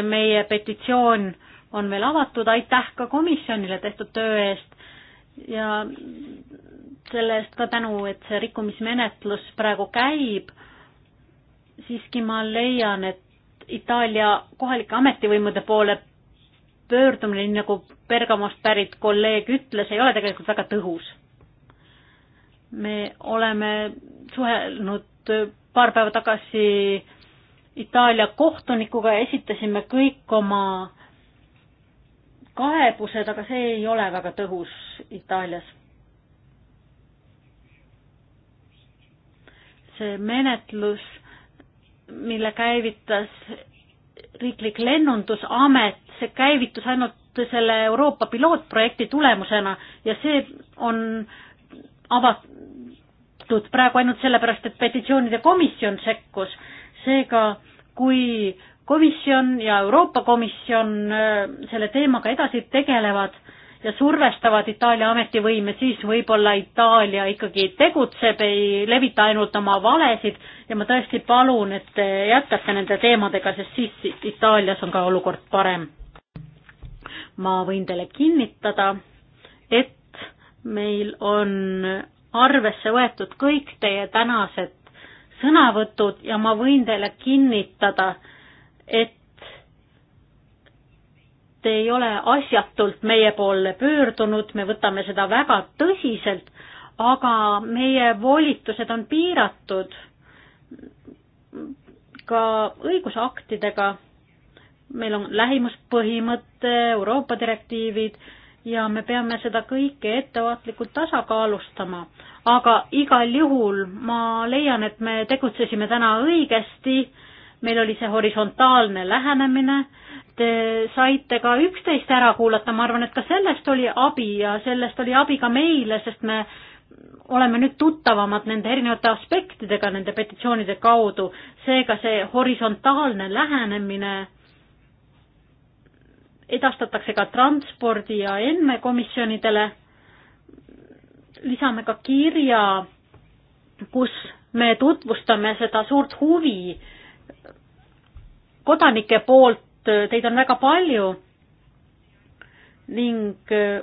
meie petitsioon on veel avatud, aitäh ka komisjonile tehtud töö eest ja selle eest ka tänu, et see rikkumismenetlus praegu käib. siiski ma leian, et Itaalia kohalike ametivõimude poole pöördumine, nii nagu Bergamost pärit kolleeg ütles, ei ole tegelikult väga tõhus me oleme suhelnud paar päeva tagasi Itaalia kohtunikuga ja esitasime kõik oma kaebused, aga see ei ole väga tõhus Itaalias. see menetlus, mille käivitas riiklik lennundusamet, see käivitus ainult selle Euroopa pilootprojekti tulemusena ja see on äh, avatud praegu ainult sellepärast, et petitsioonide komisjon sekkus. seega, kui komisjon ja Euroopa Komisjon äh, selle teemaga edasi tegelevad ja survestavad Itaalia ametivõime, siis võib-olla Itaalia ikkagi tegutseb, ei levita ainult oma valesid ja ma tõesti palun, et te jätkate nende teemadega, sest siis Itaalias on ka olukord parem. ma võin teile kinnitada, et meil on arvesse võetud kõik teie tänased sõnavõtud ja ma võin teile kinnitada, et te ei ole asjatult meie poole pöördunud, me võtame seda väga tõsiselt, aga meie volitused on piiratud ka õigusaktidega. meil on lähimuspõhimõte, Euroopa direktiivid ja me peame seda kõike ettevaatlikult tasakaalustama. aga igal juhul ma leian, et me tegutsesime täna õigesti, meil oli see horisontaalne lähenemine, te saite ka üksteist ära kuulata, ma arvan, et ka sellest oli abi ja sellest oli abi ka meile, sest me oleme nüüd tuttavamad nende erinevate aspektidega nende petitsioonide kaudu, seega see horisontaalne lähenemine edastatakse ka transpordi ja enne komisjonidele. lisame ka kirja, kus me tutvustame seda suurt huvi kodanike poolt, teid on väga palju ning äh,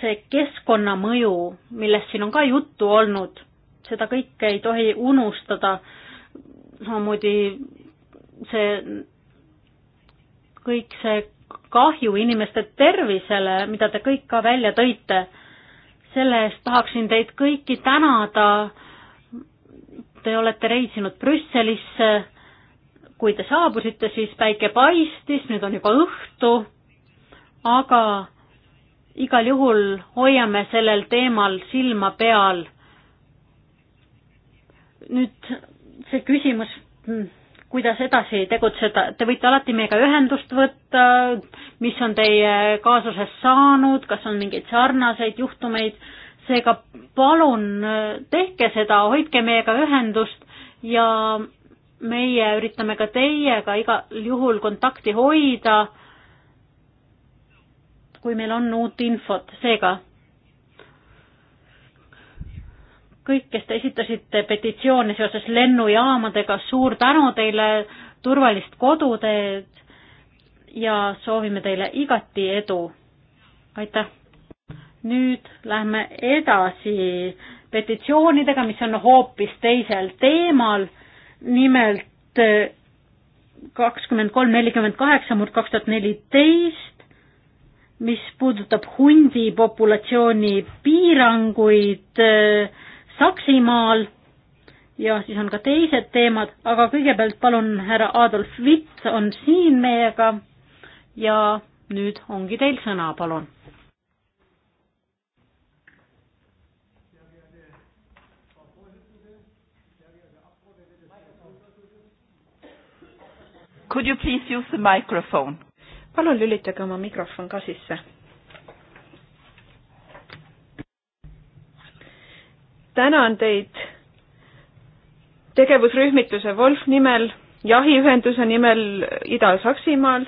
see keskkonnamõju, millest siin on ka juttu olnud, seda kõike ei tohi unustada, samamoodi see kõik see kahju inimeste tervisele, mida te kõik ka välja tõite, selle eest tahaksin teid kõiki tänada. Te olete reisinud Brüsselisse, kui te saabusite, siis päike paistis, nüüd on juba õhtu, aga igal juhul hoiame sellel teemal silma peal. nüüd see küsimus hmm, kuidas edasi tegutseda, te võite alati meiega ühendust võtta, mis on teie kaasuses saanud, kas on mingeid sarnaseid juhtumeid, seega palun tehke seda, hoidke meiega ühendust ja meie üritame ka teiega igal juhul kontakti hoida, kui meil on uut infot, seega kõik, kes te esitasite petitsioone seoses lennujaamadega, suur tänu teile, turvalist koduteed ja soovime teile igati edu. aitäh. nüüd lähme edasi petitsioonidega, mis on hoopis teisel teemal. nimelt eh, kakskümmend kolm nelikümmend kaheksa murd kaks tuhat neliteist, mis puudutab hundi populatsiooni piiranguid äh, Saksimaal ja siis on ka teised teemad, aga kõigepealt palun, härra Adolf Vits on siin meiega ja nüüd ongi teil sõna, palun. Could you please use the microphone? palun lülitage oma mikrofon ka sisse tänan teid tegevusrühmituse Wolf nimel, jahiühenduse nimel Ida-Saksimaal.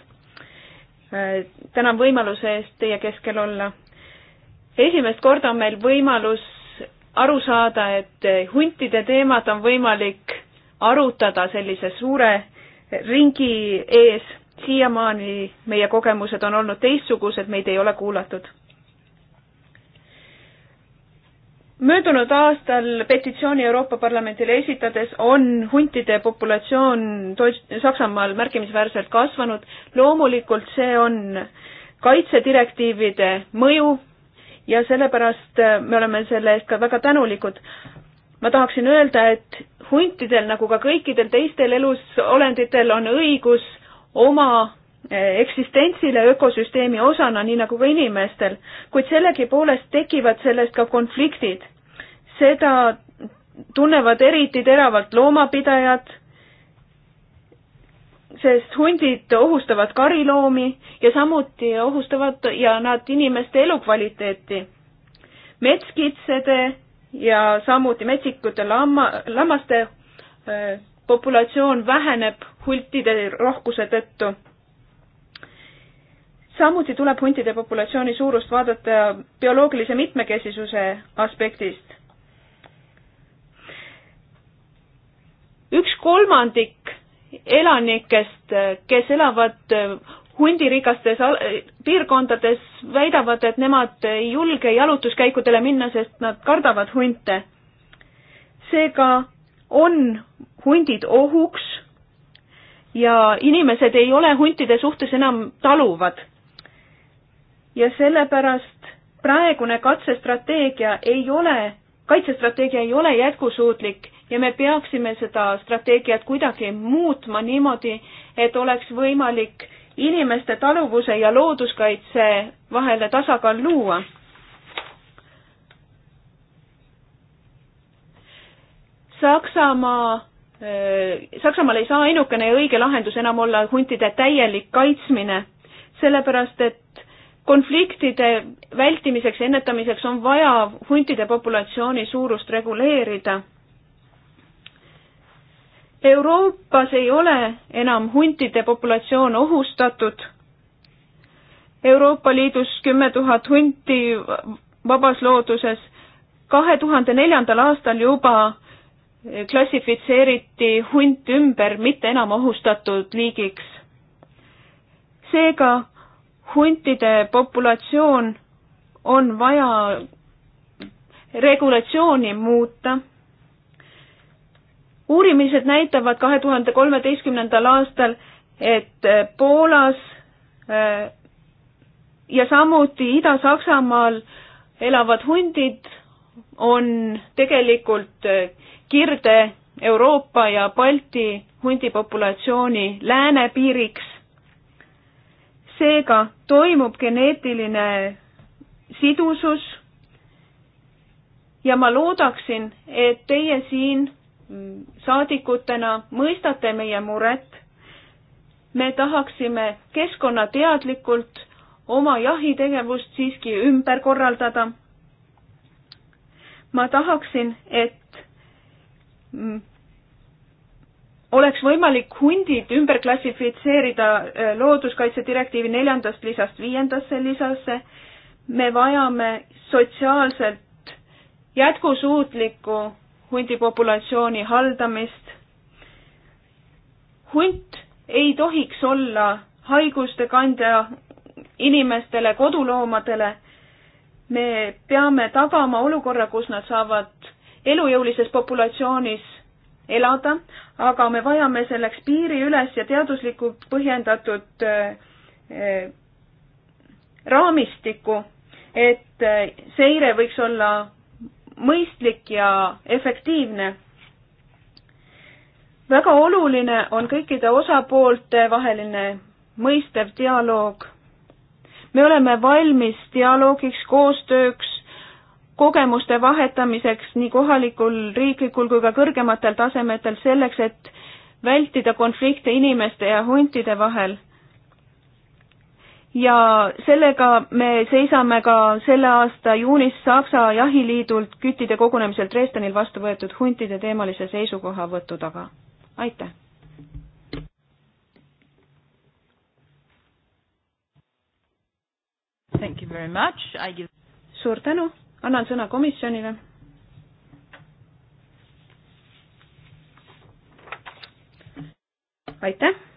tänan võimaluse eest teie keskel olla. esimest korda on meil võimalus aru saada, et huntide teemat on võimalik arutada sellise suure ringi ees. siiamaani meie kogemused on olnud teistsugused, meid ei ole kuulatud möödunud aastal petitsiooni Euroopa Parlamendile esitades on huntide populatsioon Saksamaal märkimisväärselt kasvanud. loomulikult see on kaitsedirektiivide mõju ja sellepärast äh, me oleme selle eest ka väga tänulikud. ma tahaksin öelda, et huntidel nagu ka kõikidel teistel elusolenditel on õigus oma äh, eksistentsile ökosüsteemi osana, nii nagu ka inimestel, kuid sellegipoolest tekivad sellest ka konfliktid seda tunnevad eriti teravalt loomapidajad, sest hundid ohustavad kariloomi ja samuti ohustavad ja nad inimeste elukvaliteeti. metskitsede ja samuti metsikute lamma, lammaste öö, populatsioon väheneb huntide rohkuse tõttu. samuti tuleb huntide populatsiooni suurust vaadata bioloogilise mitmekesisuse aspektist. üks kolmandik elanikest, kes elavad äh, hundirikastes piirkondades, väidavad, et nemad ei julge jalutuskäikudele minna, sest nad kardavad hunte. seega on hundid ohuks ja inimesed ei ole huntide suhtes enam taluvad. ja sellepärast praegune katsestrateegia ei ole, kaitsestrateegia ei ole jätkusuutlik ja me peaksime seda strateegiat kuidagi muutma niimoodi, et oleks võimalik inimeste taluvuse ja looduskaitse vahele tasakaal luua. Saksamaa, äh, Saksamaal ei saa ainukene ja õige lahendus enam olla huntide täielik kaitsmine, sellepärast et konfliktide vältimiseks ja ennetamiseks on vaja huntide populatsiooni suurust reguleerida Euroopas ei ole enam huntide populatsioon ohustatud. Euroopa Liidus kümme tuhat hunti vabas looduses. kahe tuhande neljandal aastal juba klassifitseeriti hunt ümber mitte enam ohustatud liigiks. seega huntide populatsioon on vaja regulatsiooni muuta uurimised näitavad kahe tuhande kolmeteistkümnendal aastal, et äh, Poolas äh, ja samuti Ida-Saksamaal elavad hundid on tegelikult äh, Kirde Euroopa ja Balti hundipopulatsiooni läänepiiriks. seega toimub geneetiline sidusus ja ma loodaksin, et teie siin saadikutena mõistate meie muret. me tahaksime keskkonnateadlikult oma jahitegevust siiski ümber korraldada. ma tahaksin, et mm, oleks võimalik hundid ümber klassifitseerida äh, looduskaitse direktiivi neljandast lisast viiendasse lisasse. me vajame sotsiaalselt jätkusuutlikku hundipopulatsiooni haldamist. hunt ei tohiks olla haiguste kandja inimestele, koduloomadele. me peame tagama olukorra, kus nad saavad elujõulises populatsioonis elada, aga me vajame selleks piiriüles ja teaduslikult põhjendatud eh, eh, raamistikku, et eh, seire võiks olla mõistlik ja efektiivne. väga oluline on kõikide osapoolte vaheline mõistev dialoog. me oleme valmis dialoogiks, koostööks, kogemuste vahetamiseks nii kohalikul, riiklikul kui ka kõrgematel tasemetel selleks, et vältida konflikte inimeste ja huntide vahel ja sellega me seisame ka selle aasta juunis Saksa Jahiliidult küttide kogunemisel Dresdenil vastu võetud huntide teemalise seisukohavõtu taga. aitäh! Thank you very much, I give suur tänu, annan sõna komisjonile. aitäh!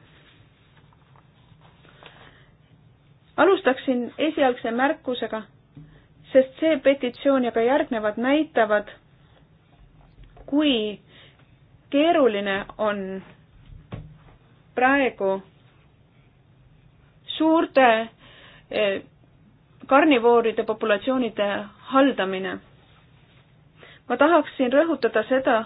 alustaksin esialgse märkusega, sest see petitsioon ja ka järgnevad näitavad, kui keeruline on praegu suurte eh, karnivooride populatsioonide haldamine. ma tahaksin rõhutada seda,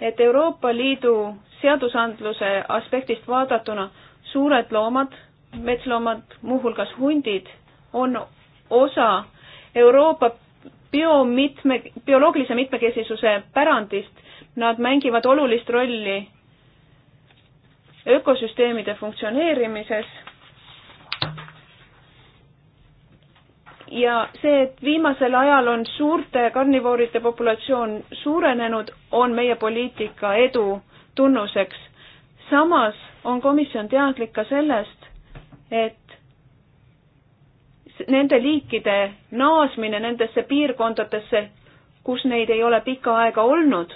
et Euroopa Liidu seadusandluse aspektist vaadatuna suured loomad metsloomad, muuhulgas hundid, on osa Euroopa biomitme, bioloogilise mitmekesisuse pärandist. Nad mängivad olulist rolli ökosüsteemide funktsioneerimises. ja see, et viimasel ajal on suurte karnivoorite populatsioon suurenenud, on meie poliitika edu tunnuseks. samas on komisjon teadlik ka sellest, et nende liikide naasmine nendesse piirkondadesse, kus neid ei ole pikka aega olnud,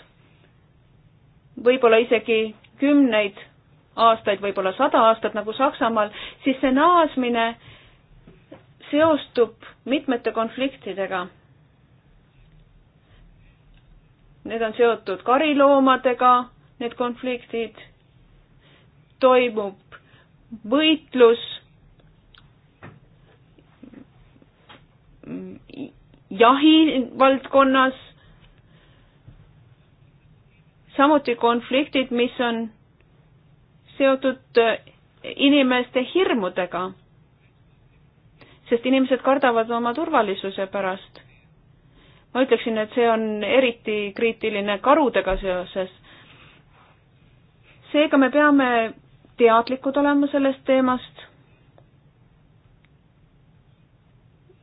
võib-olla isegi kümneid aastaid, võib-olla sada aastat nagu Saksamaal, siis see naasmine seostub mitmete konfliktidega. Need on seotud kariloomadega, need konfliktid, toimub võitlus jahivaldkonnas, samuti konfliktid, mis on seotud äh, inimeste hirmudega, sest inimesed kardavad oma turvalisuse pärast. ma ütleksin, et see on eriti kriitiline karudega seoses. seega me peame teadlikud olema sellest teemast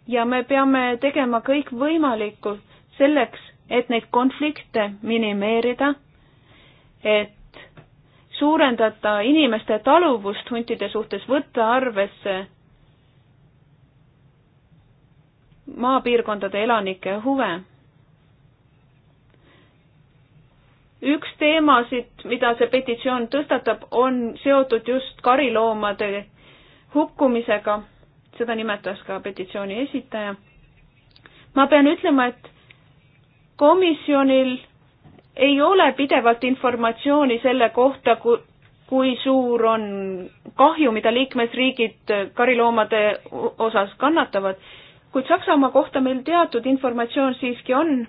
ja me peame tegema kõik võimalikku selleks, et neid konflikte minimeerida, et suurendada inimeste taluvust huntide suhtes, võtta arvesse maapiirkondade elanike huve. üks teemasid, mida see petitsioon tõstatab, on seotud just kariloomade hukkumisega seda nimetas ka petitsiooni esitaja. ma pean ütlema, et komisjonil ei ole pidevalt informatsiooni selle kohta, kui suur on kahju, mida liikmesriigid kariloomade osas kannatavad, kuid Saksamaa kohta meil teatud informatsioon siiski on,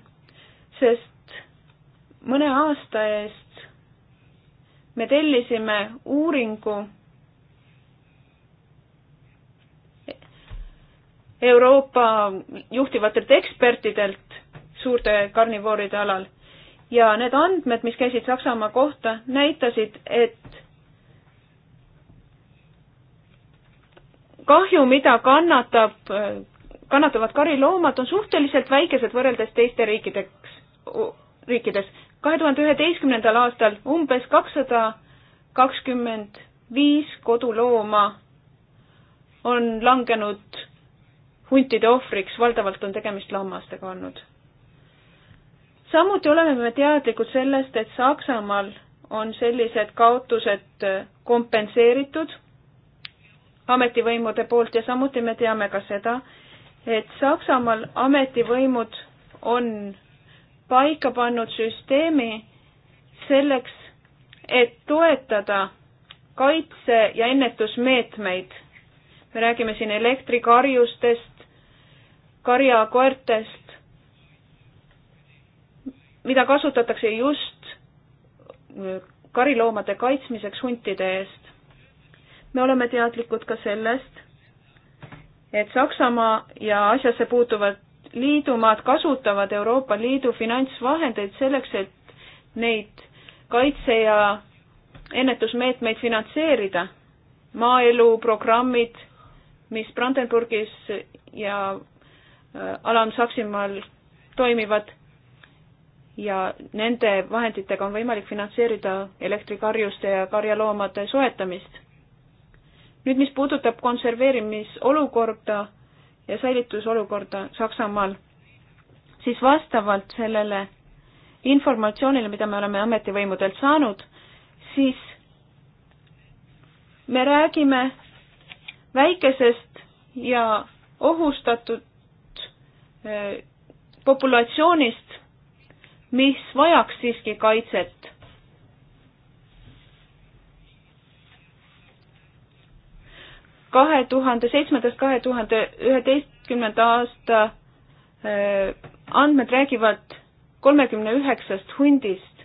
sest mõne aasta eest me tellisime uuringu Euroopa juhtivatelt ekspertidelt suurte karnivooride alal ja need andmed, mis käisid Saksamaa kohta, näitasid, et kahju, mida kannatab, kannatavad kariloomad, on suhteliselt väikesed võrreldes teiste riikideks, riikides. kahe tuhande üheteistkümnendal aastal umbes kakssada kakskümmend viis kodulooma on langenud huntide ohvriks, valdavalt on tegemist lammastega olnud. samuti oleme me teadlikud sellest, et Saksamaal on sellised kaotused äh, kompenseeritud ametivõimude poolt ja samuti me teame ka seda, et Saksamaal ametivõimud on paika pannud süsteemi selleks, et toetada kaitse- ja ennetusmeetmeid. me räägime siin elektrikarjustest, karjakoertest, mida kasutatakse just kariloomade kaitsmiseks huntide eest. me oleme teadlikud ka sellest, et Saksamaa ja asjasse puutuvad liidumaad kasutavad Euroopa Liidu finantsvahendeid selleks, et neid kaitse- ja ennetusmeetmeid finantseerida. maaeluprogrammid, mis Brandenburgis ja Äh, Alam-Saksimaal toimivad ja nende vahenditega on võimalik finantseerida elektrikarjuste ja karjaloomade soetamist. nüüd, mis puudutab konserveerimisolukorda ja säilitusolukorda Saksamaal, siis vastavalt sellele informatsioonile, mida me oleme ametivõimudelt saanud, siis me räägime väikesest ja ohustatud populatsioonist, mis vajaks siiski kaitset. kahe tuhande seitsmendast kahe tuhande üheteistkümnenda aasta äh, andmed räägivad kolmekümne üheksast hundist.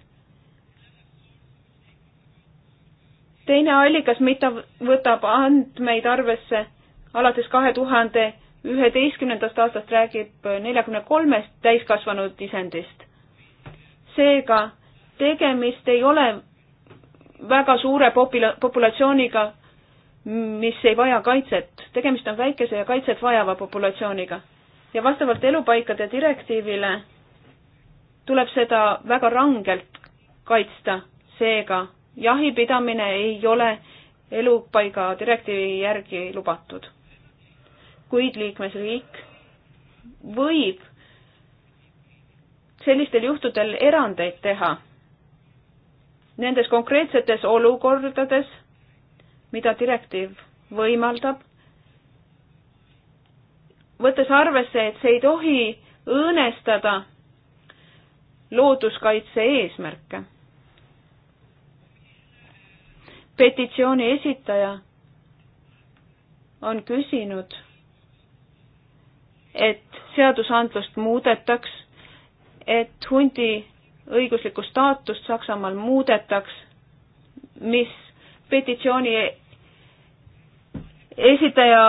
teine allikas, mida võtab andmeid arvesse alates kahe tuhande üheteistkümnendast aastast räägib neljakümne kolmest täiskasvanud isendist. seega tegemist ei ole väga suure popula-, populatsiooniga, mis ei vaja kaitset. tegemist on väikese ja kaitset vajava populatsiooniga. ja vastavalt elupaikade direktiivile tuleb seda väga rangelt kaitsta, seega jahipidamine ei ole elupaiga direktiivi järgi lubatud kuid liikmesriik võib sellistel juhtudel erandeid teha nendes konkreetsetes olukordades, mida direktiiv võimaldab, võttes arvesse, et see ei tohi õõnestada looduskaitse eesmärke. petitsiooni esitaja on küsinud et seadusandlust muudetaks, et hundi õiguslikku staatust Saksamaal muudetaks, mis petitsiooni esitaja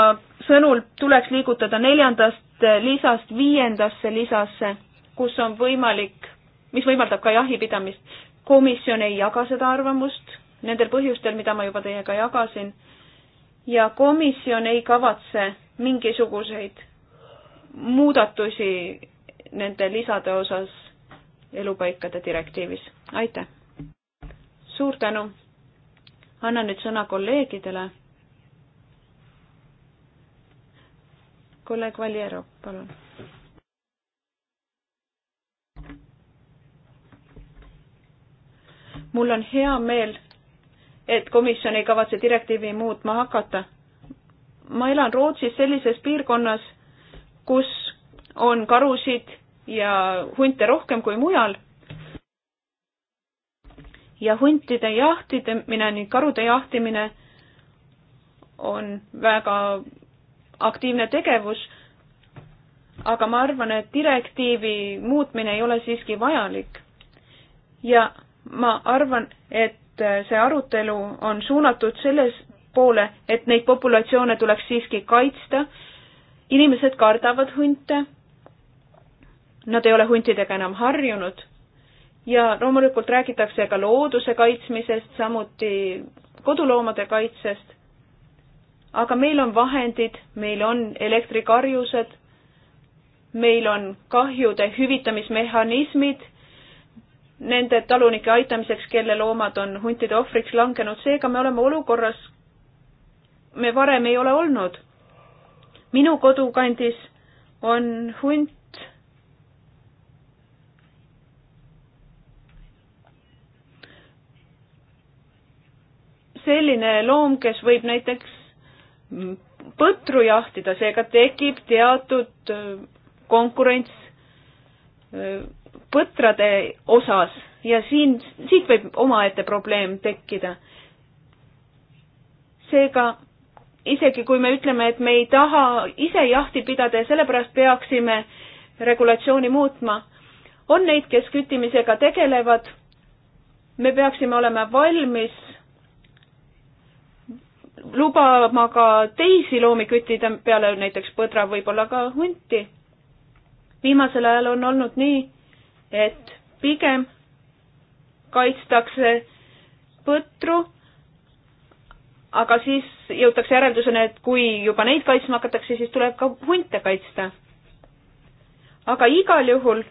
sõnul tuleks liigutada neljandast lisast viiendasse lisasse, kus on võimalik, mis võimaldab ka jahipidamist. komisjon ei jaga seda arvamust nendel põhjustel, mida ma juba teiega jagasin ja komisjon ei kavatse mingisuguseid muudatusi nende lisade osas elupaikade direktiivis. aitäh! suur tänu! annan nüüd sõna kolleegidele. kolleeg Valjero, palun. mul on hea meel, et komisjon ei kavatse direktiivi muutma hakata. ma elan Rootsis sellises piirkonnas kus on karusid ja hunte rohkem kui mujal. ja huntide jahtimine ning karude jahtimine on väga aktiivne tegevus, aga ma arvan, et direktiivi muutmine ei ole siiski vajalik. ja ma arvan, et see arutelu on suunatud selles poole, et neid populatsioone tuleks siiski kaitsta inimesed kardavad hunte. Nad ei ole huntidega enam harjunud ja loomulikult räägitakse ka looduse kaitsmisest, samuti koduloomade kaitsest. aga meil on vahendid, meil on elektrikarjused, meil on kahjude hüvitamismehhanismid nende talunike aitamiseks, kelle loomad on huntide ohvriks langenud, seega me oleme olukorras, me varem ei ole olnud minu kodukandis on hunt. selline loom, kes võib näiteks põtru jahtida, seega tekib teatud äh, konkurents äh, põtrade osas ja siin, siit võib omaette probleem tekkida. seega isegi kui me ütleme, et me ei taha ise jahti pidada ja sellepärast peaksime regulatsiooni muutma, on neid, kes küttimisega tegelevad. me peaksime olema valmis lubama ka teisi loomi küttida, peale näiteks põdra, võib-olla ka hunti. viimasel ajal on olnud nii, et pigem kaitstakse põtru aga siis jõutakse järelduseni, et kui juba neid kaitsma hakatakse, siis tuleb ka hunte kaitsta. aga igal juhul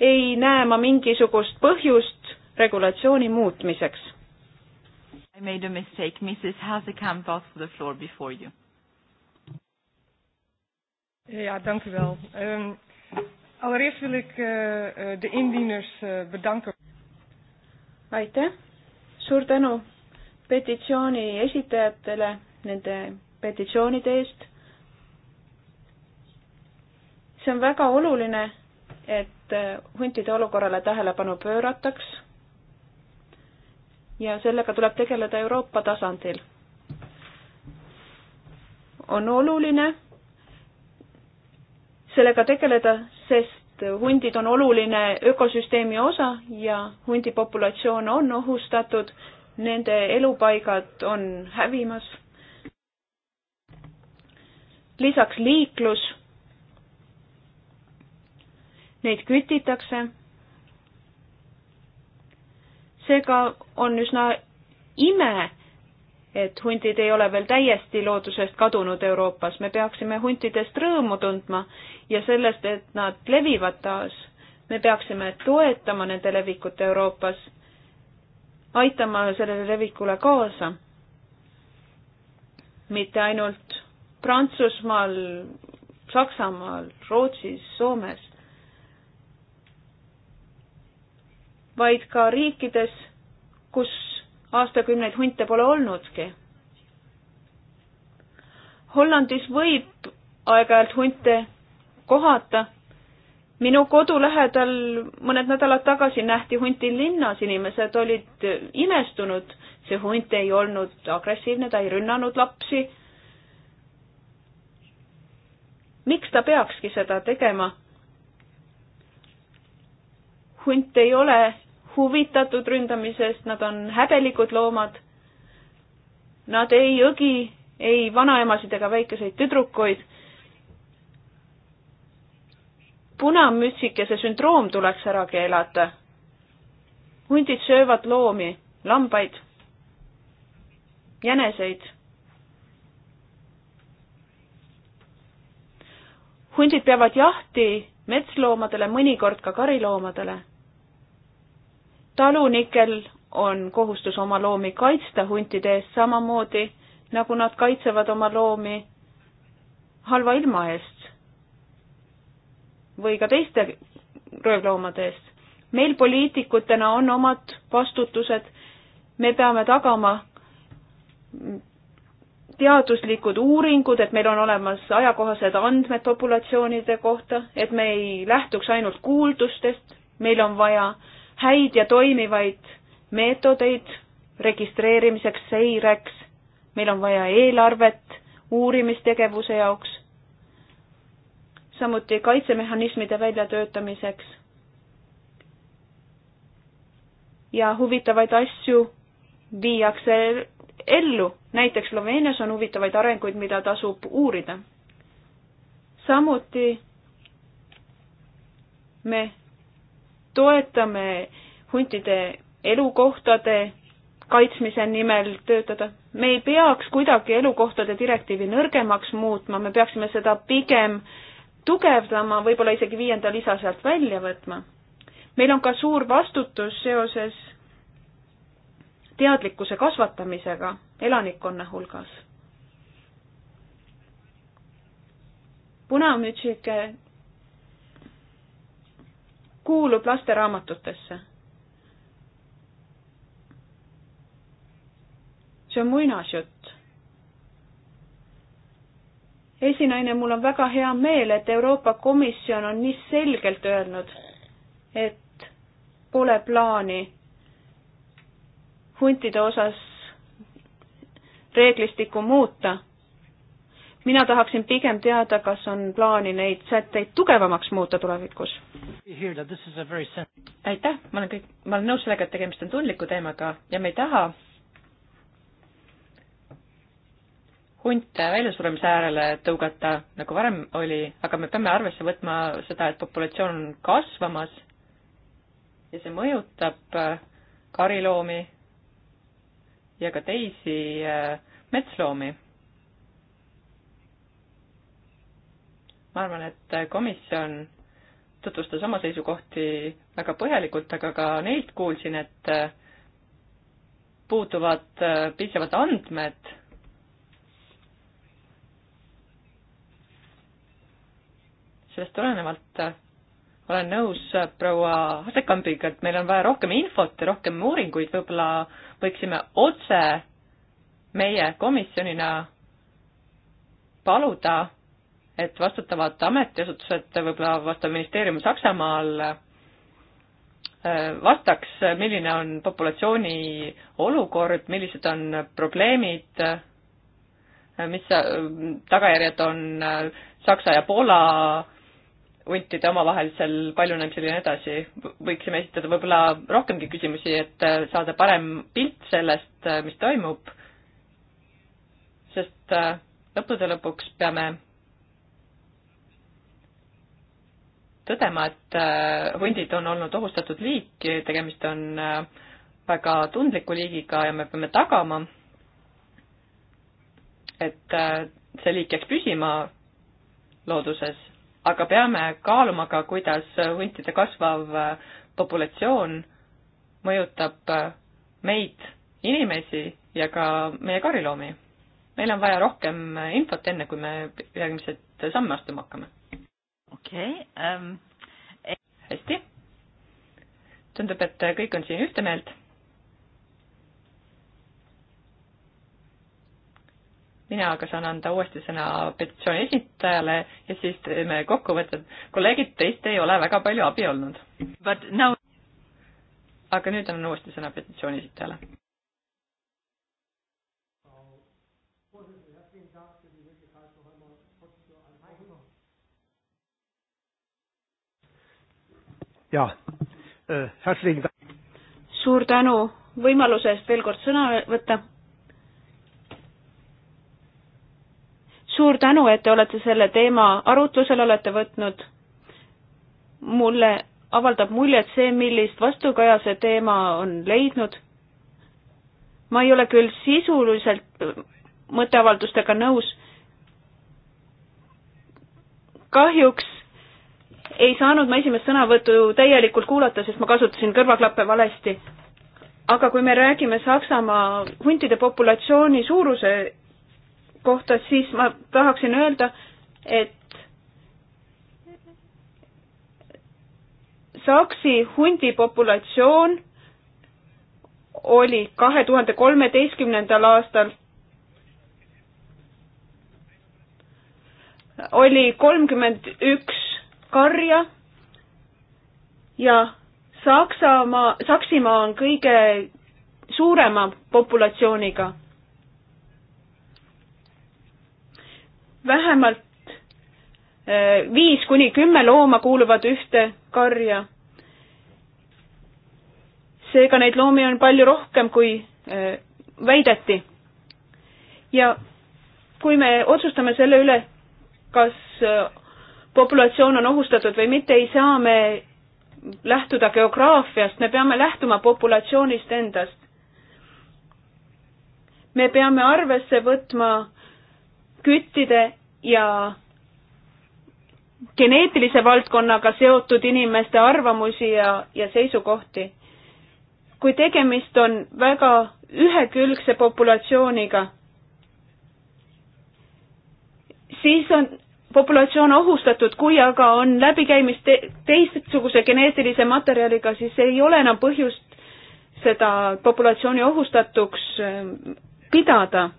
ei näe ma mingisugust põhjust regulatsiooni muutmiseks. I made a mistake, Mrs Hasekamp asked for the floor before you. ja, dank u wel um,. Allereerst wil ik uh, de indieners uh, eh, bedanken. aitäh, suur tänu petitsiooni esitajatele nende petitsioonide eest. see on väga oluline, et huntide olukorrale tähelepanu pöörataks. ja sellega tuleb tegeleda Euroopa tasandil. on oluline sellega tegeleda, sest hundid on oluline ökosüsteemi osa ja hundipopulatsioon on ohustatud nende elupaigad on hävimas. lisaks liiklus. Neid kütitakse. seega on üsna ime, et hundid ei ole veel täiesti loodusest kadunud Euroopas. me peaksime huntidest rõõmu tundma ja sellest, et nad levivad taas. me peaksime toetama nende levikut Euroopas aitama sellele levikule kaasa. mitte ainult Prantsusmaal, Saksamaal, Rootsis, Soomes, vaid ka riikides, kus aastakümneid hunte pole olnudki. Hollandis võib aeg-ajalt hunte kohata minu kodu lähedal mõned nädalad tagasi nähti hunti linnas, inimesed olid imestunud, see hunt ei olnud agressiivne, ta ei rünnanud lapsi. miks ta peakski seda tegema? hunt ei ole huvitatud ründamisest, nad on häbelikud loomad. Nad ei õgi ei vanaemasid ega väikeseid tüdrukuid punamütsikese sündroom tuleks ära keelata. hundid söövad loomi, lambaid, jäneseid. hundid peavad jahti metsloomadele, mõnikord ka kariloomadele. talunikel on kohustus oma loomi kaitsta huntide eest samamoodi, nagu nad kaitsevad oma loomi halva ilma eest või ka teiste röövloomade eest. meil poliitikutena on omad vastutused, me peame tagama teaduslikud uuringud, et meil on olemas ajakohased andmed populatsioonide kohta, et me ei lähtuks ainult kuuldustest, meil on vaja häid ja toimivaid meetodeid registreerimiseks, seireks, meil on vaja eelarvet uurimistegevuse jaoks samuti kaitsemehhanismide väljatöötamiseks. ja huvitavaid asju viiakse ellu, näiteks Sloveenias on huvitavaid arenguid, mida tasub uurida. samuti me toetame huntide elukohtade kaitsmise nimel töötada. me ei peaks kuidagi elukohtade direktiivi nõrgemaks muutma, me peaksime seda pigem äh, tugevdama, võib-olla isegi viienda lisa sealt välja võtma. meil on ka suur vastutus seoses teadlikkuse kasvatamisega elanikkonna hulgas. punamütsike kuulub lasteraamatutesse. see on muinasjutt esinaine, mul on väga hea meel, et Euroopa Komisjon on nii selgelt öelnud, et pole plaani huntide osas reeglistikku muuta. mina tahaksin pigem teada, kas on plaani neid sätteid tugevamaks muuta tulevikus. aitäh, ma olen kõik, ma olen nõus sellega, et tegemist on tundliku teemaga ja me ei taha hunte väljasuremise äärele tõugata, nagu varem oli, aga me peame arvesse võtma seda, et populatsioon on kasvamas ja see mõjutab äh, kariloomi ja ka teisi äh, metsloomi. ma arvan, et äh, komisjon tutvustas oma seisukohti väga põhjalikult, aga ka neilt kuulsin, et puuduvad piisavad andmed sellest tulenevalt äh, olen nõus äh, proua Asekambiga, et meil on vaja rohkem infot ja rohkem uuringuid, võib-olla võiksime otse meie komisjonina paluda, et vastutavad ametiasutused, võib-olla vastav ministeerium Saksamaal äh, vastaks, milline on populatsiooni olukord, millised on probleemid, mis tagajärjed on Saksa ja Poola huntide omavahelisel paljunemisel ja nii edasi, võiksime esitada võib-olla rohkemgi küsimusi, et äh, saada parem pilt sellest, äh, mis toimub, sest äh, lõppude lõpuks peame tõdema, et hundid on olnud ohustatud liik, tegemist on väga tundliku liigiga ja me peame tagama, et see liik jääks püsima looduses aga peame kaaluma ka, kuidas huntide kasvav äh, populatsioon mõjutab äh, meid, inimesi ja ka meie kariloomi. meil on vaja rohkem äh, infot, enne kui me järgmised samme astuma hakkame. okei okay, um.... Ähm, e- hästi. tundub, et kõik on siin ühte meelt mina aga saan anda uuesti sõna petitsiooni esitajale ja siis teeme kokkuvõtted. kolleegid, teist ei ole väga palju abi olnud. Now... aga nüüd annan uuesti sõna petitsiooni esitajale. jaa äh,, herzlichen Dank. suur tänu võimaluse eest veel kord sõna võtta suur tänu, et te olete selle teema arutlusele olete võtnud. mulle avaldab muljet see, millist vastukaja see teema on leidnud. ma ei ole küll sisuliselt mõtteavaldustega nõus. kahjuks ei saanud ma esimest sõnavõttu täielikult kuulata, sest ma kasutasin kõrvaklappe valesti. aga kui me räägime Saksamaa huntide populatsiooni suuruse kohta, siis ma tahaksin öelda, et Saksi hundi populatsioon oli kahe tuhande kolmeteistkümnendal aastal oli kolmkümmend üks karja ja Saksamaa, Saksimaa on kõige suurema populatsiooniga vähemalt eh, viis kuni kümme looma kuuluvad ühte karja. seega neid loomi on palju rohkem, kui eh, väideti. ja kui me otsustame selle üle, kas eh, populatsioon on ohustatud või mitte, ei saa me lähtuda geograafiast, me peame lähtuma populatsioonist endast. me peame arvesse võtma küttide ja geneetilise valdkonnaga seotud inimeste arvamusi ja, ja seisukohti. kui tegemist on väga ühekülgse populatsiooniga, siis on populatsioon ohustatud, kui aga on läbikäimist te teistsuguse geneetilise materjaliga, siis ei ole enam põhjust seda populatsiooni ohustatuks ähm, pidada.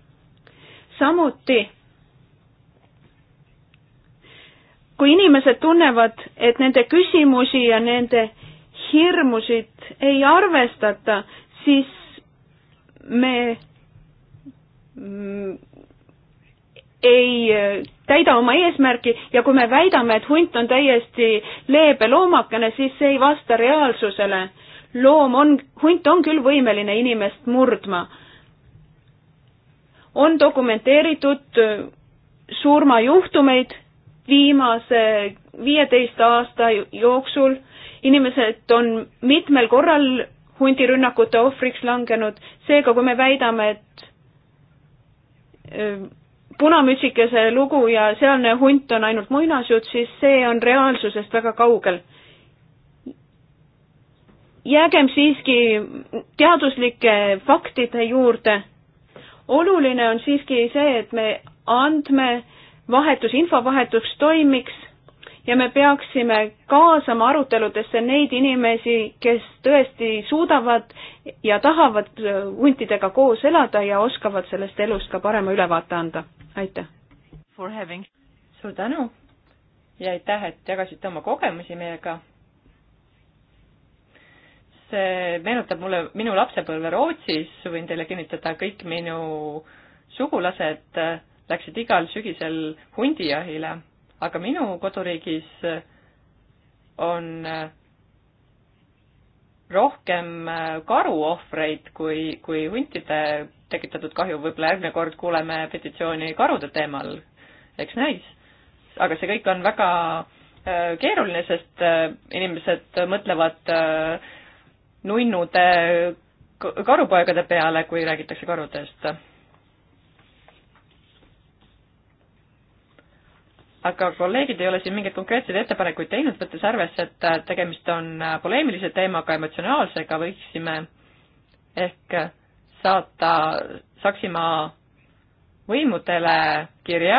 samuti kui inimesed tunnevad, et nende küsimusi ja nende hirmusid ei arvestata, siis me mm, ei täida oma eesmärki ja kui me väidame, et hunt on täiesti leebe loomakene, siis see ei vasta reaalsusele. loom on, hunt on küll võimeline inimest murdma. on dokumenteeritud äh, surmajuhtumeid viimase viieteist aasta jooksul inimesed on mitmel korral hundirünnakute ohvriks langenud, seega kui me väidame, et punamütsikese lugu ja sealne hunt on ainult muinasjutt, siis see on reaalsusest väga kaugel. jäägem siiski teaduslike faktide juurde. oluline on siiski see, et me andme vahetus, infovahetus toimiks ja me peaksime kaasama aruteludesse neid inimesi, kes tõesti suudavad ja tahavad äh, huntidega koos elada ja oskavad sellest elust ka parema ülevaate anda. aitäh! suur tänu ja aitäh, et jagasite oma kogemusi meiega. see meenutab mulle minu lapsepõlve Rootsis, võin teile kinnitada, kõik minu sugulased läksid igal sügisel hundijahile, aga minu koduriigis eh, on eh, rohkem eh, karuohvreid kui, kui huntide tekitatud kahju, võib-olla järgmine kord kuuleme petitsiooni karude teemal, eks näis. aga see kõik on väga keeruline, sest inimesed mõtlevad nunnude karupoegade peale, kui räägitakse karudest aga kolleegid ei ole siin mingeid konkreetseid ettepanekuid teinud, võttes arvesse, et äh, tegemist on äh, poleemilise teemaga, emotsionaalsega, võiksime ehk äh, saata Saksimaa võimudele kirja,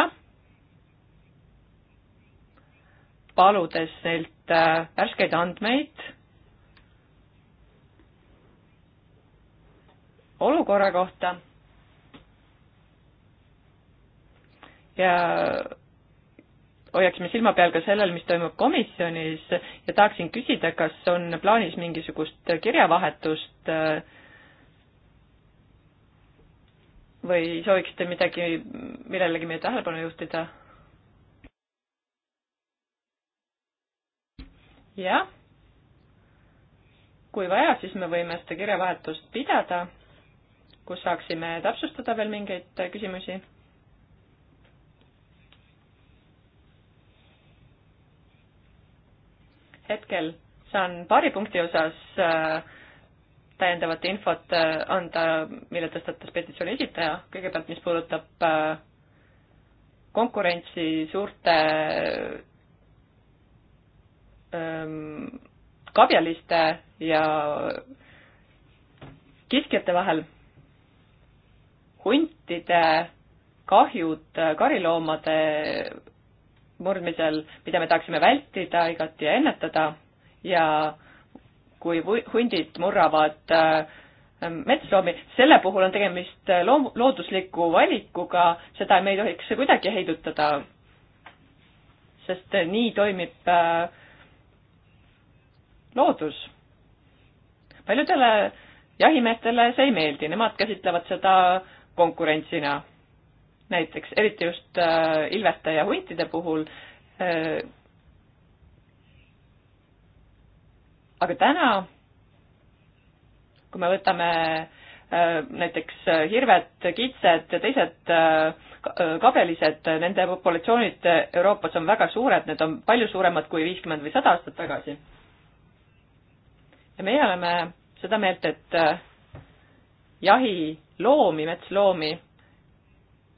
paludes neilt värskeid andmeid olukorra kohta ja hoiaksime silma peal ka sellel, mis toimub komisjonis ja tahaksin küsida, kas on plaanis mingisugust kirjavahetust äh, või sooviksite midagi, millelegi meie tähelepanu juhtida? jah. kui vaja, siis me võime seda kirjavahetust pidada, kus saaksime täpsustada veel mingeid küsimusi hetkel saan paari punkti osas äh, täiendavat infot äh, anda, mille tõstatas petitsiooni esitaja, kõigepealt mis puudutab äh, konkurentsi suurte ähm, kabjaliste ja kiskjate vahel. huntide kahjud kariloomade murdmisel, mida me tahaksime vältida igati ja ennetada ja kui hundid murravad äh, metsloomi, selle puhul on tegemist äh, loom-, loodusliku valikuga, seda me ei tohiks kuidagi heidutada, sest äh, nii toimib loodus. paljudele jahimeestele see ei meeldi, nemad käsitlevad seda konkurentsina näiteks eriti just äh, ilvete ja huntide puhul. Äh, aga täna, kui me võtame äh, näiteks hirved, kitsed ja teised kabelised, nende populatsioonid Euroopas on väga suured, need on palju suuremad kui viiskümmend või sada aastat tagasi. ja meie oleme seda meelt, et jahiloomi, metsloomi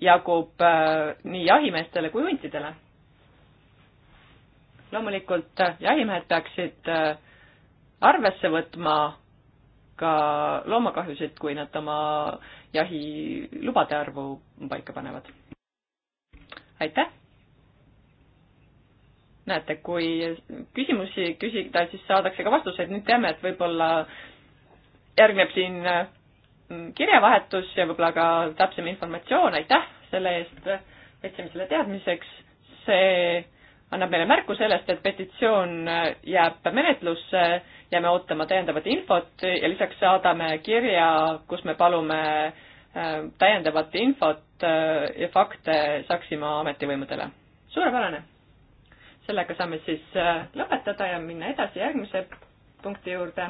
jagub äh, nii jahimeestele kui huntidele. loomulikult äh, jahimehed peaksid äh, arvesse võtma ka loomakahjusid, kui nad oma jahilubade arvu paika panevad. aitäh! näete, kui küsimusi küsida, siis saadakse ka vastuseid, nüüd teame, et võib-olla järgneb siin Mm, kirjavahetus ja võib-olla ka täpsem informatsioon, aitäh selle eest, võtsime selle teadmiseks, see annab meile märku sellest, et petitsioon jääb menetlusse, jääme ootama täiendavat infot ja lisaks saadame kirja, kus me palume äh, täiendavat infot äh, ja fakte Saksimaa ametivõimudele. suurepärane! sellega saame siis äh, lõpetada ja minna edasi järgmise punkti juurde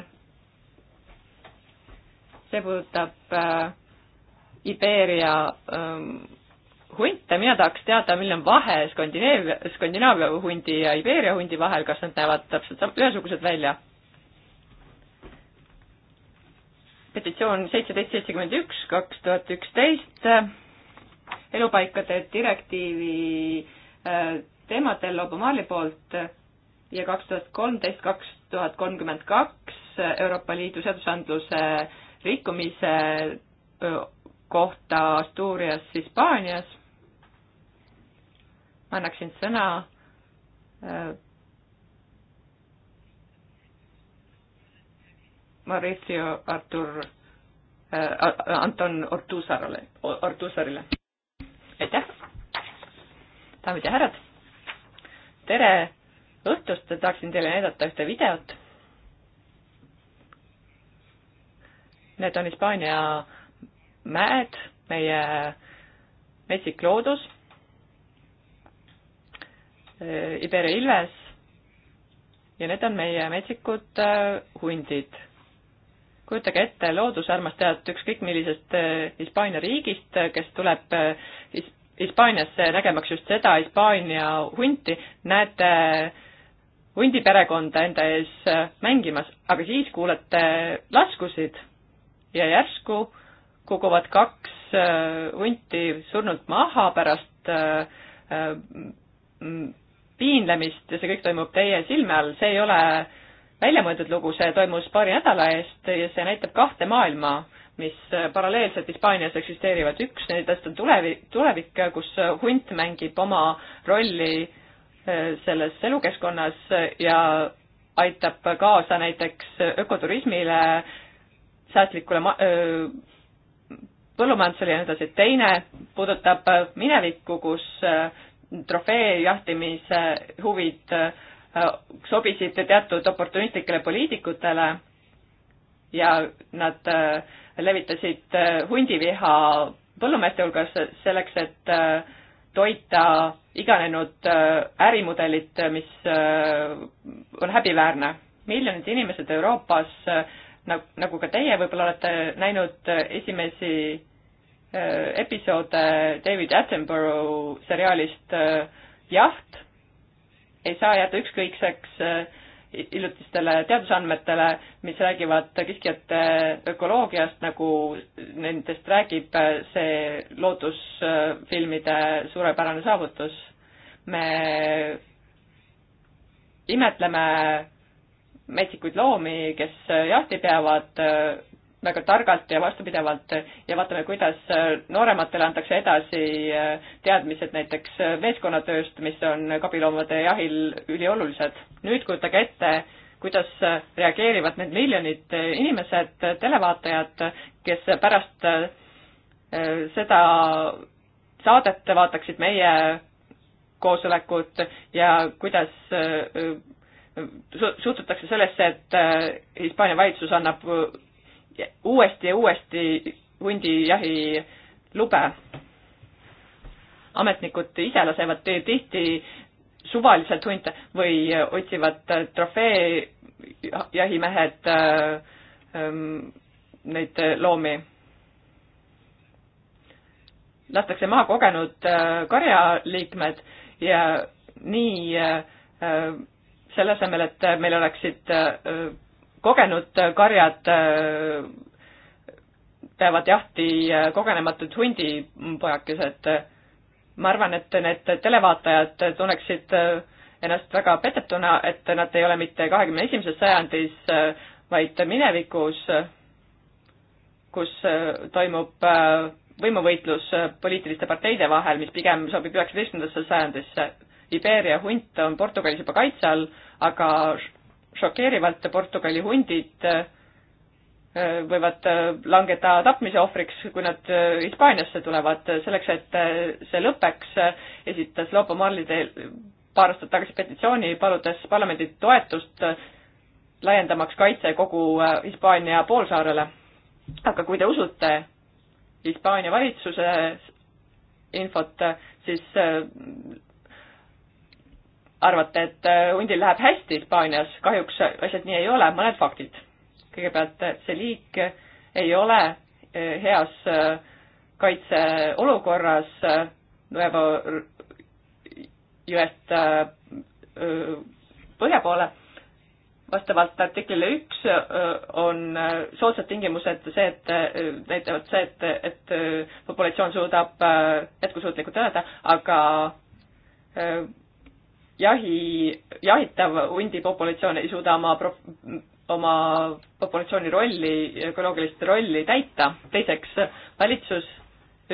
see puudutab äh, Iberia äh, hunte, mina tahaks teada, milline on vahe Skandinaavia, Skandinaavia hundi ja Iberia hundi vahel, kas nad näevad täpselt ühesugused välja? petitsioon seitseteist seitsekümmend üks, kaks tuhat üksteist, elupaikade direktiivi äh, teemadel Lobomali poolt ja kaks tuhat kolmteist, kaks tuhat kolmkümmend kaks Euroopa Liidu seadusandluse rikkumise kohta Asturias Hispaanias. ma annaksin sõna Mauricio Artur äh,, Anton Ortusarale, Ortusarile. aitäh, daamid ja härrad. tere õhtust, tahaksin teile näidata ühte videot Need on Hispaania mäed, meie metsik loodus, Iberia ilves ja need on meie metsikud äh, hundid. kujutage ette loodusarmastajat ükskõik millisest äh, Hispaania riigist, äh, kes tuleb His Hispaaniasse nägemaks just seda Hispaania hunti, näete hundiperekonda enda ees mängimas, aga siis kuulete laskusid ja järsku koguvad kaks äh, hunti surnult maha pärast äh, äh, piinlemist ja see kõik toimub teie silme all, see ei ole väljamõeldud lugu, see toimus paari nädala eest ja see näitab kahte maailma, mis paralleelselt Hispaanias eksisteerivad. üks nendest on tulevik, tulevik, kus hunt mängib oma rolli selles elukeskkonnas ja aitab kaasa näiteks ökoturismile, säästlikule ma-, põllumajandusele ja nii edasi, teine puudutab minevikku, kus trofee jahtimise huvid sobisid teatud oportunistlikele poliitikutele ja nad levitasid hundiviha põllumeeste hulgas selleks, et toita iganenud ärimudelit, mis on häbiväärne. miljonid inimesed Euroopas Nagu, nagu ka teie võib-olla olete näinud äh, esimesi äh, episoode David Attenborough seriaalist äh, Jaht, ei saa jätta ükskõikseks hiljutistele teadusandmetele, mis räägivad kiskjate ökoloogiast, nagu nendest räägib see lootusfilmide suurepärane saavutus. me imetleme metsikuid loomi, kes äh, jahti peavad äh, väga targalt ja vastupidavalt äh, ja vaatame, kuidas noorematele antakse edasi teadmised näiteks meeskonnatööst, mis on kabiloomade jahil üliolulised. nüüd kujutage ette, kuidas reageerivad need miljonid inimesed, televaatajad, kes pärast seda saadet vaataksid meie koosolekut ja kuidas suhtutakse sellesse, et äh, Hispaania valitsus annab äh, uuesti ja uuesti hundijahi lube. ametnikud ise lasevad tihti suvaliselt hunte või äh, otsivad trofee jahimehed ähm, neid loomi. lastakse maha kogenud karjaliikmed ja nii selle asemel, et meil oleksid äh, kogenud karjad, äh, peavad jahti äh, kogenematud hundipojakesed. ma arvan, et need televaatajad tunneksid ennast väga petetuna, et nad ei ole mitte kahekümne esimeses sajandis, vaid minevikus, kus toimub võimuvõitlus poliitiliste parteide vahel, mis pigem sobib üheksateistkümnendasse sajandisse. Iberia hunt on Portugalis juba kaitse all, aga šokeerivalt Portugali hundid äh, võivad äh, langeda tapmise ohvriks, kui nad äh, Hispaaniasse tulevad. selleks, et see lõpeks, esitas Lobo Marlide paar aastat tagasi petitsiooni, paludes parlamendi toetust laiendamaks kaitse kogu Hispaania poolsaarele. aga kui te usute Hispaania valitsuse infot, siis arvate, et äh, hundil läheb hästi Hispaanias, kahjuks asjad nii ei ole, mõned faktid. kõigepealt äh, see liik äh, ei ole heas kaitseolukorras Nuevo jõest põhja poole. vastavalt artiklile üks on soodsad tingimused see, et näitavad see, et, et populatsioon suudab jätkusuutlikult elada, aga jahi, jahitav hundi populatsioon ei suuda oma pro-, oma populatsiooni rolli, ökoloogilist rolli täita. teiseks, valitsus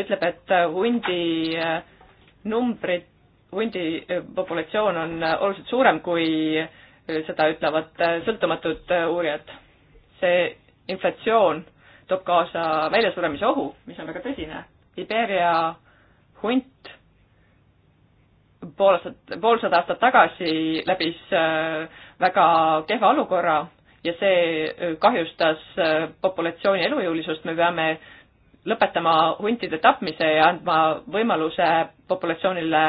ütleb, et hundi äh, numbrid, hundi äh, populatsioon on äh, oluliselt suurem, kui seda ütlevad sõltumatud uurijad. see inflatsioon toob kaasa väljasuremise ohu, mis on väga tõsine. Iberia hunt pool aastat, poolsada aastat tagasi läbis äh, väga kehva olukorra ja see äh, kahjustas äh, populatsiooni elujõulisust, me peame lõpetama huntide tapmise ja andma võimaluse populatsioonile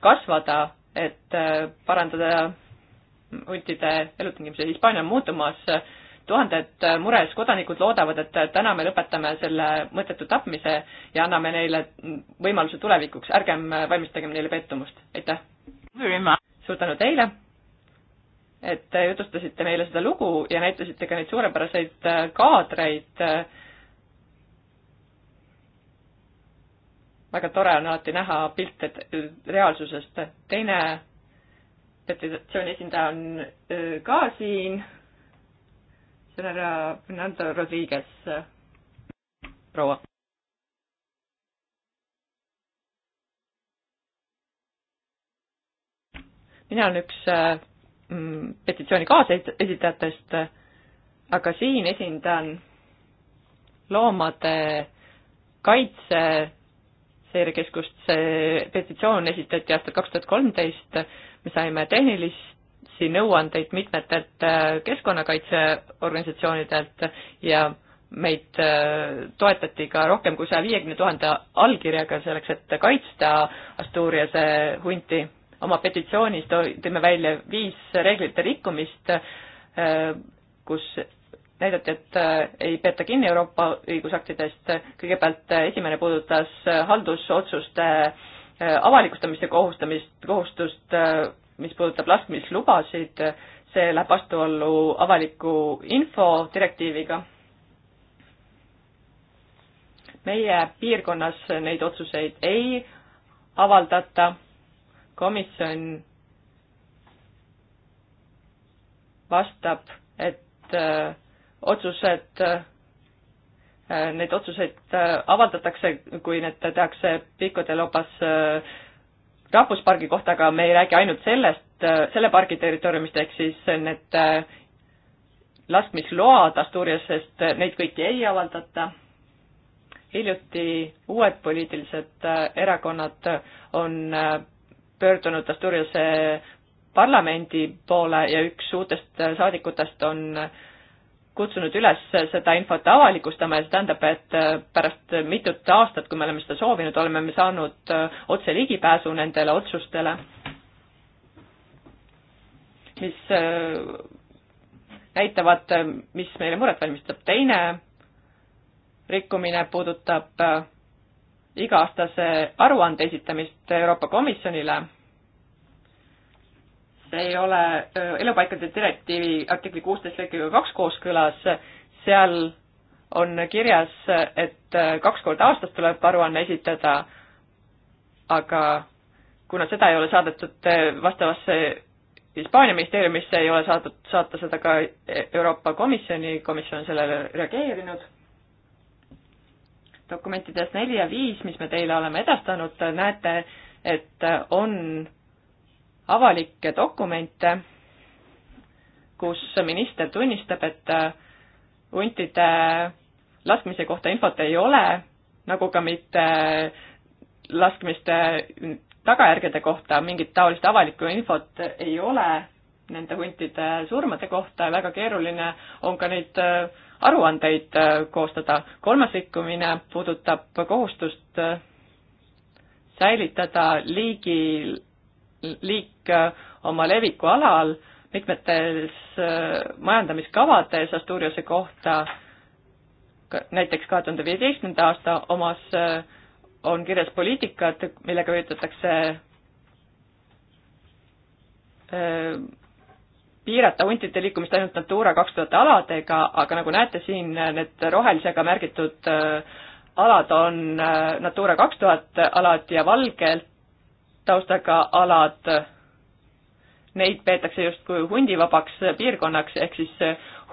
kasvada, et parandada huntide elutingimusi. Hispaania on muutumas äh, tuhanded mures kodanikud loodavad, et täna me lõpetame selle mõttetu tapmise ja anname neile võimaluse tulevikuks, ärgem valmistagem neile pettumust, aitäh! suur tänu teile, et te jutustasite meile seda lugu ja näitasite ka neid suurepäraseid kaadreid. väga tore on alati näha pilte reaalsusest, teine petitsiooni esindaja on äh, ka siin härra Fernando Rodriguez, proua. mina olen üks äh, mm, petitsiooni kaasesitajatest, aga siin esindan loomade kaitse seirekeskust, see petitsioon esitati aastal kaks tuhat kolmteist, me saime tehnilist siin nõuandeid mitmetelt äh, keskkonnakaitseorganisatsioonidelt ja meid äh, toetati ka rohkem kui saja viiekümne tuhande allkirjaga selleks, et kaitsta Asturiase hunti. oma petitsioonis tõime välja viis reeglite rikkumist, äh, kus näidati, et ei peeta kinni Euroopa õigusaktidest. kõigepealt esimene puudutas haldusotsuste avalikustamist ja kohustamist, kohustust mis puudutab laskmislubasid, see läheb vastuollu avaliku info direktiiviga. meie piirkonnas neid otsuseid ei avaldata, komisjon vastab, et öö, äh, otsused öö, äh, Neid otsuseid äh, avaldatakse, kui need tehakse Pico de Lobas rahvuspargi kohta, aga me ei räägi ainult sellest, äh, selle pargi territooriumist, ehk siis need äh, laskmisload Asturias, sest äh, neid kõiki ei avaldata. hiljuti uued poliitilised erakonnad on pöördunud Asturiase parlamendi poole ja üks uutest saadikutest on äh, kutsunud üles seda infot avalikustama ja see tähendab, et äh, pärast mitut aastat, kui me oleme seda soovinud, oleme me saanud äh, otse ligipääsu nendele otsustele, mis äh, näitavad, mis meile muret valmistab. teine rikkumine puudutab iga-aastase aruande esitamist Euroopa Komisjonile ei ole elupaikade direktiivi artikli kuusteist lõikega kaks kooskõlas, seal on kirjas, et kaks korda aastas tuleb aruanne esitada, aga kuna seda ei ole saadetud vastavasse Hispaania ministeeriumisse, ei ole saadud saata seda ka Euroopa Komisjoni, komisjon sellele reageerinud. dokumentides neli ja viis, mis me teile oleme edastanud, näete, et on avalikke dokumente, kus minister tunnistab, et äh, huntide laskmise kohta infot ei ole, nagu ka mitte äh, laskmiste tagajärgede kohta mingit taolist avalikku infot ei ole nende huntide surmade kohta ja väga keeruline on ka neid äh, aruandeid koostada. kolmas rikkumine puudutab kohustust säilitada liigi liik äh, oma leviku alal mitmetes äh, majandamiskavades Asturiase kohta, näiteks kahe tuhande viieteistkümnenda aasta omas äh, on kirjas poliitikad, millega üritatakse piirata huntide liikumist ainult Natura kaks tuhat aladega, aga nagu näete siin, need rohelisega märgitud alad on Natura kaks tuhat alad ja valgelt taustaga alad, neid peetakse justkui hundivabaks piirkonnaks, ehk siis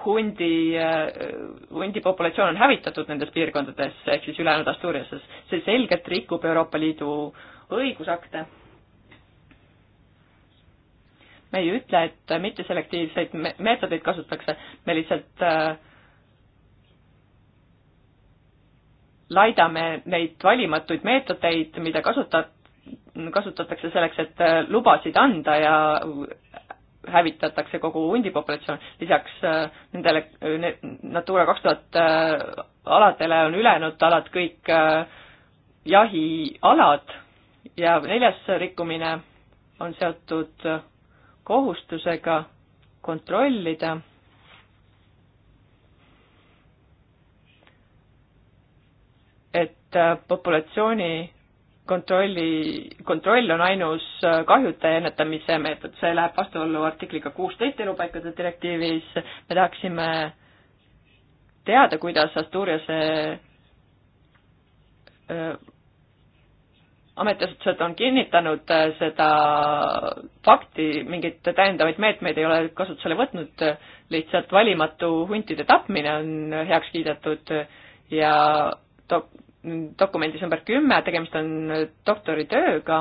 hundi, hundipopulatsioon on hävitatud nendes piirkondades, ehk siis ülejäänud Asturiases. see selgelt rikub Euroopa Liidu õigusakte. me ei ütle, et mitteselektiivseid meetodeid kasutatakse, me lihtsalt äh, laidame neid valimatuid meetodeid, mida kasutab kasutatakse selleks, et äh, lubasid anda ja hävitatakse kogu hundipopulatsioon, lisaks äh, nendele äh, ne, Natura kaks tuhat aladele on ülejäänud alad kõik jahialad ja neljas rikkumine on seotud kohustusega kontrollida et populatsiooni kontrolli, kontroll on ainus äh, kahjutaja ennetamise meetod, see läheb vastuollu artikliga kuusteist elupaikade direktiivis, me tahaksime teada, kuidas Asturiase äh, äh, ametiasutused on kinnitanud seda fakti, mingeid täiendavaid meetmeid ei ole kasutusele võtnud, lihtsalt valimatu huntide tapmine on heaks kiidetud ja dok-, dokumendis number kümme, tegemist on doktoritööga,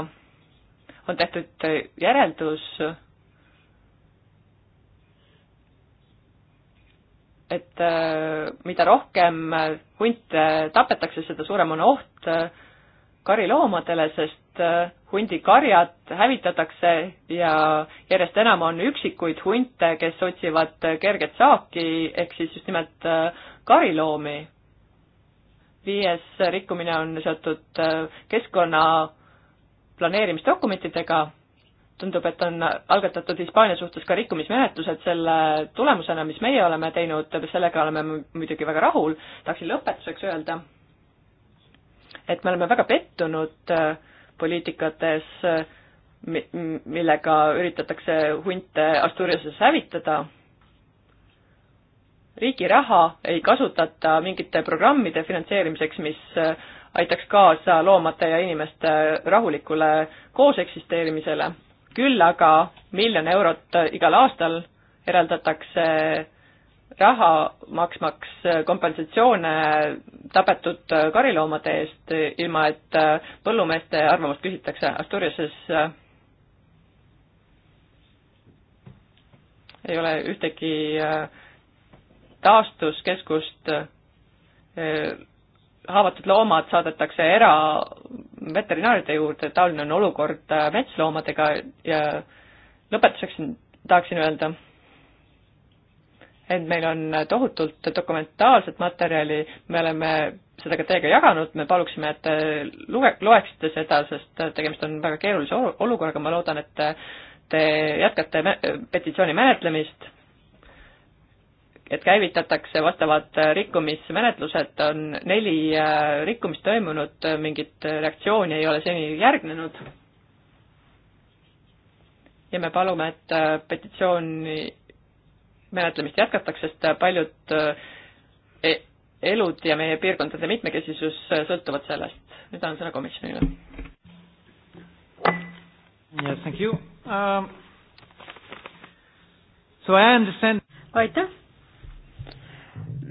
on tehtud järeldus, et äh, mida rohkem hunte tapetakse, seda suurem on oht äh, kariloomadele, sest äh, hundikarjad hävitatakse ja järjest enam on üksikuid hunte, kes otsivad kerget saaki, ehk siis just nimelt kariloomi viies rikkumine on seotud äh, keskkonna planeerimisdokumentidega, tundub, et on algatatud Hispaania suhtes ka rikkumismenetlused selle tulemusena, mis meie oleme teinud, sellega oleme muidugi väga rahul, tahaksin lõpetuseks öelda, et me oleme väga pettunud äh, poliitikates, äh, millega üritatakse hunte Asturiases hävitada riigi raha ei kasutata mingite programmide finantseerimiseks, mis äh, aitaks kaasa loomade ja inimeste rahulikule kooseksisteerimisele. küll aga miljon eurot äh, igal aastal eraldatakse äh, raha maksmaks kompensatsioone tapetud kariloomade eest, ilma et põllumeeste arvamust küsitakse. Asturiases ei ole ühtegi äh, taastuskeskust eh, haavatud loomad saadetakse eraveterinaaride juurde, taoline on olukord eh, metsloomadega ja lõpetuseks tahaksin öelda, et meil on tohutult dokumentaalset materjali, me oleme seda ka teiega jaganud, me paluksime, et te luge-, loeksite seda, sest tegemist on väga keerulise olukorraga, ma loodan, et te jätkate me-, petitsiooni menetlemist et käivitatakse vastavad rikkumismenetlused, on neli äh, rikkumist toimunud, mingit reaktsiooni ei ole seni järgnenud. ja me palume, et äh, petitsiooni menetlemist jätkatakse, sest paljud äh, e, elud ja meie piirkondade mitmekesisus sõltuvad sellest. nüüd annan sõna komisjonile. Yes, thank you um,. So I understand. aitäh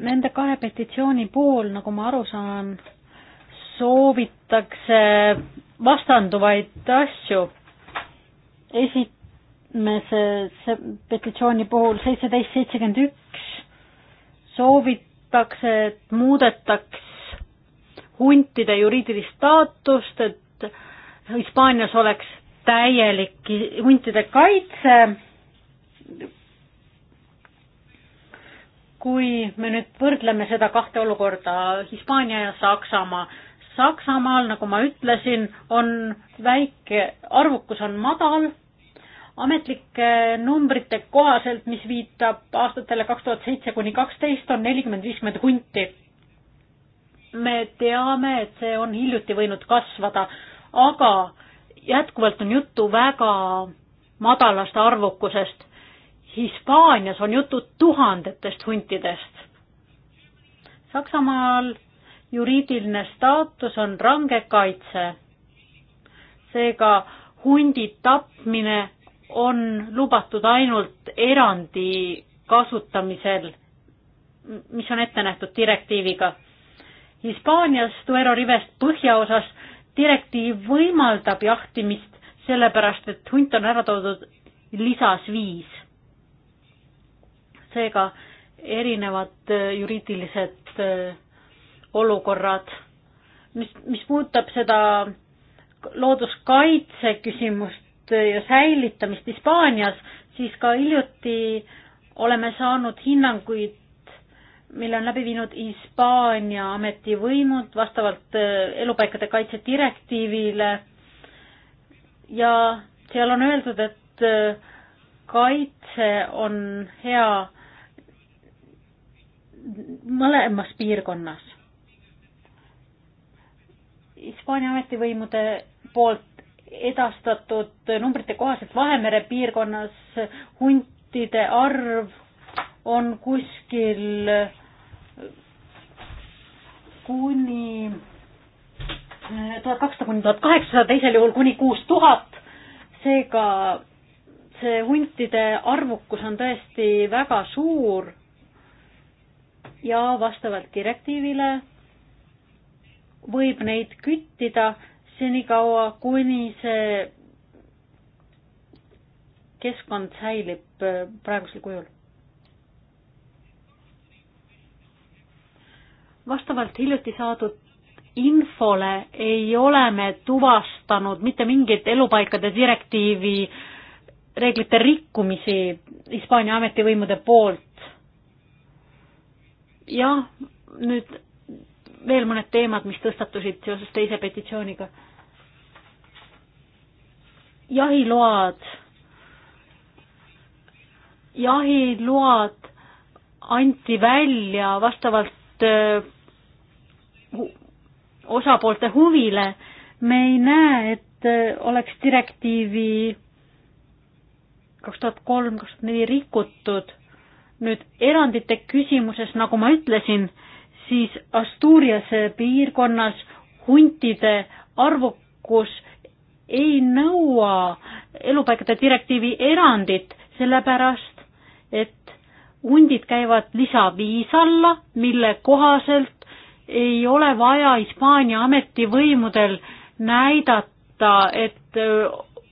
nende kahe petitsiooni puhul, nagu ma aru saan, soovitakse vastanduvaid asju. esimese petitsiooni puhul seitseteist seitsekümmend üks soovitakse, et muudetaks huntide juriidilist staatust, et Hispaanias oleks täielik huntide kaitse kui me nüüd võrdleme seda kahte olukorda, Hispaania ja Saksamaa, Saksamaal, nagu ma ütlesin, on väike, arvukus on madal, ametlike numbrite kohaselt, mis viitab aastatele kaks tuhat seitse kuni kaksteist, on nelikümmend, viiskümmend hunti. me teame, et see on hiljuti võinud kasvada, aga jätkuvalt on juttu väga madalast arvukusest Hispaanias on jutud tuhandetest huntidest. Saksamaal juriidiline staatus on range kaitse. seega hundi tapmine on lubatud ainult erandi kasutamisel, mis on ette nähtud direktiiviga. Hispaanias Duero rivest põhjaosas direktiiv võimaldab jahtimist, sellepärast et hunt on ära toodud lisas viis seega erinevad äh, juriidilised äh, olukorrad. mis, mis puudutab seda looduskaitse küsimust äh, ja säilitamist Hispaanias, siis ka hiljuti oleme saanud hinnanguid, mille on läbi viinud Hispaania ametivõimud vastavalt elupaikade kaitse direktiivile ja seal on öeldud, et kaitse on hea mõlemas piirkonnas. Hispaania ametivõimude poolt edastatud numbrite kohaselt Vahemere piirkonnas huntide arv on kuskil kuni tuhat kakssada kuni tuhat kaheksasada, teisel juhul kuni kuus tuhat. seega see huntide arvukus on tõesti väga suur ja vastavalt direktiivile võib neid küttida senikaua, kuni see keskkond säilib äh, praegusel kujul. vastavalt hiljuti saadud infole ei ole me tuvastanud mitte mingeid elupaikade direktiivi reeglite rikkumisi Hispaania ametivõimude poolt jah, nüüd veel mõned teemad, mis tõstatusid seoses teise petitsiooniga. jahiload, jahiload anti välja vastavalt öö, äh, osapoolte huvile. me ei näe, et öö, äh, oleks direktiivi kaks tuhat kolm, kaks tuhat neli rikutud nüüd erandite küsimuses, nagu ma ütlesin, siis Asturiase piirkonnas huntide arvukus ei nõua elupaikade direktiivi erandit, sellepärast et hundid käivad lisaviis alla, mille kohaselt ei ole vaja Hispaania ametivõimudel näidata, et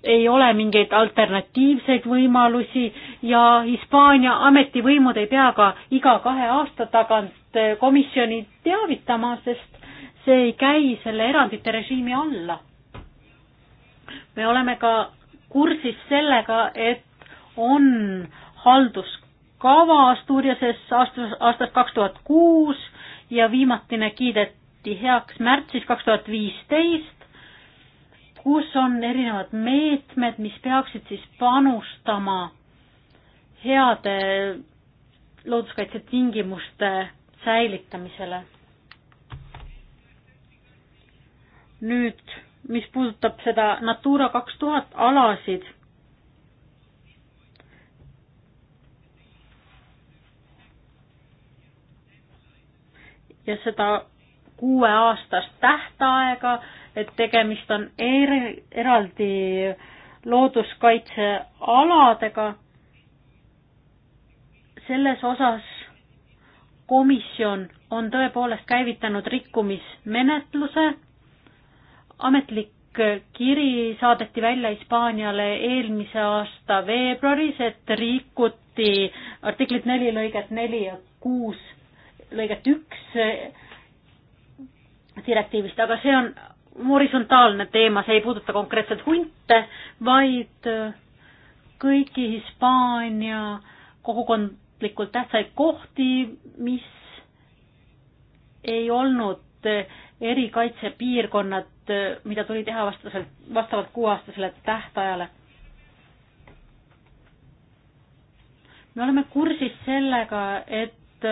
ei ole mingeid alternatiivseid võimalusi ja Hispaania ametivõimud ei pea ka iga kahe aasta tagant komisjoni teavitama, sest see ei käi selle erandite režiimi alla. me oleme ka kursis sellega, et on halduskava Asturiases aastas, aastast kaks tuhat kuus ja viimatine kiideti heaks märtsis kaks tuhat viisteist kus on erinevad meetmed, mis peaksid siis panustama heade looduskaitsetingimuste säilitamisele. nüüd, mis puudutab seda Natura kaks tuhat alasid, ja seda kuueaastast tähtaega, et tegemist on er, eraldi looduskaitsealadega. selles osas komisjon on tõepoolest käivitanud rikkumismenetluse. ametlik kiri saadeti välja Hispaaniale eelmise aasta veebruaris, et rikuti artiklit neli lõiget neli ja kuus lõiget üks direktiivist, aga see on horisontaalne teema, see ei puuduta konkreetselt hunte, vaid äh, kõiki Hispaania kogukondlikult tähtsaid kohti, mis ei olnud äh, erikaitsepiirkonnad, äh, mida tuli teha vastaselt, vastavalt kuueaastasele tähtajale. me oleme kursis sellega, et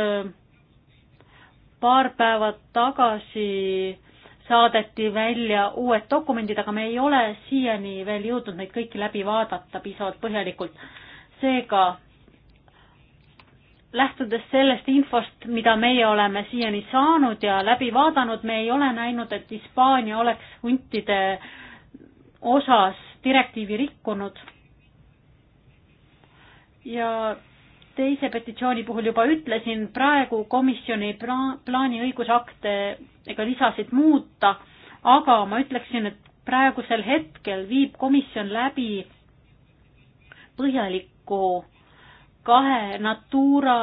paar päeva tagasi äh, saadeti välja uued dokumendid, aga me ei ole siiani veel jõudnud neid kõiki läbi vaadata piisavalt põhjalikult. seega lähtudes sellest infost, mida meie oleme siiani saanud ja läbi vaadanud, me ei ole näinud, et Hispaania oleks huntide osas direktiivi rikkunud. ja teise petitsiooni puhul juba ütlesin, praegu komisjon ei pla-, plaani õigusakte ega lisasid muuta, aga ma ütleksin, et praegusel hetkel viib komisjon läbi põhjaliku kahe Natura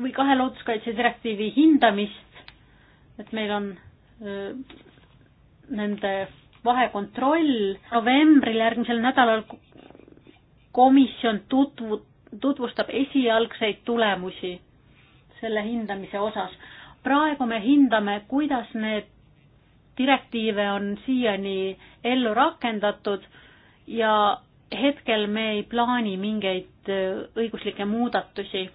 või kahe looduskaitse direktiivi hindamist, et meil on öö, nende vahekontroll novembril järgmisel nädalal komisjon tutvu-, tutvustab esialgseid tulemusi selle hindamise osas. praegu me hindame, kuidas need direktiive on siiani ellu rakendatud ja hetkel me ei plaani mingeid äh, õiguslikke muudatusi.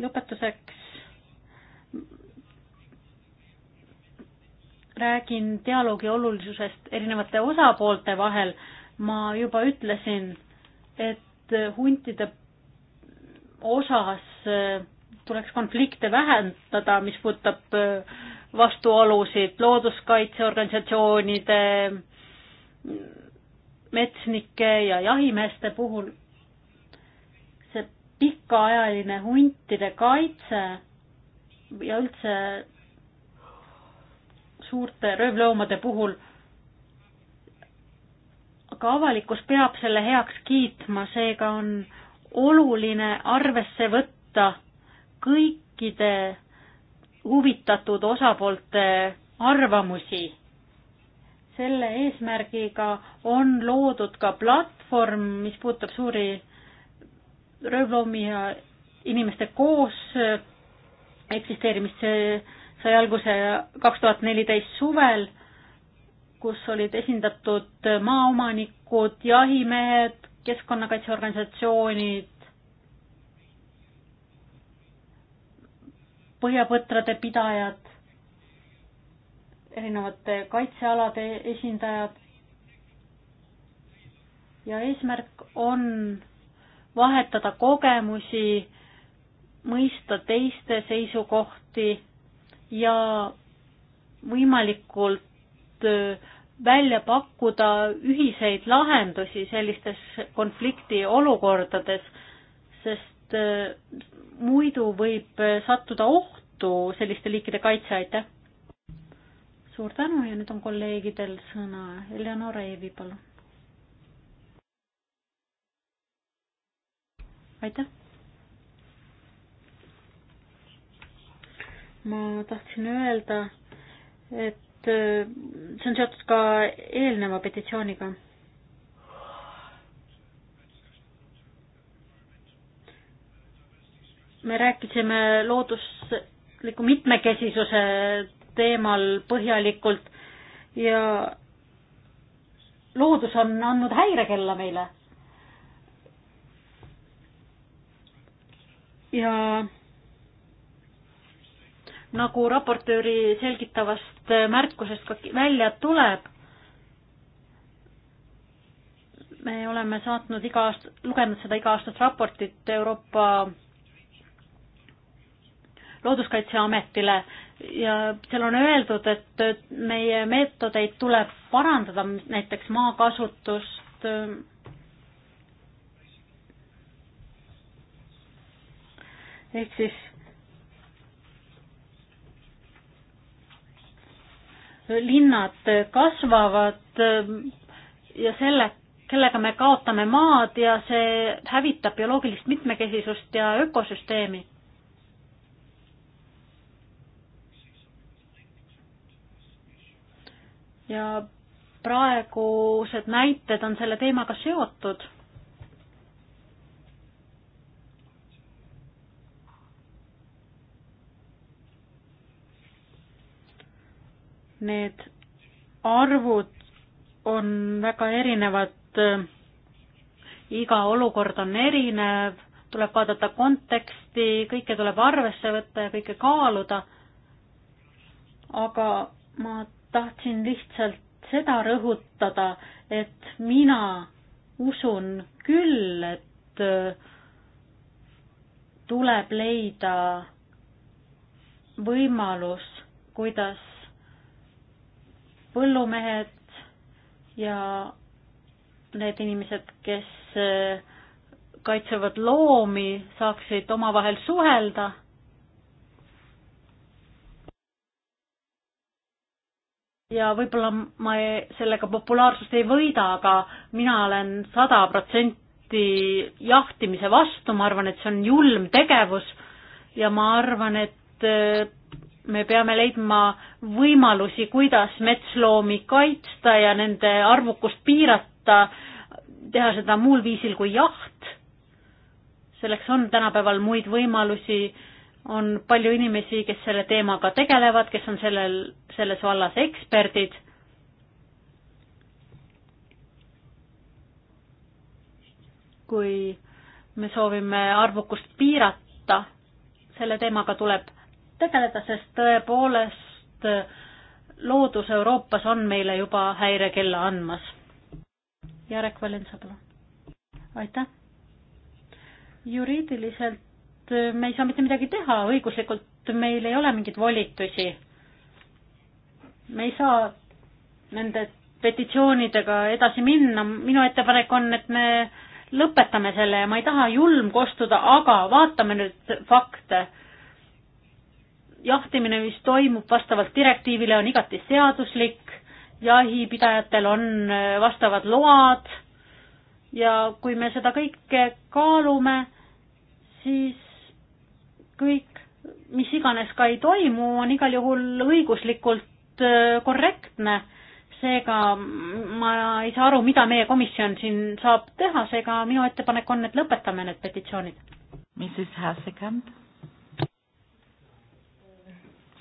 lõpetuseks räägin dialoogi olulisusest erinevate osapoolte vahel. ma juba ütlesin, et huntide osas äh, tuleks konflikte vähendada, mis puudutab äh, vastuolusid looduskaitseorganisatsioonide, metsnike ja jahimeeste puhul. see pikaajaline huntide kaitse ja üldse suurte röövloomade puhul aga avalikkus peab selle heaks kiitma, seega on oluline arvesse võtta kõikide huvitatud osapoolte arvamusi. selle eesmärgiga on loodud ka platvorm, mis puudutab suuri röövloomi ja inimeste koos eksisteerimist, see sai alguse kaks tuhat neliteist suvel kus olid esindatud maaomanikud, jahimehed, keskkonnakaitseorganisatsioonid, põhjapõtrade pidajad, erinevate kaitsealade esindajad. ja eesmärk on vahetada kogemusi, mõista teiste seisukohti ja võimalikult äh, välja pakkuda ühiseid lahendusi sellistes konfliktiolukordades, sest äh, muidu võib äh, sattuda ohtu selliste liikide kaitse, aitäh! suur tänu ja nüüd on kolleegidel sõna. Eleonora Eevi, palun. aitäh! ma tahtsin öelda, et et äh, see on seotud ka eelneva petitsiooniga. me rääkisime loodusliku mitmekesisuse teemal põhjalikult ja loodus on andnud häirekella meile. ja nagu raportööri selgitavast märkusest ka välja tuleb, me oleme saatnud iga aast-, lugenud seda iga-aastast raportit Euroopa Looduskaitseametile ja seal on öeldud, et meie meetodeid tuleb parandada, näiteks maakasutust, ehk siis linnad kasvavad ähm, ja selle, kellega me kaotame maad ja see hävitab bioloogilist mitmekesisust ja ökosüsteemi. ja praegused näited on selle teemaga seotud Need arvud on väga erinevad, iga olukord on erinev, tuleb vaadata konteksti, kõike tuleb arvesse võtta ja kõike kaaluda, aga ma tahtsin lihtsalt seda rõhutada, et mina usun küll, et tuleb leida võimalus, kuidas põllumehed ja need inimesed, kes eh, kaitsevad loomi, saaksid omavahel suhelda. ja võib-olla ma ei, sellega populaarsust ei võida, aga mina olen sada protsenti jahtimise vastu, ma arvan, et see on julm tegevus ja ma arvan, et eh, me peame leidma võimalusi, kuidas metsloomi kaitsta ja nende arvukust piirata, teha seda muul viisil kui jaht. selleks on tänapäeval muid võimalusi, on palju inimesi, kes selle teemaga tegelevad, kes on sellel, selles vallas eksperdid. kui me soovime arvukust piirata, selle teemaga tuleb tegeleda, sest tõepoolest loodus Euroopas on meile juba häirekella andmas. Jarek Valensapalu, aitäh! juriidiliselt me ei saa mitte midagi teha, õiguslikult meil ei ole mingeid volitusi. me ei saa nende petitsioonidega edasi minna, minu ettepanek on, et me lõpetame selle ja ma ei taha julm kostuda, aga vaatame nüüd fakte jahtimine, mis toimub vastavalt direktiivile, on igati seaduslik, jahipidajatel on äh, vastavad load ja kui me seda kõike kaalume, siis kõik, mis iganes ka ei toimu, on igal juhul õiguslikult äh, korrektne. seega ma ei saa aru, mida meie komisjon siin saab teha, seega minu ettepanek on, et lõpetame need petitsioonid. Mrs Hassekamp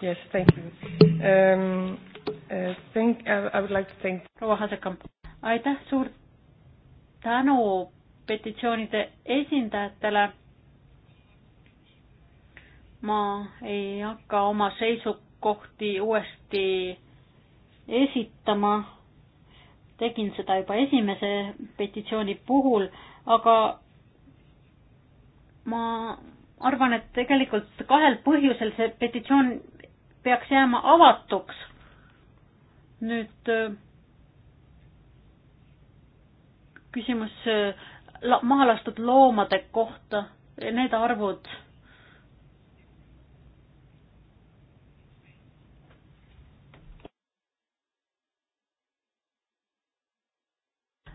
Yes, thank you um,. Uh, thank uh,, I would like to thank. proua Hasekamp, aitäh, suur tänu petitsioonide esindajatele. ma ei hakka oma seisukohti uuesti esitama. tegin seda juba esimese petitsiooni puhul, aga ma arvan, et tegelikult kahel põhjusel see petitsioon peaks jääma avatuks. nüüd äh, küsimus äh, maha lastud loomade kohta, need arvud.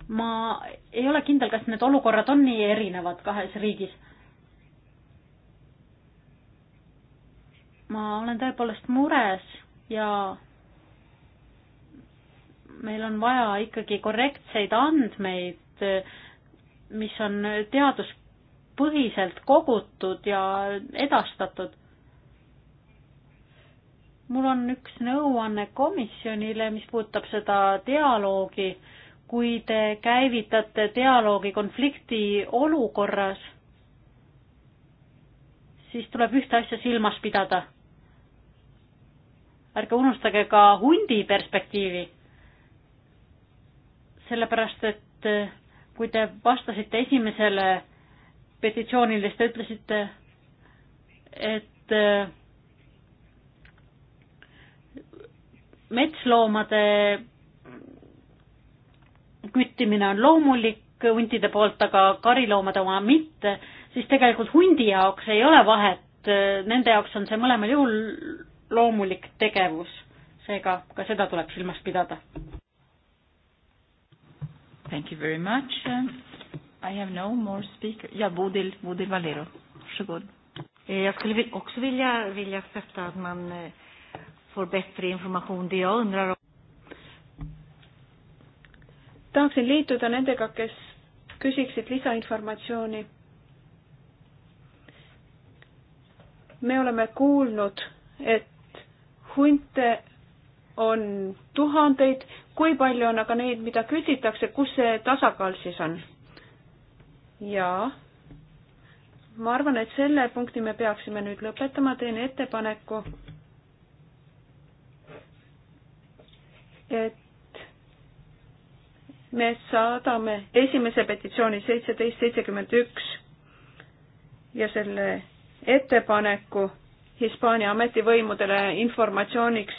ma ei ole kindel, kas need olukorrad on nii erinevad kahes riigis ma olen tõepoolest mures ja meil on vaja ikkagi korrektseid andmeid, mis on teaduspõhiselt kogutud ja edastatud. mul on üks nõuanne komisjonile, mis puudutab seda dialoogi. kui te käivitate dialoogi konflikti olukorras, siis tuleb ühte asja silmas pidada ärge unustage ka hundi perspektiivi. sellepärast, et eh, kui te vastasite esimesele petitsioonile, siis te ütlesite, et eh, metsloomade küttimine on loomulik huntide poolt, aga kariloomade oma mitte, siis tegelikult hundi jaoks ei ole vahet, eh, nende jaoks on see mõlemal juhul loomulik tegevus, seega ka seda tuleb silmas pidada. Thank you very much. I have no more speaker. Ja, Bodil, Bodil Valero. Varsågod. Eh, jag skulle också vilja, vilja sätta att man eh, får bättre information. Det jag undrar om... Tahaksin liituda nendega, kes küsiksid lisainformatsiooni. me oleme kuulnud, et hunte on tuhandeid, kui palju on aga neid, mida küsitakse, kus see tasakaal siis on? jaa, ma arvan, et selle punkti me peaksime nüüd lõpetama, teen ettepaneku, et me saadame esimese petitsiooni seitseteist seitsekümmend üks ja selle ettepaneku Hispaania ametivõimudele informatsiooniks,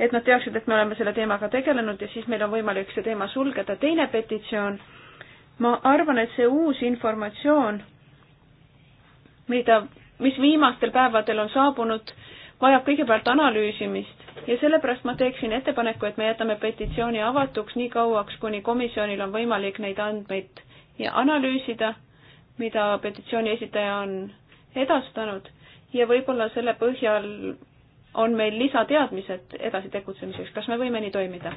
et nad teaksid, et me oleme selle teemaga tegelenud ja siis meil on võimalik see teema sulgeda. teine petitsioon, ma arvan, et see uus informatsioon, mida, mis viimastel päevadel on saabunud, vajab kõigepealt analüüsimist ja sellepärast ma teeksin ettepaneku, et me jätame petitsiooni avatuks nii kauaks, kuni komisjonil on võimalik neid andmeid ja analüüsida, mida petitsiooni esitaja on edastanud ja võib-olla selle põhjal on meil lisateadmised edasi tegutsemiseks, kas me võime nii toimida?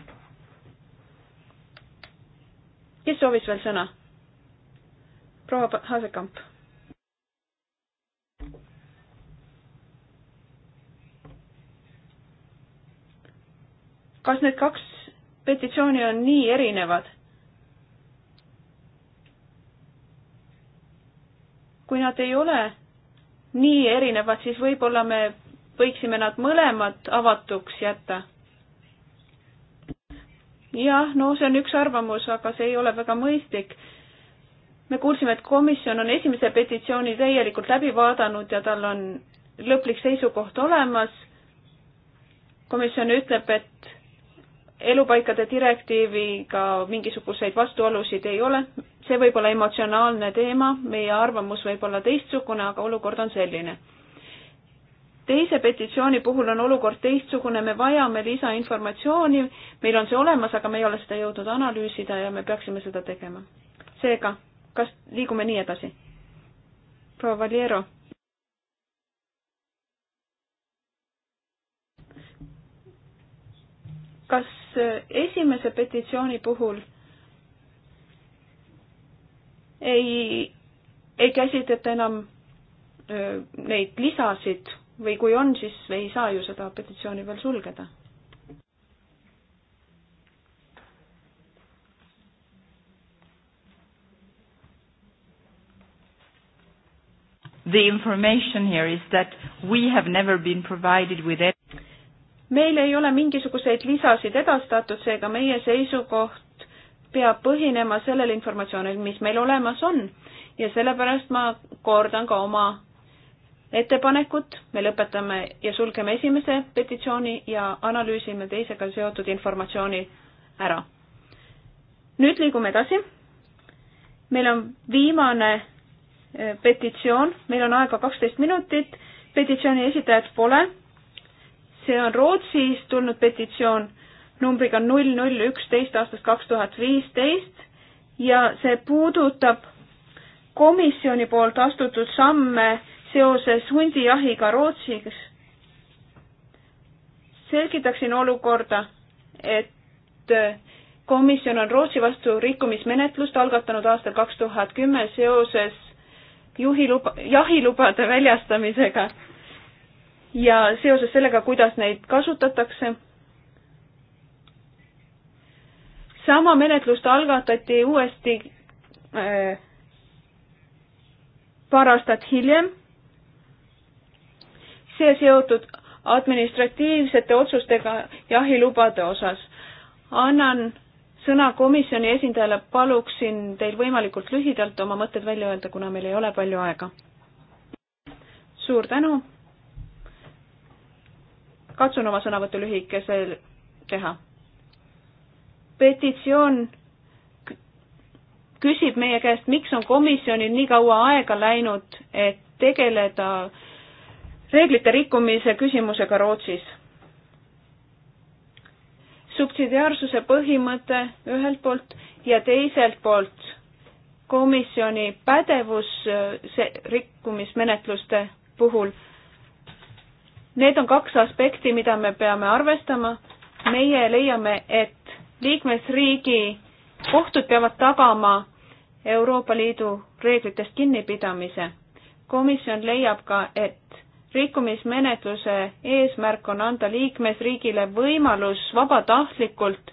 kes soovis veel sõna? proua Hasekamp. kas need kaks petitsiooni on nii erinevad? kui nad ei ole nii erinevad, siis võib-olla me võiksime nad mõlemad avatuks jätta. jah, no see on üks arvamus, aga see ei ole väga mõistlik. me kuulsime, et komisjon on esimese petitsiooni täielikult läbi vaadanud ja tal on lõplik seisukoht olemas. komisjon ütleb, et elupaikade direktiiviga mingisuguseid vastuolusid ei ole, see võib olla emotsionaalne teema, meie arvamus võib olla teistsugune, aga olukord on selline. teise petitsiooni puhul on olukord teistsugune, me vajame lisainformatsiooni, meil on see olemas, aga me ei ole seda jõudnud analüüsida ja me peaksime seda tegema. seega, kas liigume nii edasi? proua Valiero. kas esimese petitsiooni puhul ei, ei käsitleta enam öö, neid lisasid või kui on, siis ei saa ju seda petitsiooni veel sulgeda. The information here is that we have never been provided with it. meil ei ole mingisuguseid lisasid edastatud, seega meie seisukoht peab põhinema sellel informatsioonil, mis meil olemas on. ja sellepärast ma kordan ka oma ettepanekut, me lõpetame ja sulgeme esimese petitsiooni ja analüüsime teisega seotud informatsiooni ära. nüüd liigume edasi. meil on viimane eh, petitsioon, meil on aega kaksteist minutit, petitsiooni esitajat pole. see on Rootsist tulnud petitsioon numbriga null null üksteist aastast kaks tuhat viisteist ja see puudutab komisjoni poolt astutud samme seoses hundijahiga Rootsis. selgitaksin olukorda, et komisjon on Rootsi vastu rikkumismenetlust algatanud aastal kaks tuhat kümme seoses juhiluba, jahilubade väljastamisega ja seoses sellega, kuidas neid kasutatakse sama menetlust algatati uuesti äh, paar aastat hiljem. see seotud administratiivsete otsustega jahilubade osas. annan sõna komisjoni esindajale, paluksin teil võimalikult lühidalt oma mõtted välja öelda, kuna meil ei ole palju aega. suur tänu. katsun oma sõnavõttu lühikese teha petitsioon küsib meie käest, miks on komisjonil nii kaua aega läinud, et tegeleda reeglite rikkumise küsimusega Rootsis. subsidiaarsuse põhimõte ühelt poolt ja teiselt poolt komisjoni pädevus äh, see rikkumismenetluste puhul. Need on kaks aspekti, mida me peame arvestama. meie leiame, et liikmesriigi kohtud peavad tagama Euroopa Liidu reeglitest kinnipidamise. komisjon leiab ka, et rikkumismenetluse eesmärk on anda liikmesriigile võimalus vabatahtlikult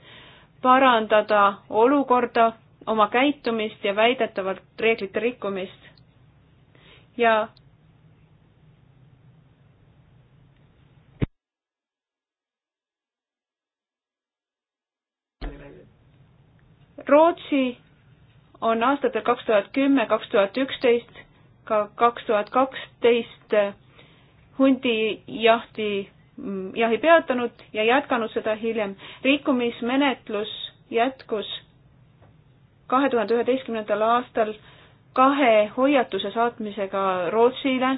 parandada olukorda, oma käitumist ja väidetavalt reeglite rikkumist. ja Rootsi on aastatel kaks tuhat kümme, kaks tuhat üksteist, ka kaks tuhat kaksteist hundijahti, jahi peatanud ja jätkanud seda hiljem. rikkumismenetlus jätkus kahe tuhande üheteistkümnendal aastal kahe hoiatuse saatmisega Rootsile.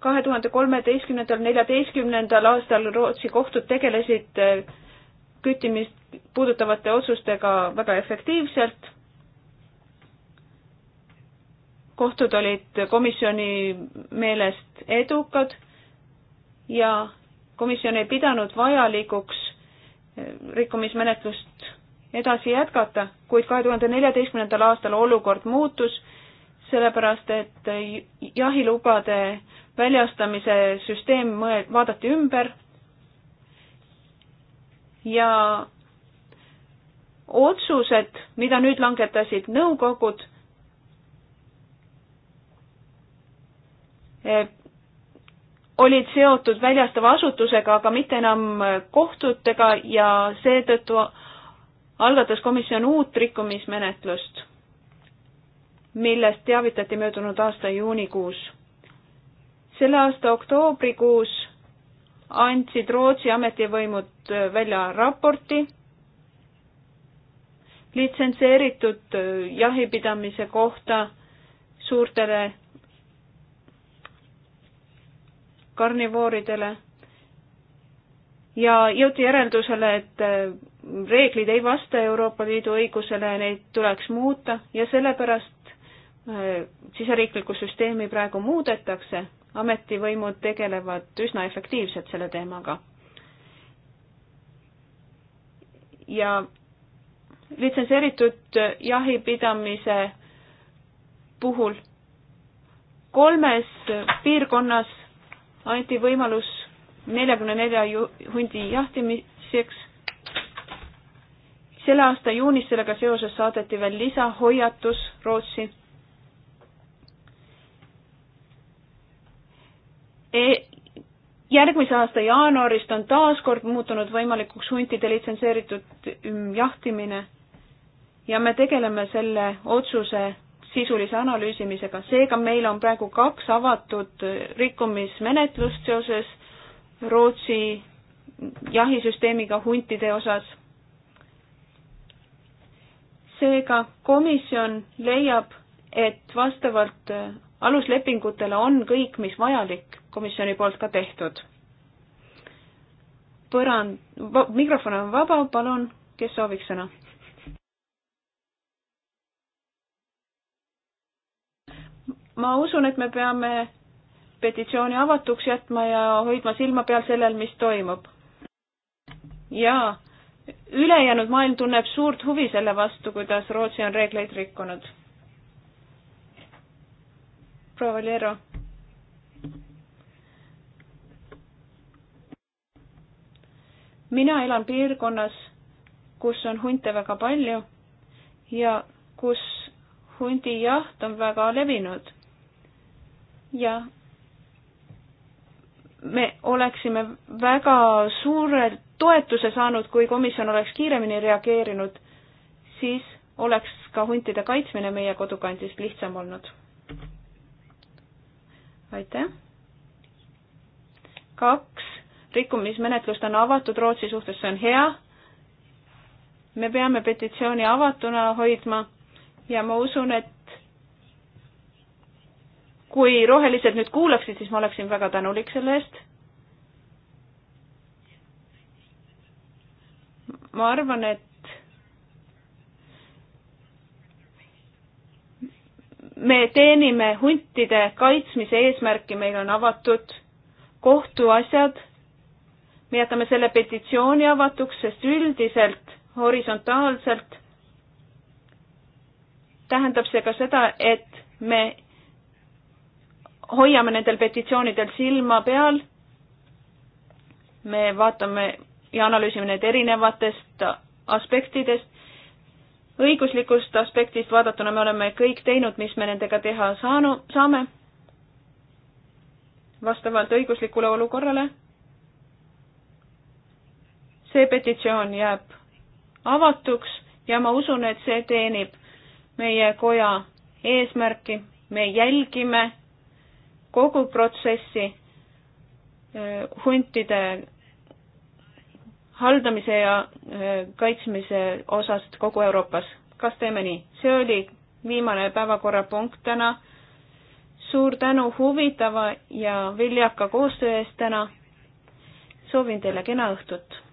kahe tuhande kolmeteistkümnendal, neljateistkümnendal aastal Rootsi kohtud tegelesid küttimist puudutavate otsustega väga efektiivselt. kohtud olid komisjoni meelest edukad ja komisjon ei pidanud vajalikuks eh, rikkumismenetlust edasi jätkata, kuid kahe tuhande neljateistkümnendal aastal olukord muutus, sellepärast et jahilubade väljastamise süsteem mõe-, vaadati ümber ja otsused, mida nüüd langetasid nõukogud, eh, olid seotud väljastava asutusega, aga mitte enam kohtutega ja seetõttu algatas komisjon uut rikkumismenetlust, millest teavitati möödunud aasta juunikuus. selle aasta oktoobrikuus andsid Rootsi ametivõimud äh, välja raporti litsenseeritud äh, jahipidamise kohta suurtele karnivooridele ja jõuti järeldusele, et äh, reeglid ei vasta Euroopa Liidu õigusele ja neid tuleks muuta ja sellepärast siseriiklikku süsteemi praegu muudetakse ametivõimud tegelevad üsna efektiivselt selle teemaga. ja litsenseeritud jahipidamise puhul kolmes piirkonnas anti võimalus neljakümne nelja hundi jahtimiseks. selle aasta juunis sellega seoses saadeti veel lisahoiatus Rootsi E, järgmise aasta jaanuarist on taas kord muutunud võimalikuks huntide litsenseeritud mm, jahtimine ja me tegeleme selle otsuse sisulise analüüsimisega. seega meil on praegu kaks avatud rikkumismenetlust seoses Rootsi jahisüsteemiga huntide osas. seega komisjon leiab, et vastavalt aluslepingutele on kõik, mis vajalik komisjoni poolt ka tehtud. põrand, mikrofon on vaba, palun, kes sooviks sõna? ma usun, et me peame petitsiooni avatuks jätma ja hoidma silma peal sellel, mis toimub. jaa, ülejäänud maailm tunneb suurt huvi selle vastu, kuidas Rootsi on reegleid rikkunud. proua Valero mina elan piirkonnas, kus on hunte väga palju ja kus hundijaht on väga levinud. ja me oleksime väga suure toetuse saanud, kui komisjon oleks kiiremini reageerinud, siis oleks ka huntide kaitsmine meie kodukandist lihtsam olnud. aitäh. kaks rikkumismenetlust on avatud Rootsi suhtes, see on hea. me peame petitsiooni avatuna hoidma ja ma usun, et kui rohelised nüüd kuulaksid, siis ma oleksin väga tänulik selle eest. ma arvan, et me teenime huntide kaitsmise eesmärki, meil on avatud kohtuasjad me jätame selle petitsiooni avatuks, sest üldiselt horisontaalselt tähendab see ka seda, et me hoiame nendel petitsioonidel silma peal, me vaatame ja analüüsime neid erinevatest aspektidest, õiguslikust aspektist vaadatuna me oleme kõik teinud, mis me nendega teha saanu, saame, vastavalt õiguslikule olukorrale see petitsioon jääb avatuks ja ma usun, et see teenib meie koja eesmärki, me jälgime kogu protsessi huntide haldamise ja kaitsmise osast kogu Euroopas. kas teeme nii? see oli viimane päevakorrapunkt täna. suur tänu huvitava ja viljaka koostöö eest täna. soovin teile kena õhtut